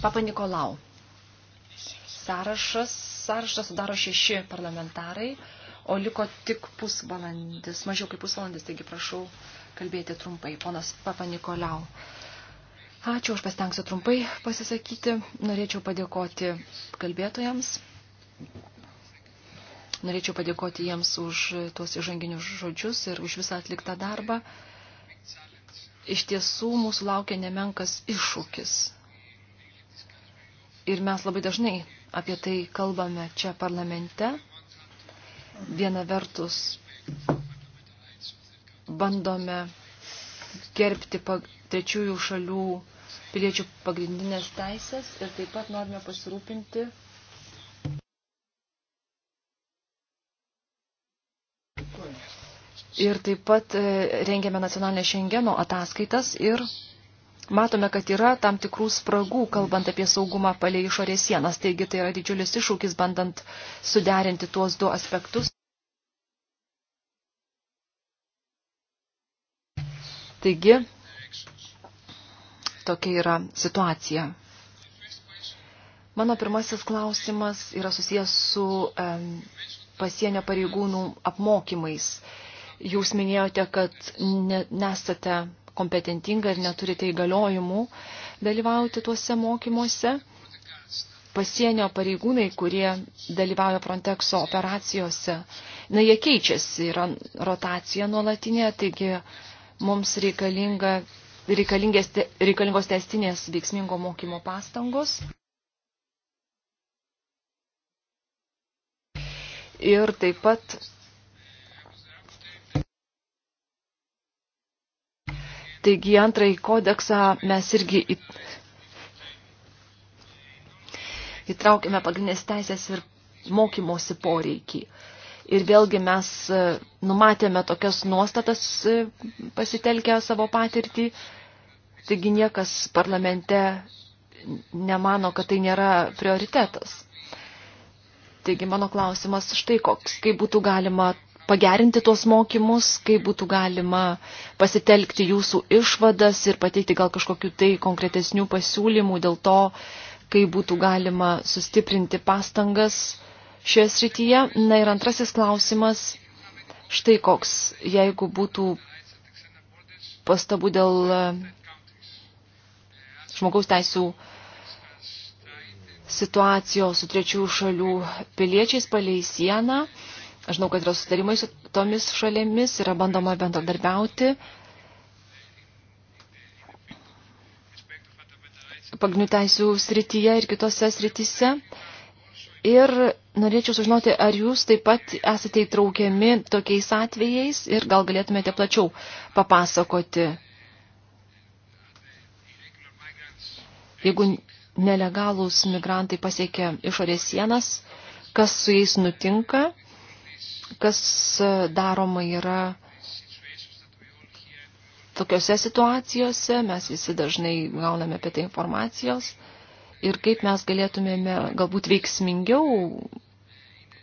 Papa Nikolau. Sąrašas, sąrašas sudaro šeši parlamentarai, o liko tik pusvalandis, mažiau kaip pusvalandis, taigi prašau kalbėti trumpai. Ponas Papa Nikolau. Ačiū, aš pastengsiu trumpai pasisakyti. Norėčiau padėkoti kalbėtojams. Norėčiau padėkoti jiems už tuos įžanginius žodžius ir už visą atliktą darbą. Iš tiesų mūsų laukia nemenkas iššūkis. Ir mes labai dažnai apie tai kalbame čia parlamente. Viena vertus bandome gerbti trečiųjų šalių piliečių pagrindinės teisės ir taip pat norime pasirūpinti Ir taip pat e, rengiame nacionalinę Šengeno ataskaitas ir matome, kad yra tam tikrų spragų, kalbant apie saugumą palei išorės sienas. Taigi tai yra didžiulis iššūkis, bandant suderinti tuos du aspektus. Taigi, tokia yra situacija. Mano pirmasis klausimas yra susijęs su pasienio pareigūnų apmokymais. Jūs minėjote, kad ne, nesate kompetentinga ir neturite įgaliojimų dalyvauti tuose mokymuose. Pasienio pareigūnai, kurie dalyvauja Frontexo operacijose, na, jie keičiasi, yra rotacija nuolatinė, taigi mums reikalinga, reikalingos testinės veiksmingo mokymo pastangos. Ir taip pat Taigi antrąjį kodeksą mes irgi įtraukime pagrindinės teisės ir mokymosi poreikį. Ir vėlgi mes e, numatėme tokias nuostatas e, pasitelkę savo patirtį. Taigi niekas parlamente nemano, kad tai nėra prioritetas. Taigi mano klausimas štai koks, kaip būtų galima pagerinti tuos mokymus, kaip būtų galima pasitelkti jūsų išvadas ir pateikti gal kažkokiu tai konkretesnių pasiūlymų dėl to, kaip būtų galima sustiprinti pastangas šioje srityje. Na ir antrasis klausimas, štai koks, jeigu būtų pastabų dėl e, žmogaus teisų situacijos su trečių šalių piliečiais palei sieną. Aš žinau, kad yra sutarimai su tomis šalėmis, yra bandoma bendradarbiauti. Pagnių teisų srityje ir kitose srityse. Ir norėčiau sužinoti, ar jūs taip pat esate įtraukiami tokiais atvejais ir gal galėtumėte plačiau papasakoti. Jeigu nelegalūs migrantai pasiekia išorės sienas, kas su jais nutinka, kas e, daroma yra tokiose situacijose, mes visi dažnai gauname apie tai informacijos ir kaip mes galėtumėme galbūt veiksmingiau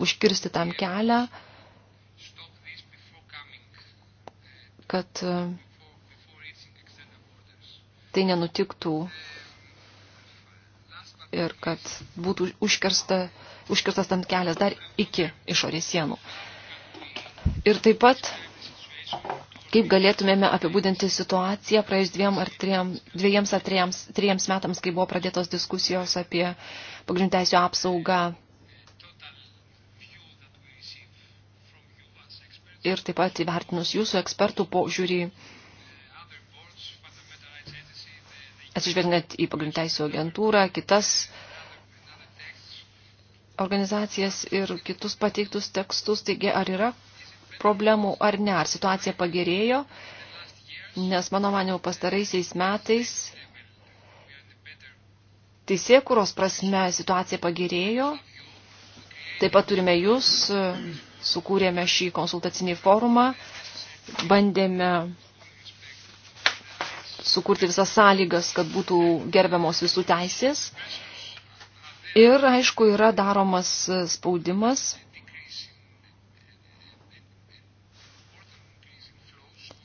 užkirsti tam kelią, kad e, tai nenutiktų ir kad būtų užkirsta, užkirstas tam kelias dar iki išorės sienų. Ir taip pat kaip galėtumėme apibūdinti situaciją praėjus dviem ar triem, dviejams ar triems, triems metams, kai buvo pradėtos diskusijos apie pagrindteisio apsaugą ir taip pat įvertinus jūsų ekspertų požiūrį, atsižvelgiant į pagrindteisio agentūrą, kitas organizacijas ir kitus pateiktus tekstus, taigi ar yra problemų ar ne, ar situacija pagerėjo, nes mano manimo pastaraisiais metais teisėkuros prasme situacija pagerėjo. Taip pat turime jūs, sukūrėme šį konsultacinį forumą, bandėme sukurti visas sąlygas, kad būtų gerbiamos visų teisės. Ir, aišku, yra daromas spaudimas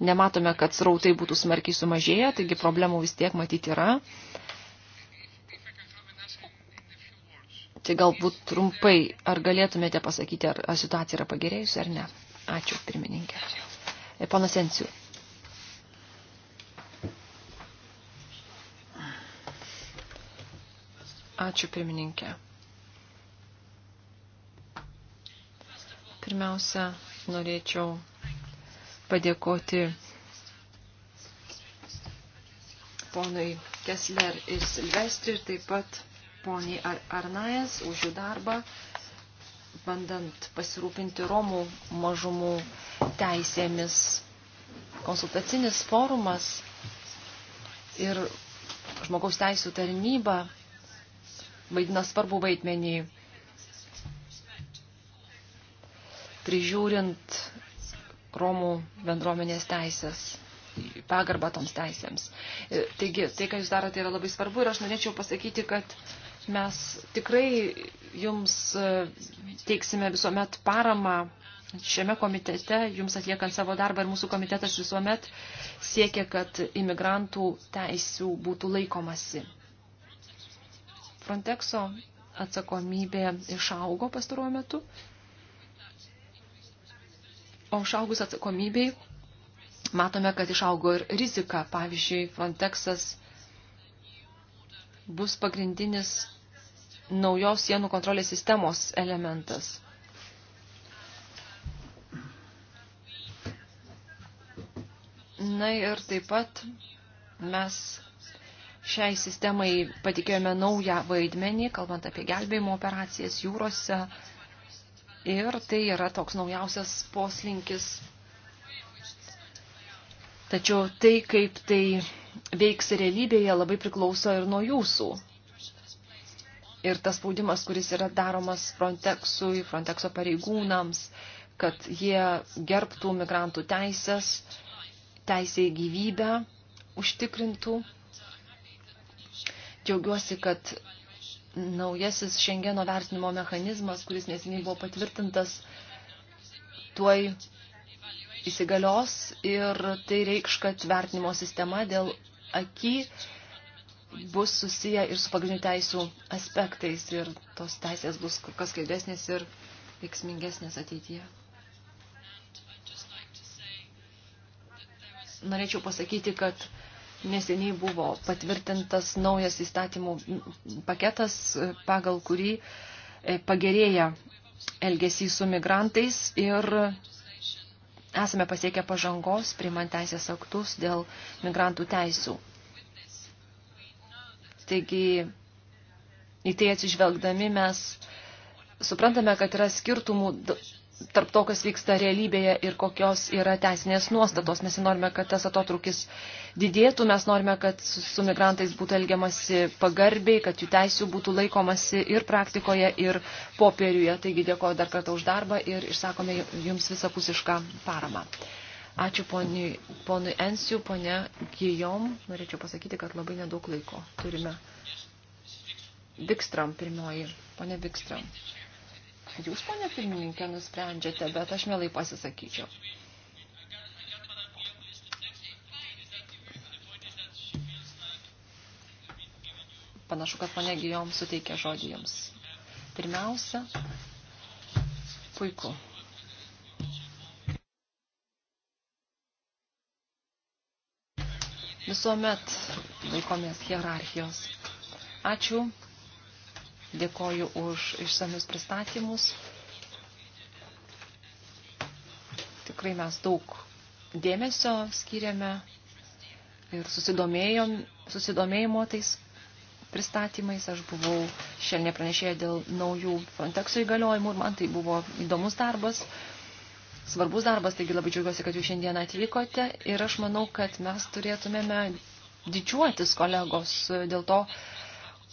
nematome, kad srautai būtų smarkiai sumažėję, taigi problemų vis tiek matyti yra. Tai galbūt trumpai, ar galėtumėte pasakyti, ar, ar situacija yra pagerėjusi ar ne? Ačiū, pirmininkė. E, Ponas Ensiu. Ačiū, pirmininkė. Pirmiausia, norėčiau padėkoti ponui Kessler ir Silvestri ir taip pat poniai Ar Arnajas už jų darbą, bandant pasirūpinti Romų mažumų teisėmis. Konsultacinis forumas ir žmogaus teisų tarnyba vaidina svarbu vaidmenį prižiūrint Romų bendruomenės teisės pagarbą toms teisėms. E, taigi, tai, ką jūs darote, yra labai svarbu ir aš norėčiau pasakyti, kad mes tikrai jums e, teiksime visuomet paramą šiame komitete, jums atliekant savo darbą ir mūsų komitetas visuomet siekia, kad imigrantų teisių būtų laikomasi. Frontexo atsakomybė išaugo pastaruoju metu o išaugus atsakomybei matome, kad išaugo ir rizika. Pavyzdžiui, Frontexas bus pagrindinis naujos sienų kontrolės sistemos elementas. Na ir taip pat mes šiai sistemai patikėjome naują vaidmenį, kalbant apie gelbėjimo operacijas jūrose, Ir tai yra toks naujausias poslinkis. Tačiau tai, kaip tai veiks realybėje, labai priklauso ir nuo jūsų. Ir tas spaudimas, kuris yra daromas Frontexui, Frontexo pareigūnams, kad jie gerbtų migrantų teisės, teisė į gyvybę užtikrintų. Džiaugiuosi, kad naujasis Šengeno vertinimo mechanizmas, kuris nesiniai buvo patvirtintas, tuoj įsigalios ir tai reikš, kad vertinimo sistema dėl aky bus susiję ir su pagrindinių teisų aspektais ir tos teisės bus kur kas skaidresnės ir veiksmingesnės ateityje. Norėčiau pasakyti, kad neseniai buvo patvirtintas naujas įstatymų paketas, pagal kurį e, pagerėja elgesys su migrantais ir esame pasiekę pažangos, priimant teisės aktus dėl migrantų teisų. Taigi, į tai atsižvelgdami mes suprantame, kad yra skirtumų tarp to, kas vyksta realybėje ir kokios yra teisinės nuostatos. Mes norime, kad tas atotrukis didėtų, mes norime, kad su migrantais būtų elgiamasi pagarbiai, kad jų teisių būtų laikomasi ir praktikoje, ir popieriuje. Taigi dėkoju dar kartą už darbą ir išsakome jums visapusišką paramą. Ačiū poniui, ponui Ensiu, ponia Gijom. Norėčiau pasakyti, kad labai nedaug laiko turime. Vikstram pirmoji. Pone Vikstram. Jūs, ponė pirmininkė, nusprendžiate, bet aš mielai pasisakyčiau. Panašu, kad ponė Gijom suteikė žodį jums. Pirmiausia, puiku. Visuomet laikomės hierarchijos. Ačiū Dėkoju už išsamius pristatymus. Tikrai mes daug dėmesio skiriame ir susidomėjimo tais pristatymais. Aš buvau šiandien pranešėję dėl naujų Frontexo įgaliojimų ir man tai buvo įdomus darbas, svarbus darbas, taigi labai džiaugiuosi, kad jūs šiandien atvykote ir aš manau, kad mes turėtumėme didžiuotis kolegos dėl to,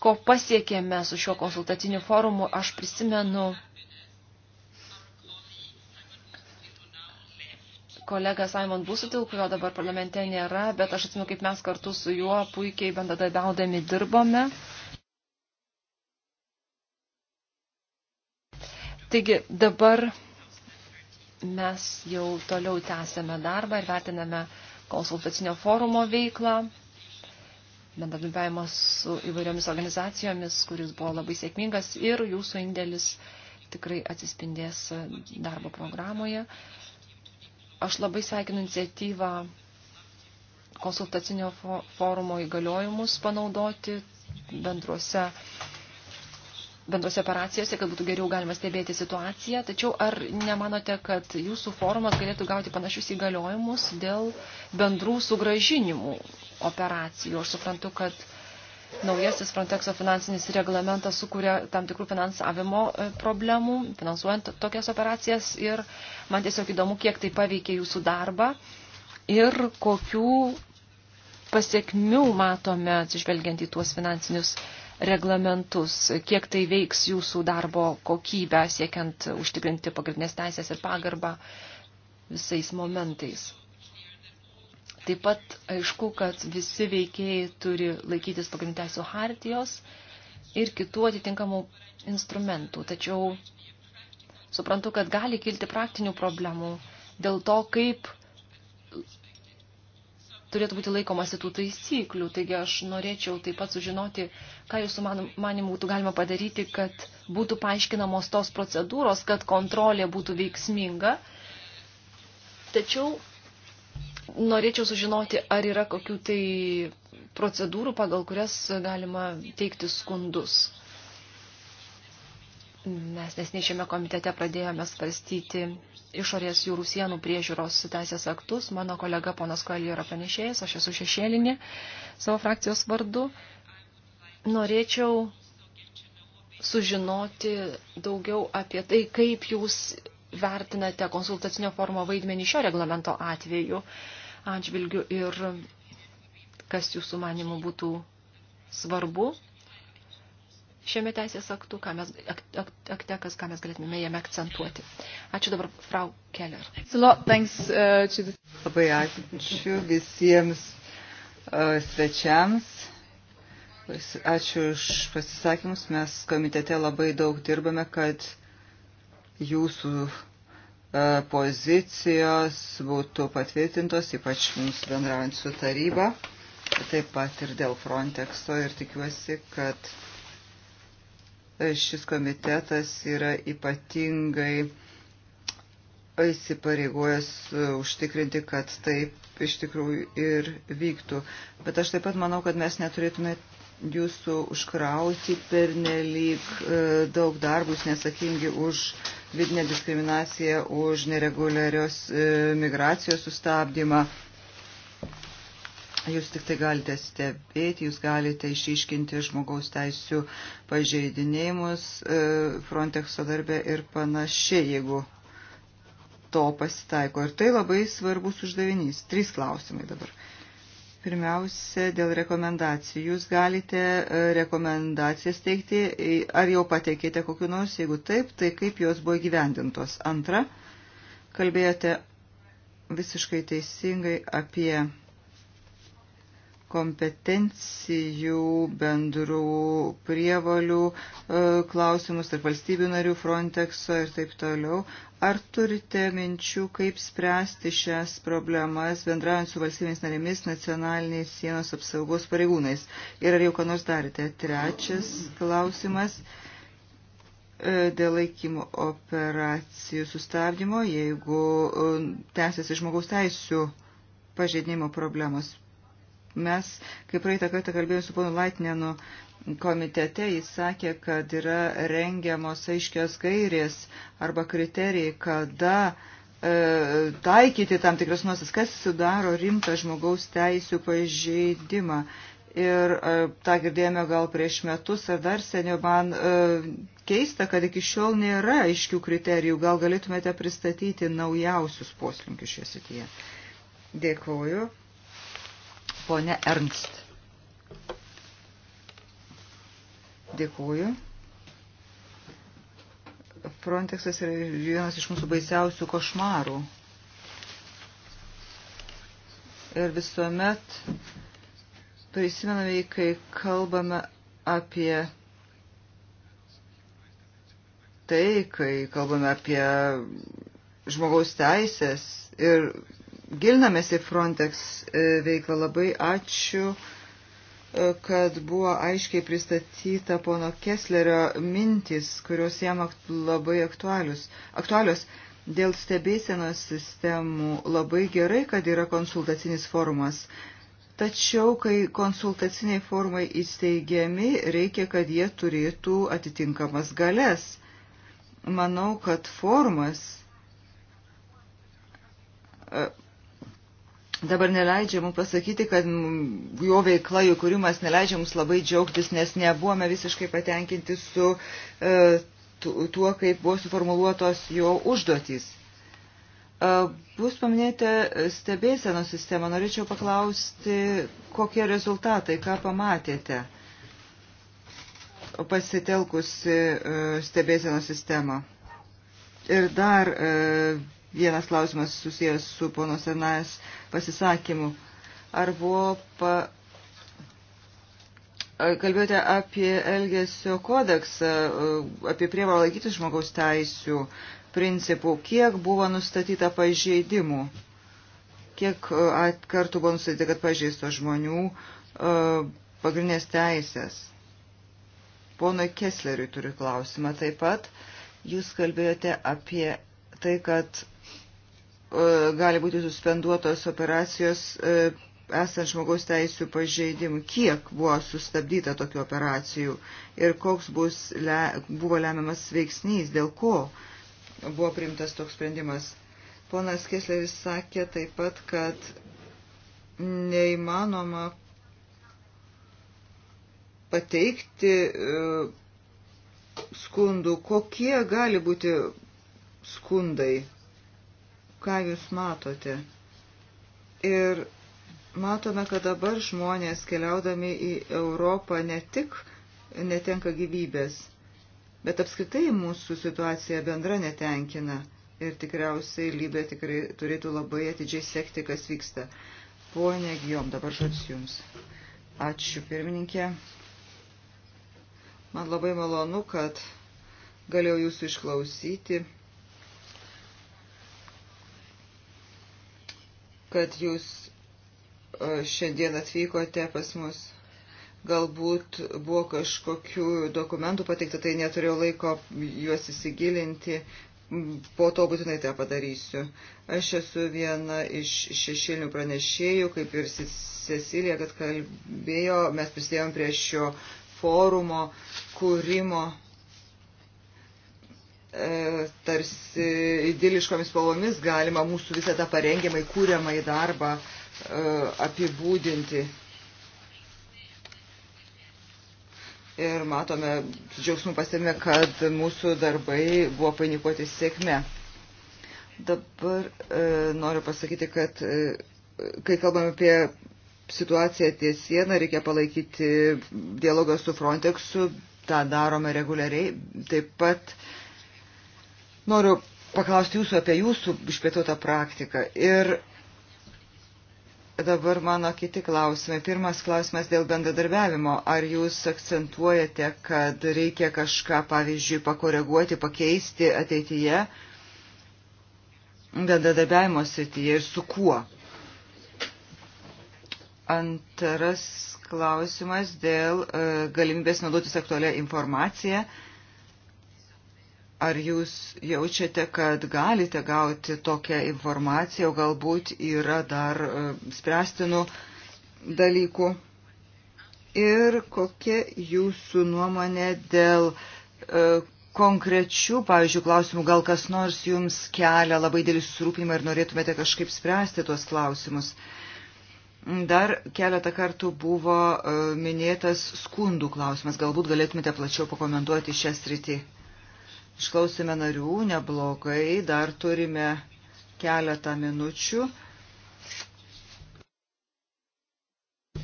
ko pasiekėme su šiuo konsultaciniu forumu, aš prisimenu kolega Simon Busutil, kurio dabar parlamente nėra, bet aš atsimenu, kaip mes kartu su juo puikiai bendradarbiaudami dirbome. Taigi dabar mes jau toliau tęsėme darbą ir vertiname konsultacinio forumo veiklą bendradarbiavimas su įvairiomis organizacijomis, kuris buvo labai sėkmingas ir jūsų indėlis tikrai atsispindės darbo programoje. Aš labai sveikinu iniciatyvą konsultacinio forumo įgaliojimus panaudoti bendruose bendrose operacijose, kad būtų geriau galima stebėti situaciją. Tačiau ar nemanote, kad jūsų forumas galėtų gauti panašius įgaliojimus dėl bendrų sugražinimų operacijų? Aš suprantu, kad naujasis Frontexo finansinis reglamentas sukuria tam tikrų finansavimo e, problemų, finansuojant tokias operacijas. Ir man tiesiog įdomu, kiek tai paveikė jūsų darbą ir kokių pasiekmių matome atsižvelgiant į tuos finansinius reglamentus, kiek tai veiks jūsų darbo kokybę, siekiant užtikrinti pagrindinės teisės ir pagarbą visais momentais. Taip pat aišku, kad visi veikėjai turi laikytis pagrindinės hartijos ir kitų atitinkamų instrumentų. Tačiau suprantu, kad gali kilti praktinių problemų dėl to, kaip turėtų būti laikomasi tų taisyklių. Taigi aš norėčiau taip pat sužinoti, ką jūsų manimų būtų galima padaryti, kad būtų paaiškinamos tos procedūros, kad kontrolė būtų veiksminga. Tačiau norėčiau sužinoti, ar yra kokių tai procedūrų, pagal kurias galima teikti skundus. Mes nesnei šiame komitete pradėjome svarstyti išorės jūrų sienų priežiūros teisės aktus. Mano kolega ponas Koelį yra panešėjęs, aš esu šešėlinė savo frakcijos vardu. Norėčiau sužinoti daugiau apie tai, kaip jūs vertinate konsultacinio formo vaidmenį šio reglamento atveju atžvilgiu ir kas jūsų manimų būtų svarbu šiame teisės aktu, ką mes, ak, ak, akte, kas, ką mes galėtume jame akcentuoti. Ačiū dabar, Frau Keller. Thanks, uh, Labai ačiū visiems uh, svečiams. Ačiū už pasisakymus. Mes komitete labai daug dirbame, kad jūsų uh, pozicijos būtų patvirtintos, ypač mums bendraujant su taryba, taip pat ir dėl Frontexo ir tikiuosi, kad Šis komitetas yra ypatingai įsipareigojęs užtikrinti, kad taip iš tikrųjų ir vyktų. Bet aš taip pat manau, kad mes neturėtume jūsų užkrauti per nelik e, daug darbus nesakingi už vidinę diskriminaciją, už nereguliarios e, migracijos sustabdymą. Jūs tik tai galite stebėti, jūs galite išiškinti žmogaus teisų pažeidinėjimus e, Frontexo darbę ir panašiai, jeigu to pasitaiko. Ir tai labai svarbus uždavinys. Trys klausimai dabar. Pirmiausia, dėl rekomendacijų. Jūs galite e, rekomendacijas teikti, ar jau pateikėte kokiu nors, jeigu taip, tai kaip jos buvo gyvendintos. Antra, kalbėjote visiškai teisingai apie kompetencijų, bendrų prievalių e, klausimus tarp valstybių narių Frontexo ir taip toliau. Ar turite minčių, kaip spręsti šias problemas bendraujant su valstybės narėmis nacionaliniais sienos apsaugos pareigūnais? Ir ar jau ką nors darėte? Trečias klausimas e, dėl laikymo operacijų sustabdymo, jeigu e, tęsiasi žmogaus teisų pažeidinimo problemos mes, kaip praeitą kartą kalbėjome su ponu Laitnenu komitete, jis sakė, kad yra rengiamos aiškios gairės arba kriterijai, kada e, taikyti tam tikras nuostas, kas sudaro rimtą žmogaus teisų pažeidimą. Ir e, tą girdėjome gal prieš metus ar dar seniau, man e, keista, kad iki šiol nėra aiškių kriterijų. Gal galėtumėte pristatyti naujausius poslinkius šioje srityje? Dėkuoju. Pone Ernst. Dėkuoju. Frontexas yra vienas iš mūsų baisiausių košmarų. Ir visuomet prisimename, kai kalbame apie tai, kai kalbame apie žmogaus teisės ir gilinamės į Frontex e, veiklą. Labai ačiū, e, kad buvo aiškiai pristatyta pono Kesslerio mintis, kurios jam labai aktualius. aktualios. Dėl stebėsenos sistemų labai gerai, kad yra konsultacinis forumas. Tačiau, kai konsultaciniai formai įsteigiami, reikia, kad jie turėtų atitinkamas galės. Manau, kad formas e, dabar neleidžia mums pasakyti, kad jo veikla, jų kūrimas neleidžia mums labai džiaugtis, nes nebuvome visiškai patenkinti su e, tuo, kaip buvo suformuluotos jo užduotys. E, bus paminėta stebėseno sistema. Norėčiau paklausti, kokie rezultatai, ką pamatėte pasitelkus e, stebėseno sistemą. Ir dar e, vienas klausimas susijęs su pono Senais pasisakymu. Ar buvo pa... Kalbėjote apie Elgesio kodeksą, apie prievalą laikytis žmogaus teisių principų. Kiek buvo nustatyta pažeidimų? Kiek e, kartų buvo nustatyta, kad pažeisto žmonių e, pagrindinės teisės? Ponui Kessleriui turiu klausimą taip pat. Jūs kalbėjote apie tai, kad E, gali būti suspenduotos operacijos e, esant žmogaus teisų pažeidimų, kiek buvo sustabdyta tokių operacijų ir koks bus, le, buvo lemiamas veiksnys, dėl ko buvo priimtas toks sprendimas. Ponas Kesleris sakė taip pat, kad neįmanoma pateikti e, skundų, kokie gali būti skundai ką jūs matote. Ir matome, kad dabar žmonės keliaudami į Europą ne tik netenka gyvybės, bet apskritai mūsų situacija bendra netenkina. Ir tikriausiai Lybė tikrai turėtų labai atidžiai sekti, kas vyksta. Pone Gijom, dabar žodis Jums. Ačiū, pirmininkė. Man labai malonu, kad galėjau Jūsų išklausyti. kad jūs e, šiandien atvykote pas mus. Galbūt buvo kažkokių dokumentų pateikta, tai neturėjau laiko juos įsigilinti, po to būtinai tą padarysiu. Aš esu viena iš šešėlinių pranešėjų, kaip ir Cecilija, kad kalbėjo, mes prisidėjom prie šio forumo kūrimo. E, tarsi idiliškomis spalvomis galima mūsų visą tą parengiamai kūriamą į darbą e, apibūdinti. Ir matome, su džiaugsmu pasėmė, kad mūsų darbai buvo painikuoti sėkme. Dabar e, noriu pasakyti, kad e, kai kalbame apie situaciją ties sieną, reikia palaikyti dialogą su Frontexu, tą darome reguliariai. Taip pat e, Noriu paklausti jūsų apie jūsų išplėtotą praktiką. Ir dabar mano kiti klausimai. Pirmas klausimas dėl bendradarbiavimo. Ar jūs akcentuojate, kad reikia kažką, pavyzdžiui, pakoreguoti, pakeisti ateityje bendradarbiavimo srityje ir su kuo? Antras klausimas dėl e, galimybės naudotis aktualią informaciją. E, Ar jūs jaučiate, kad galite gauti tokią informaciją, o galbūt yra dar e, spręstinų dalykų? Ir kokia jūsų nuomonė dėl e, konkrečių, pavyzdžiui, klausimų, gal kas nors jums kelia labai dėlį susirūpimą ir norėtumėte kažkaip spręsti tuos klausimus. Dar keletą kartų buvo e, minėtas skundų klausimas, galbūt galėtumėte plačiau pakomentuoti šią sritį. Išklausėme narių, neblogai, dar turime keletą minučių.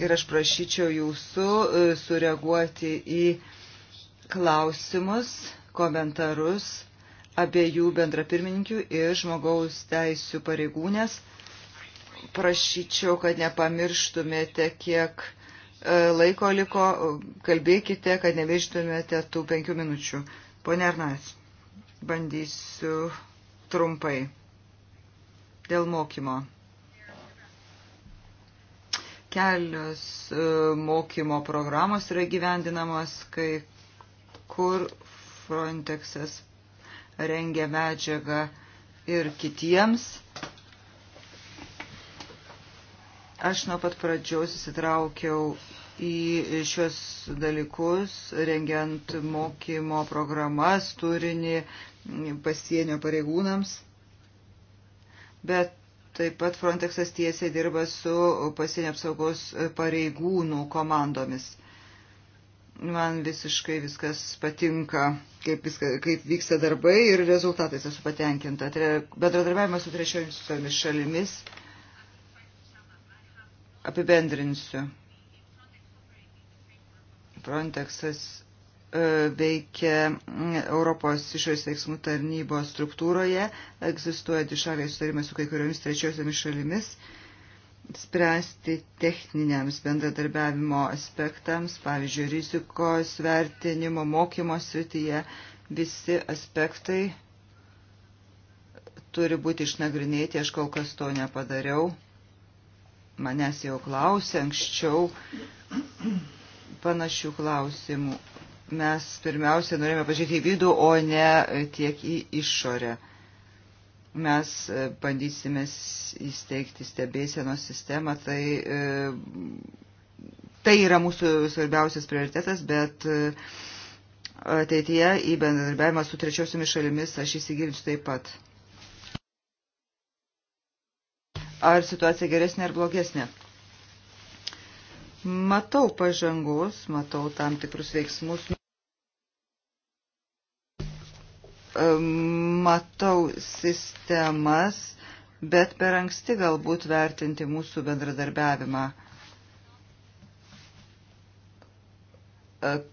Ir aš prašyčiau jūsų e, sureaguoti į klausimus, komentarus abiejų bendrapirmininkių ir žmogaus teisų pareigūnės. Prašyčiau, kad nepamirštumėte, kiek e, laiko liko, kalbėkite, kad nevirštumėte tų penkių minučių. Pone Arnas. Bandysiu trumpai dėl mokymo. Kelios e, mokymo programos yra gyvendinamos, kai kur Frontexas rengia medžiagą ir kitiems. Aš nuo pat pradžios įsitraukiau į šios dalykus, rengiant mokymo programas, turinį, pasienio pareigūnams, bet taip pat Frontexas tiesiai dirba su pasienio apsaugos pareigūnų komandomis. Man visiškai viskas patinka, kaip, viską, kaip vyksta darbai ir rezultatais esu patenkinta. Tai bendradarbiavimas su trečiomis šalimis apibendrinsiu. Frontexas E, veikia Europos išorės veiksmų tarnybos struktūroje, egzistuoja dišaliai sutarimai su kai kuriomis trečiosiomis šalimis, spręsti techniniams bendradarbiavimo aspektams, pavyzdžiui, rizikos vertinimo, mokymo srityje, visi aspektai turi būti išnagrinėti, aš kol kas to nepadariau. Manęs jau klausė anksčiau panašių klausimų mes pirmiausia norėjome pažiūrėti į vidų, o ne tiek į išorę. Mes e, bandysime įsteigti stebėsienos sistemą, tai, e, tai yra mūsų svarbiausias prioritetas, bet e, ateityje į bendradarbiavimą su trečiosiomis šalimis aš įsigilinsiu taip pat. Ar situacija geresnė ar blogesnė? Matau pažangos, matau tam tikrus veiksmus. Matau sistemas, bet per anksti galbūt vertinti mūsų bendradarbiavimą. E,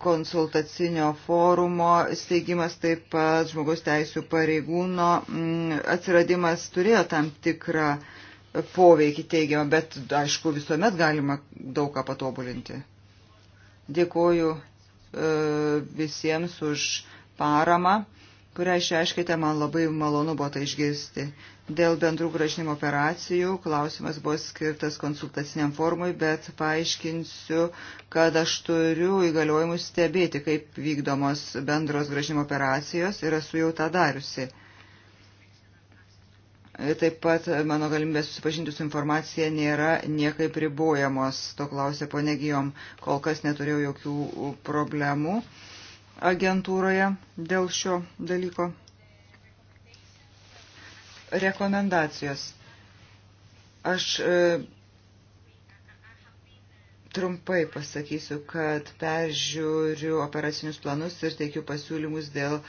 konsultacinio forumo steigimas, taip pat žmogaus teisų pareigūno atsiradimas turėjo tam tikrą uh, poveikį teigiamą, bet aišku, visuomet galima daug ką patobulinti. Dėkoju e, visiems už paramą, kurią išreiškite, man labai malonu buvo tai išgirsti. Dėl bendrų gražinimo operacijų klausimas buvo skirtas konsultaciniam formui, bet paaiškinsiu, kad aš turiu įgaliojimus stebėti, kaip vykdomos bendros gražinimo operacijos ir esu jau tą dariusi. Taip pat mano galimybė susipažinti su informacija nėra niekaip ribojamos. To klausė ponegijom, kol kas neturėjau jokių problemų agentūroje dėl šio dalyko. Rekomendacijos. Aš e, Trumpai pasakysiu, kad peržiūriu operacinius planus ir teikiu pasiūlymus dėl e,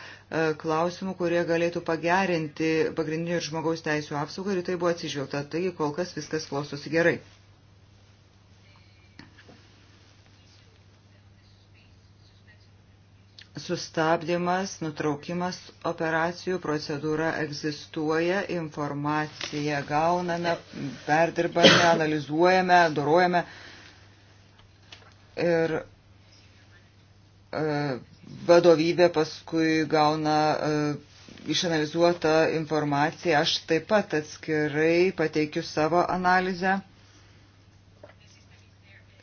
klausimų, kurie galėtų pagerinti pagrindinių ir žmogaus teisų apsaugą ir tai buvo atsižvelgta. Taigi kol kas viskas klostosi gerai. sustabdymas, nutraukimas operacijų procedūra egzistuoja, informaciją gauname, perdirbame, analizuojame, dorojame. Ir e, vadovybė paskui gauna e, išanalizuotą informaciją. Aš taip pat atskirai pateikiu savo analizę.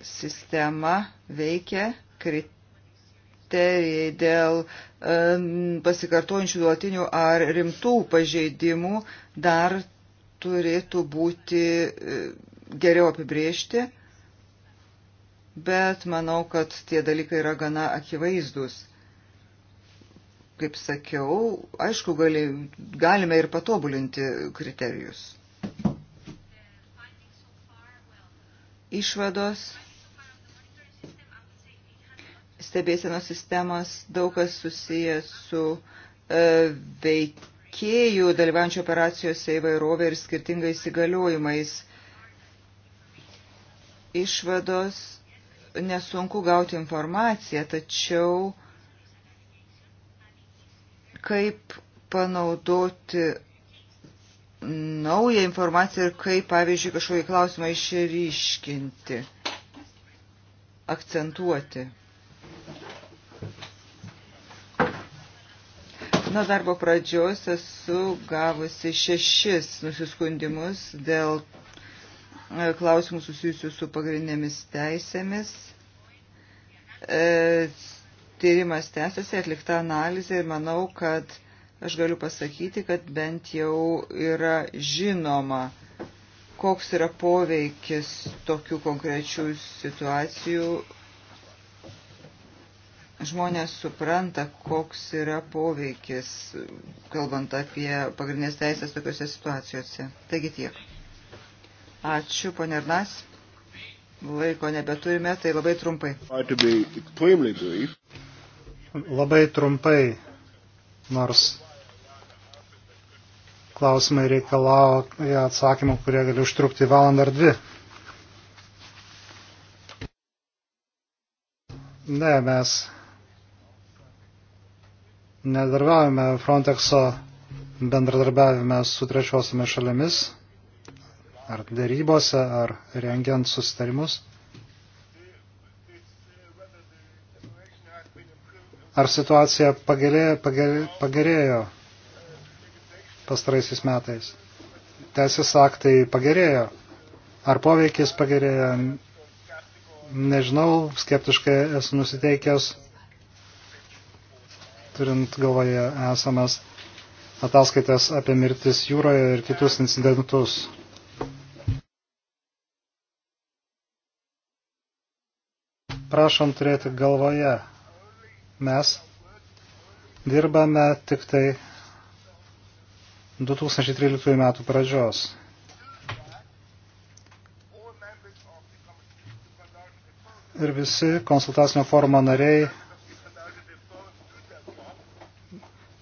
Sistema veikia, kriterijai dėl e, pasikartojančių duotinių ar rimtų pažeidimų dar turėtų būti geriau apibriežti bet manau, kad tie dalykai yra gana akivaizdus. Kaip sakiau, aišku, gali, galime ir patobulinti kriterijus. Išvados stebėsenos sistemas daug kas susijęs su e, veikėjų dalyvančių operacijose įvairovė ir skirtingais įgaliojimais. Išvados nesunku gauti informaciją, tačiau kaip panaudoti naują informaciją ir kaip, pavyzdžiui, kažkokį klausimą išryškinti, akcentuoti. Nuo darbo pradžios esu gavusi šešis nusiskundimus dėl E, klausimų susijusių su pagrindinėmis teisėmis. E, tyrimas tęsiasi, atlikta analizė ir manau, kad aš galiu pasakyti, kad bent jau yra žinoma, koks yra poveikis tokių konkrečių situacijų. Žmonės supranta, koks yra poveikis, kalbant apie pagrindinės teisės tokiuose situacijose. Taigi tiek. Ačiū, ponė Arnas. Laiko nebeturime, tai labai trumpai. Labai trumpai, nors klausimai reikalauja atsakymų, kurie gali užtrukti valandą ar dvi. Ne, mes nedarbiavame Frontexo bendradarbiavime su trečiosiomis šalimis ar darybose, ar rengiant sustarimus? Ar situacija pagerėjo, pagerėjo pastaraisiais metais? Teisės aktai pagerėjo? Ar poveikis pagerėjo? Nežinau, skeptiškai esu nusiteikęs, turint galvoje esamas ataskaitas apie mirtis jūroje ir kitus incidentus. prašom turėti galvoje, mes dirbame tik tai 2013 metų pradžios. Ir visi konsultacinio forumo nariai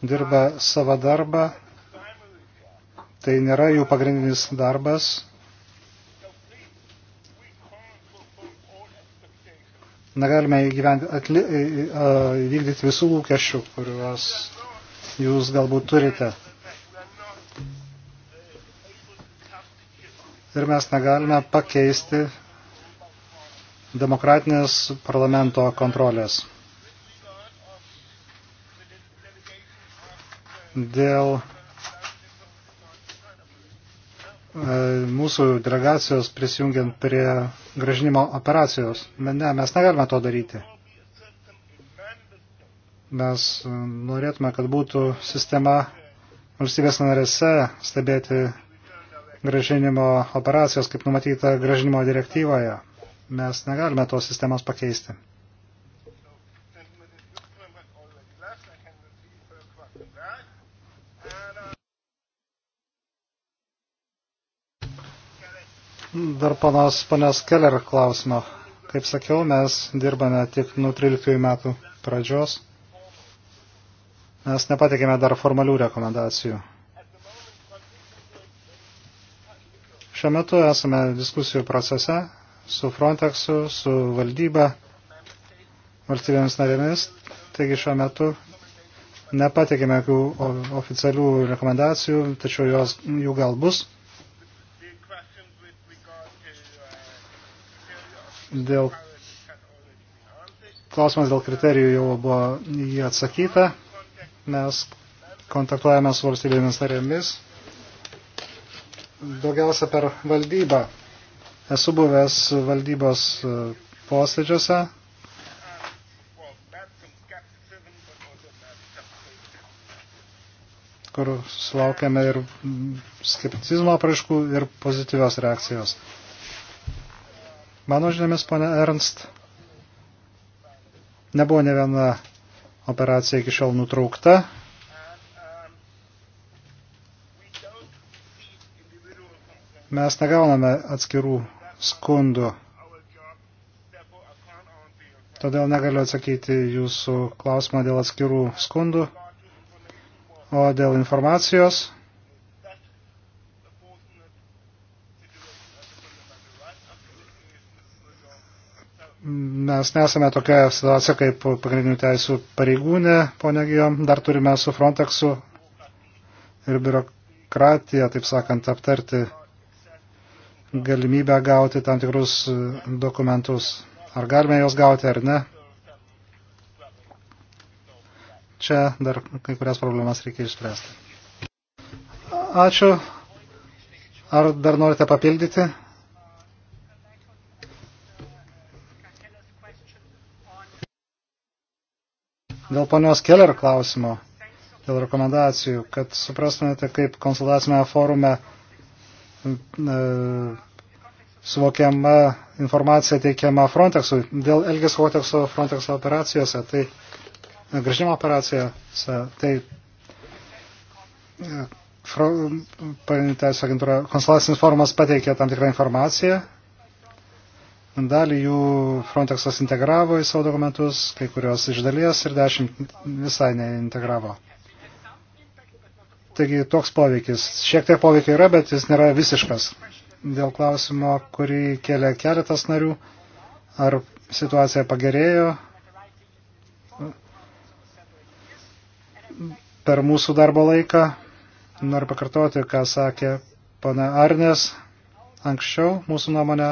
dirba savo darbą. Tai nėra jų pagrindinis darbas, negalime įvykdyti visų lūkesčių, kuriuos jūs galbūt turite. Ir mes negalime pakeisti demokratinės parlamento kontrolės. Dėl E, mūsų delegacijos prisijungiant prie gražinimo operacijos. Ne, mes negalime to daryti. Mes e, norėtume, kad būtų sistema valstybės narėse stebėti gražinimo operacijos, kaip numatyta gražinimo direktyvoje. Mes negalime tos sistemos pakeisti. Dar panas, panas Keller klausimo. Kaip sakiau, mes dirbame tik nuo 13 metų pradžios. Mes nepatikėme dar formalių rekomendacijų. Šiuo metu esame diskusijų procese su Frontexu, su valdyba, valstybėmis narėmis. Taigi šiuo metu nepatikėme jokių oficialių rekomendacijų, tačiau jos, jų gal bus. Dėl klausimas dėl kriterijų jau buvo jį atsakyta. Mes kontaktuojame su valstybėmis narėmis. Daugiausia per valdybą. Esu buvęs valdybos e, posėdžiuose. kur sulaukėme ir skepticizmo apraiškų, ir pozityvios reakcijos. Mano žiniomis, pane Ernst, nebuvo ne viena operacija iki šiol nutraukta. Mes negauname atskirų skundų. Todėl negaliu atsakyti jūsų klausimą dėl atskirų skundų. O dėl informacijos mes nesame tokia situacija kaip pagrindinių teisų pareigūnė, ponė Gijom, dar turime su Frontexu ir biurokratija, taip sakant, aptarti galimybę gauti tam tikrus dokumentus. Ar galime juos gauti ar ne? Čia dar kai kurias problemas reikia išspręsti. Ačiū. Ar dar norite papildyti? Dėl ponios Keller klausimo, dėl rekomendacijų, kad suprastumėte, kaip konsultacinėme forume e, suvokiama informacija teikiama Frontexui. Dėl Elgės Frontexo, Frontexo operacijose, tai e, grįžimo operacijose, tai e, Teisės agentūra konsultacinis forumas pateikė tam tikrą informaciją Dalį jų Frontexas integravo į savo dokumentus, kai kurios iš dalies ir dešimt visai neintegravo. Taigi toks poveikis. Šiek tiek poveikia yra, bet jis nėra visiškas. Dėl klausimo, kurį kelia keletas narių, ar situacija pagerėjo per mūsų darbo laiką. Noriu pakartoti, ką sakė pana Arnės. Anksčiau mūsų nuomonė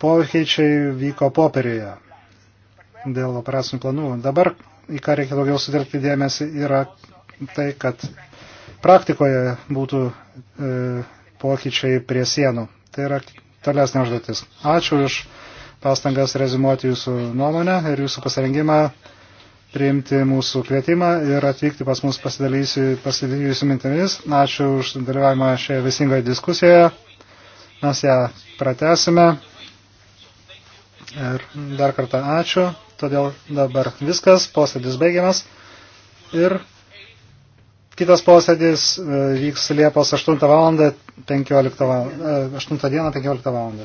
pokyčiai vyko popierioje dėl operacinių planų. Dabar į ką reikia daugiau sutelkti dėmesį yra tai, kad praktikoje būtų e, pokyčiai prie sienų. Tai yra tolesnė užduotis. Ačiū už pastangas rezimuoti jūsų nuomonę ir jūsų pasirengimą priimti mūsų kvietimą ir atvykti pas mus pasidalysiu, pasidalysiu mintimis. Ačiū už dalyvavimą šioje visingoje diskusijoje. Mes ją pratesime. Ir dar kartą ačiū. Todėl dabar viskas, posėdis baigiamas. Ir kitas posėdis e, vyks Liepos 8 val. 15 val. 8 dieną 15 val.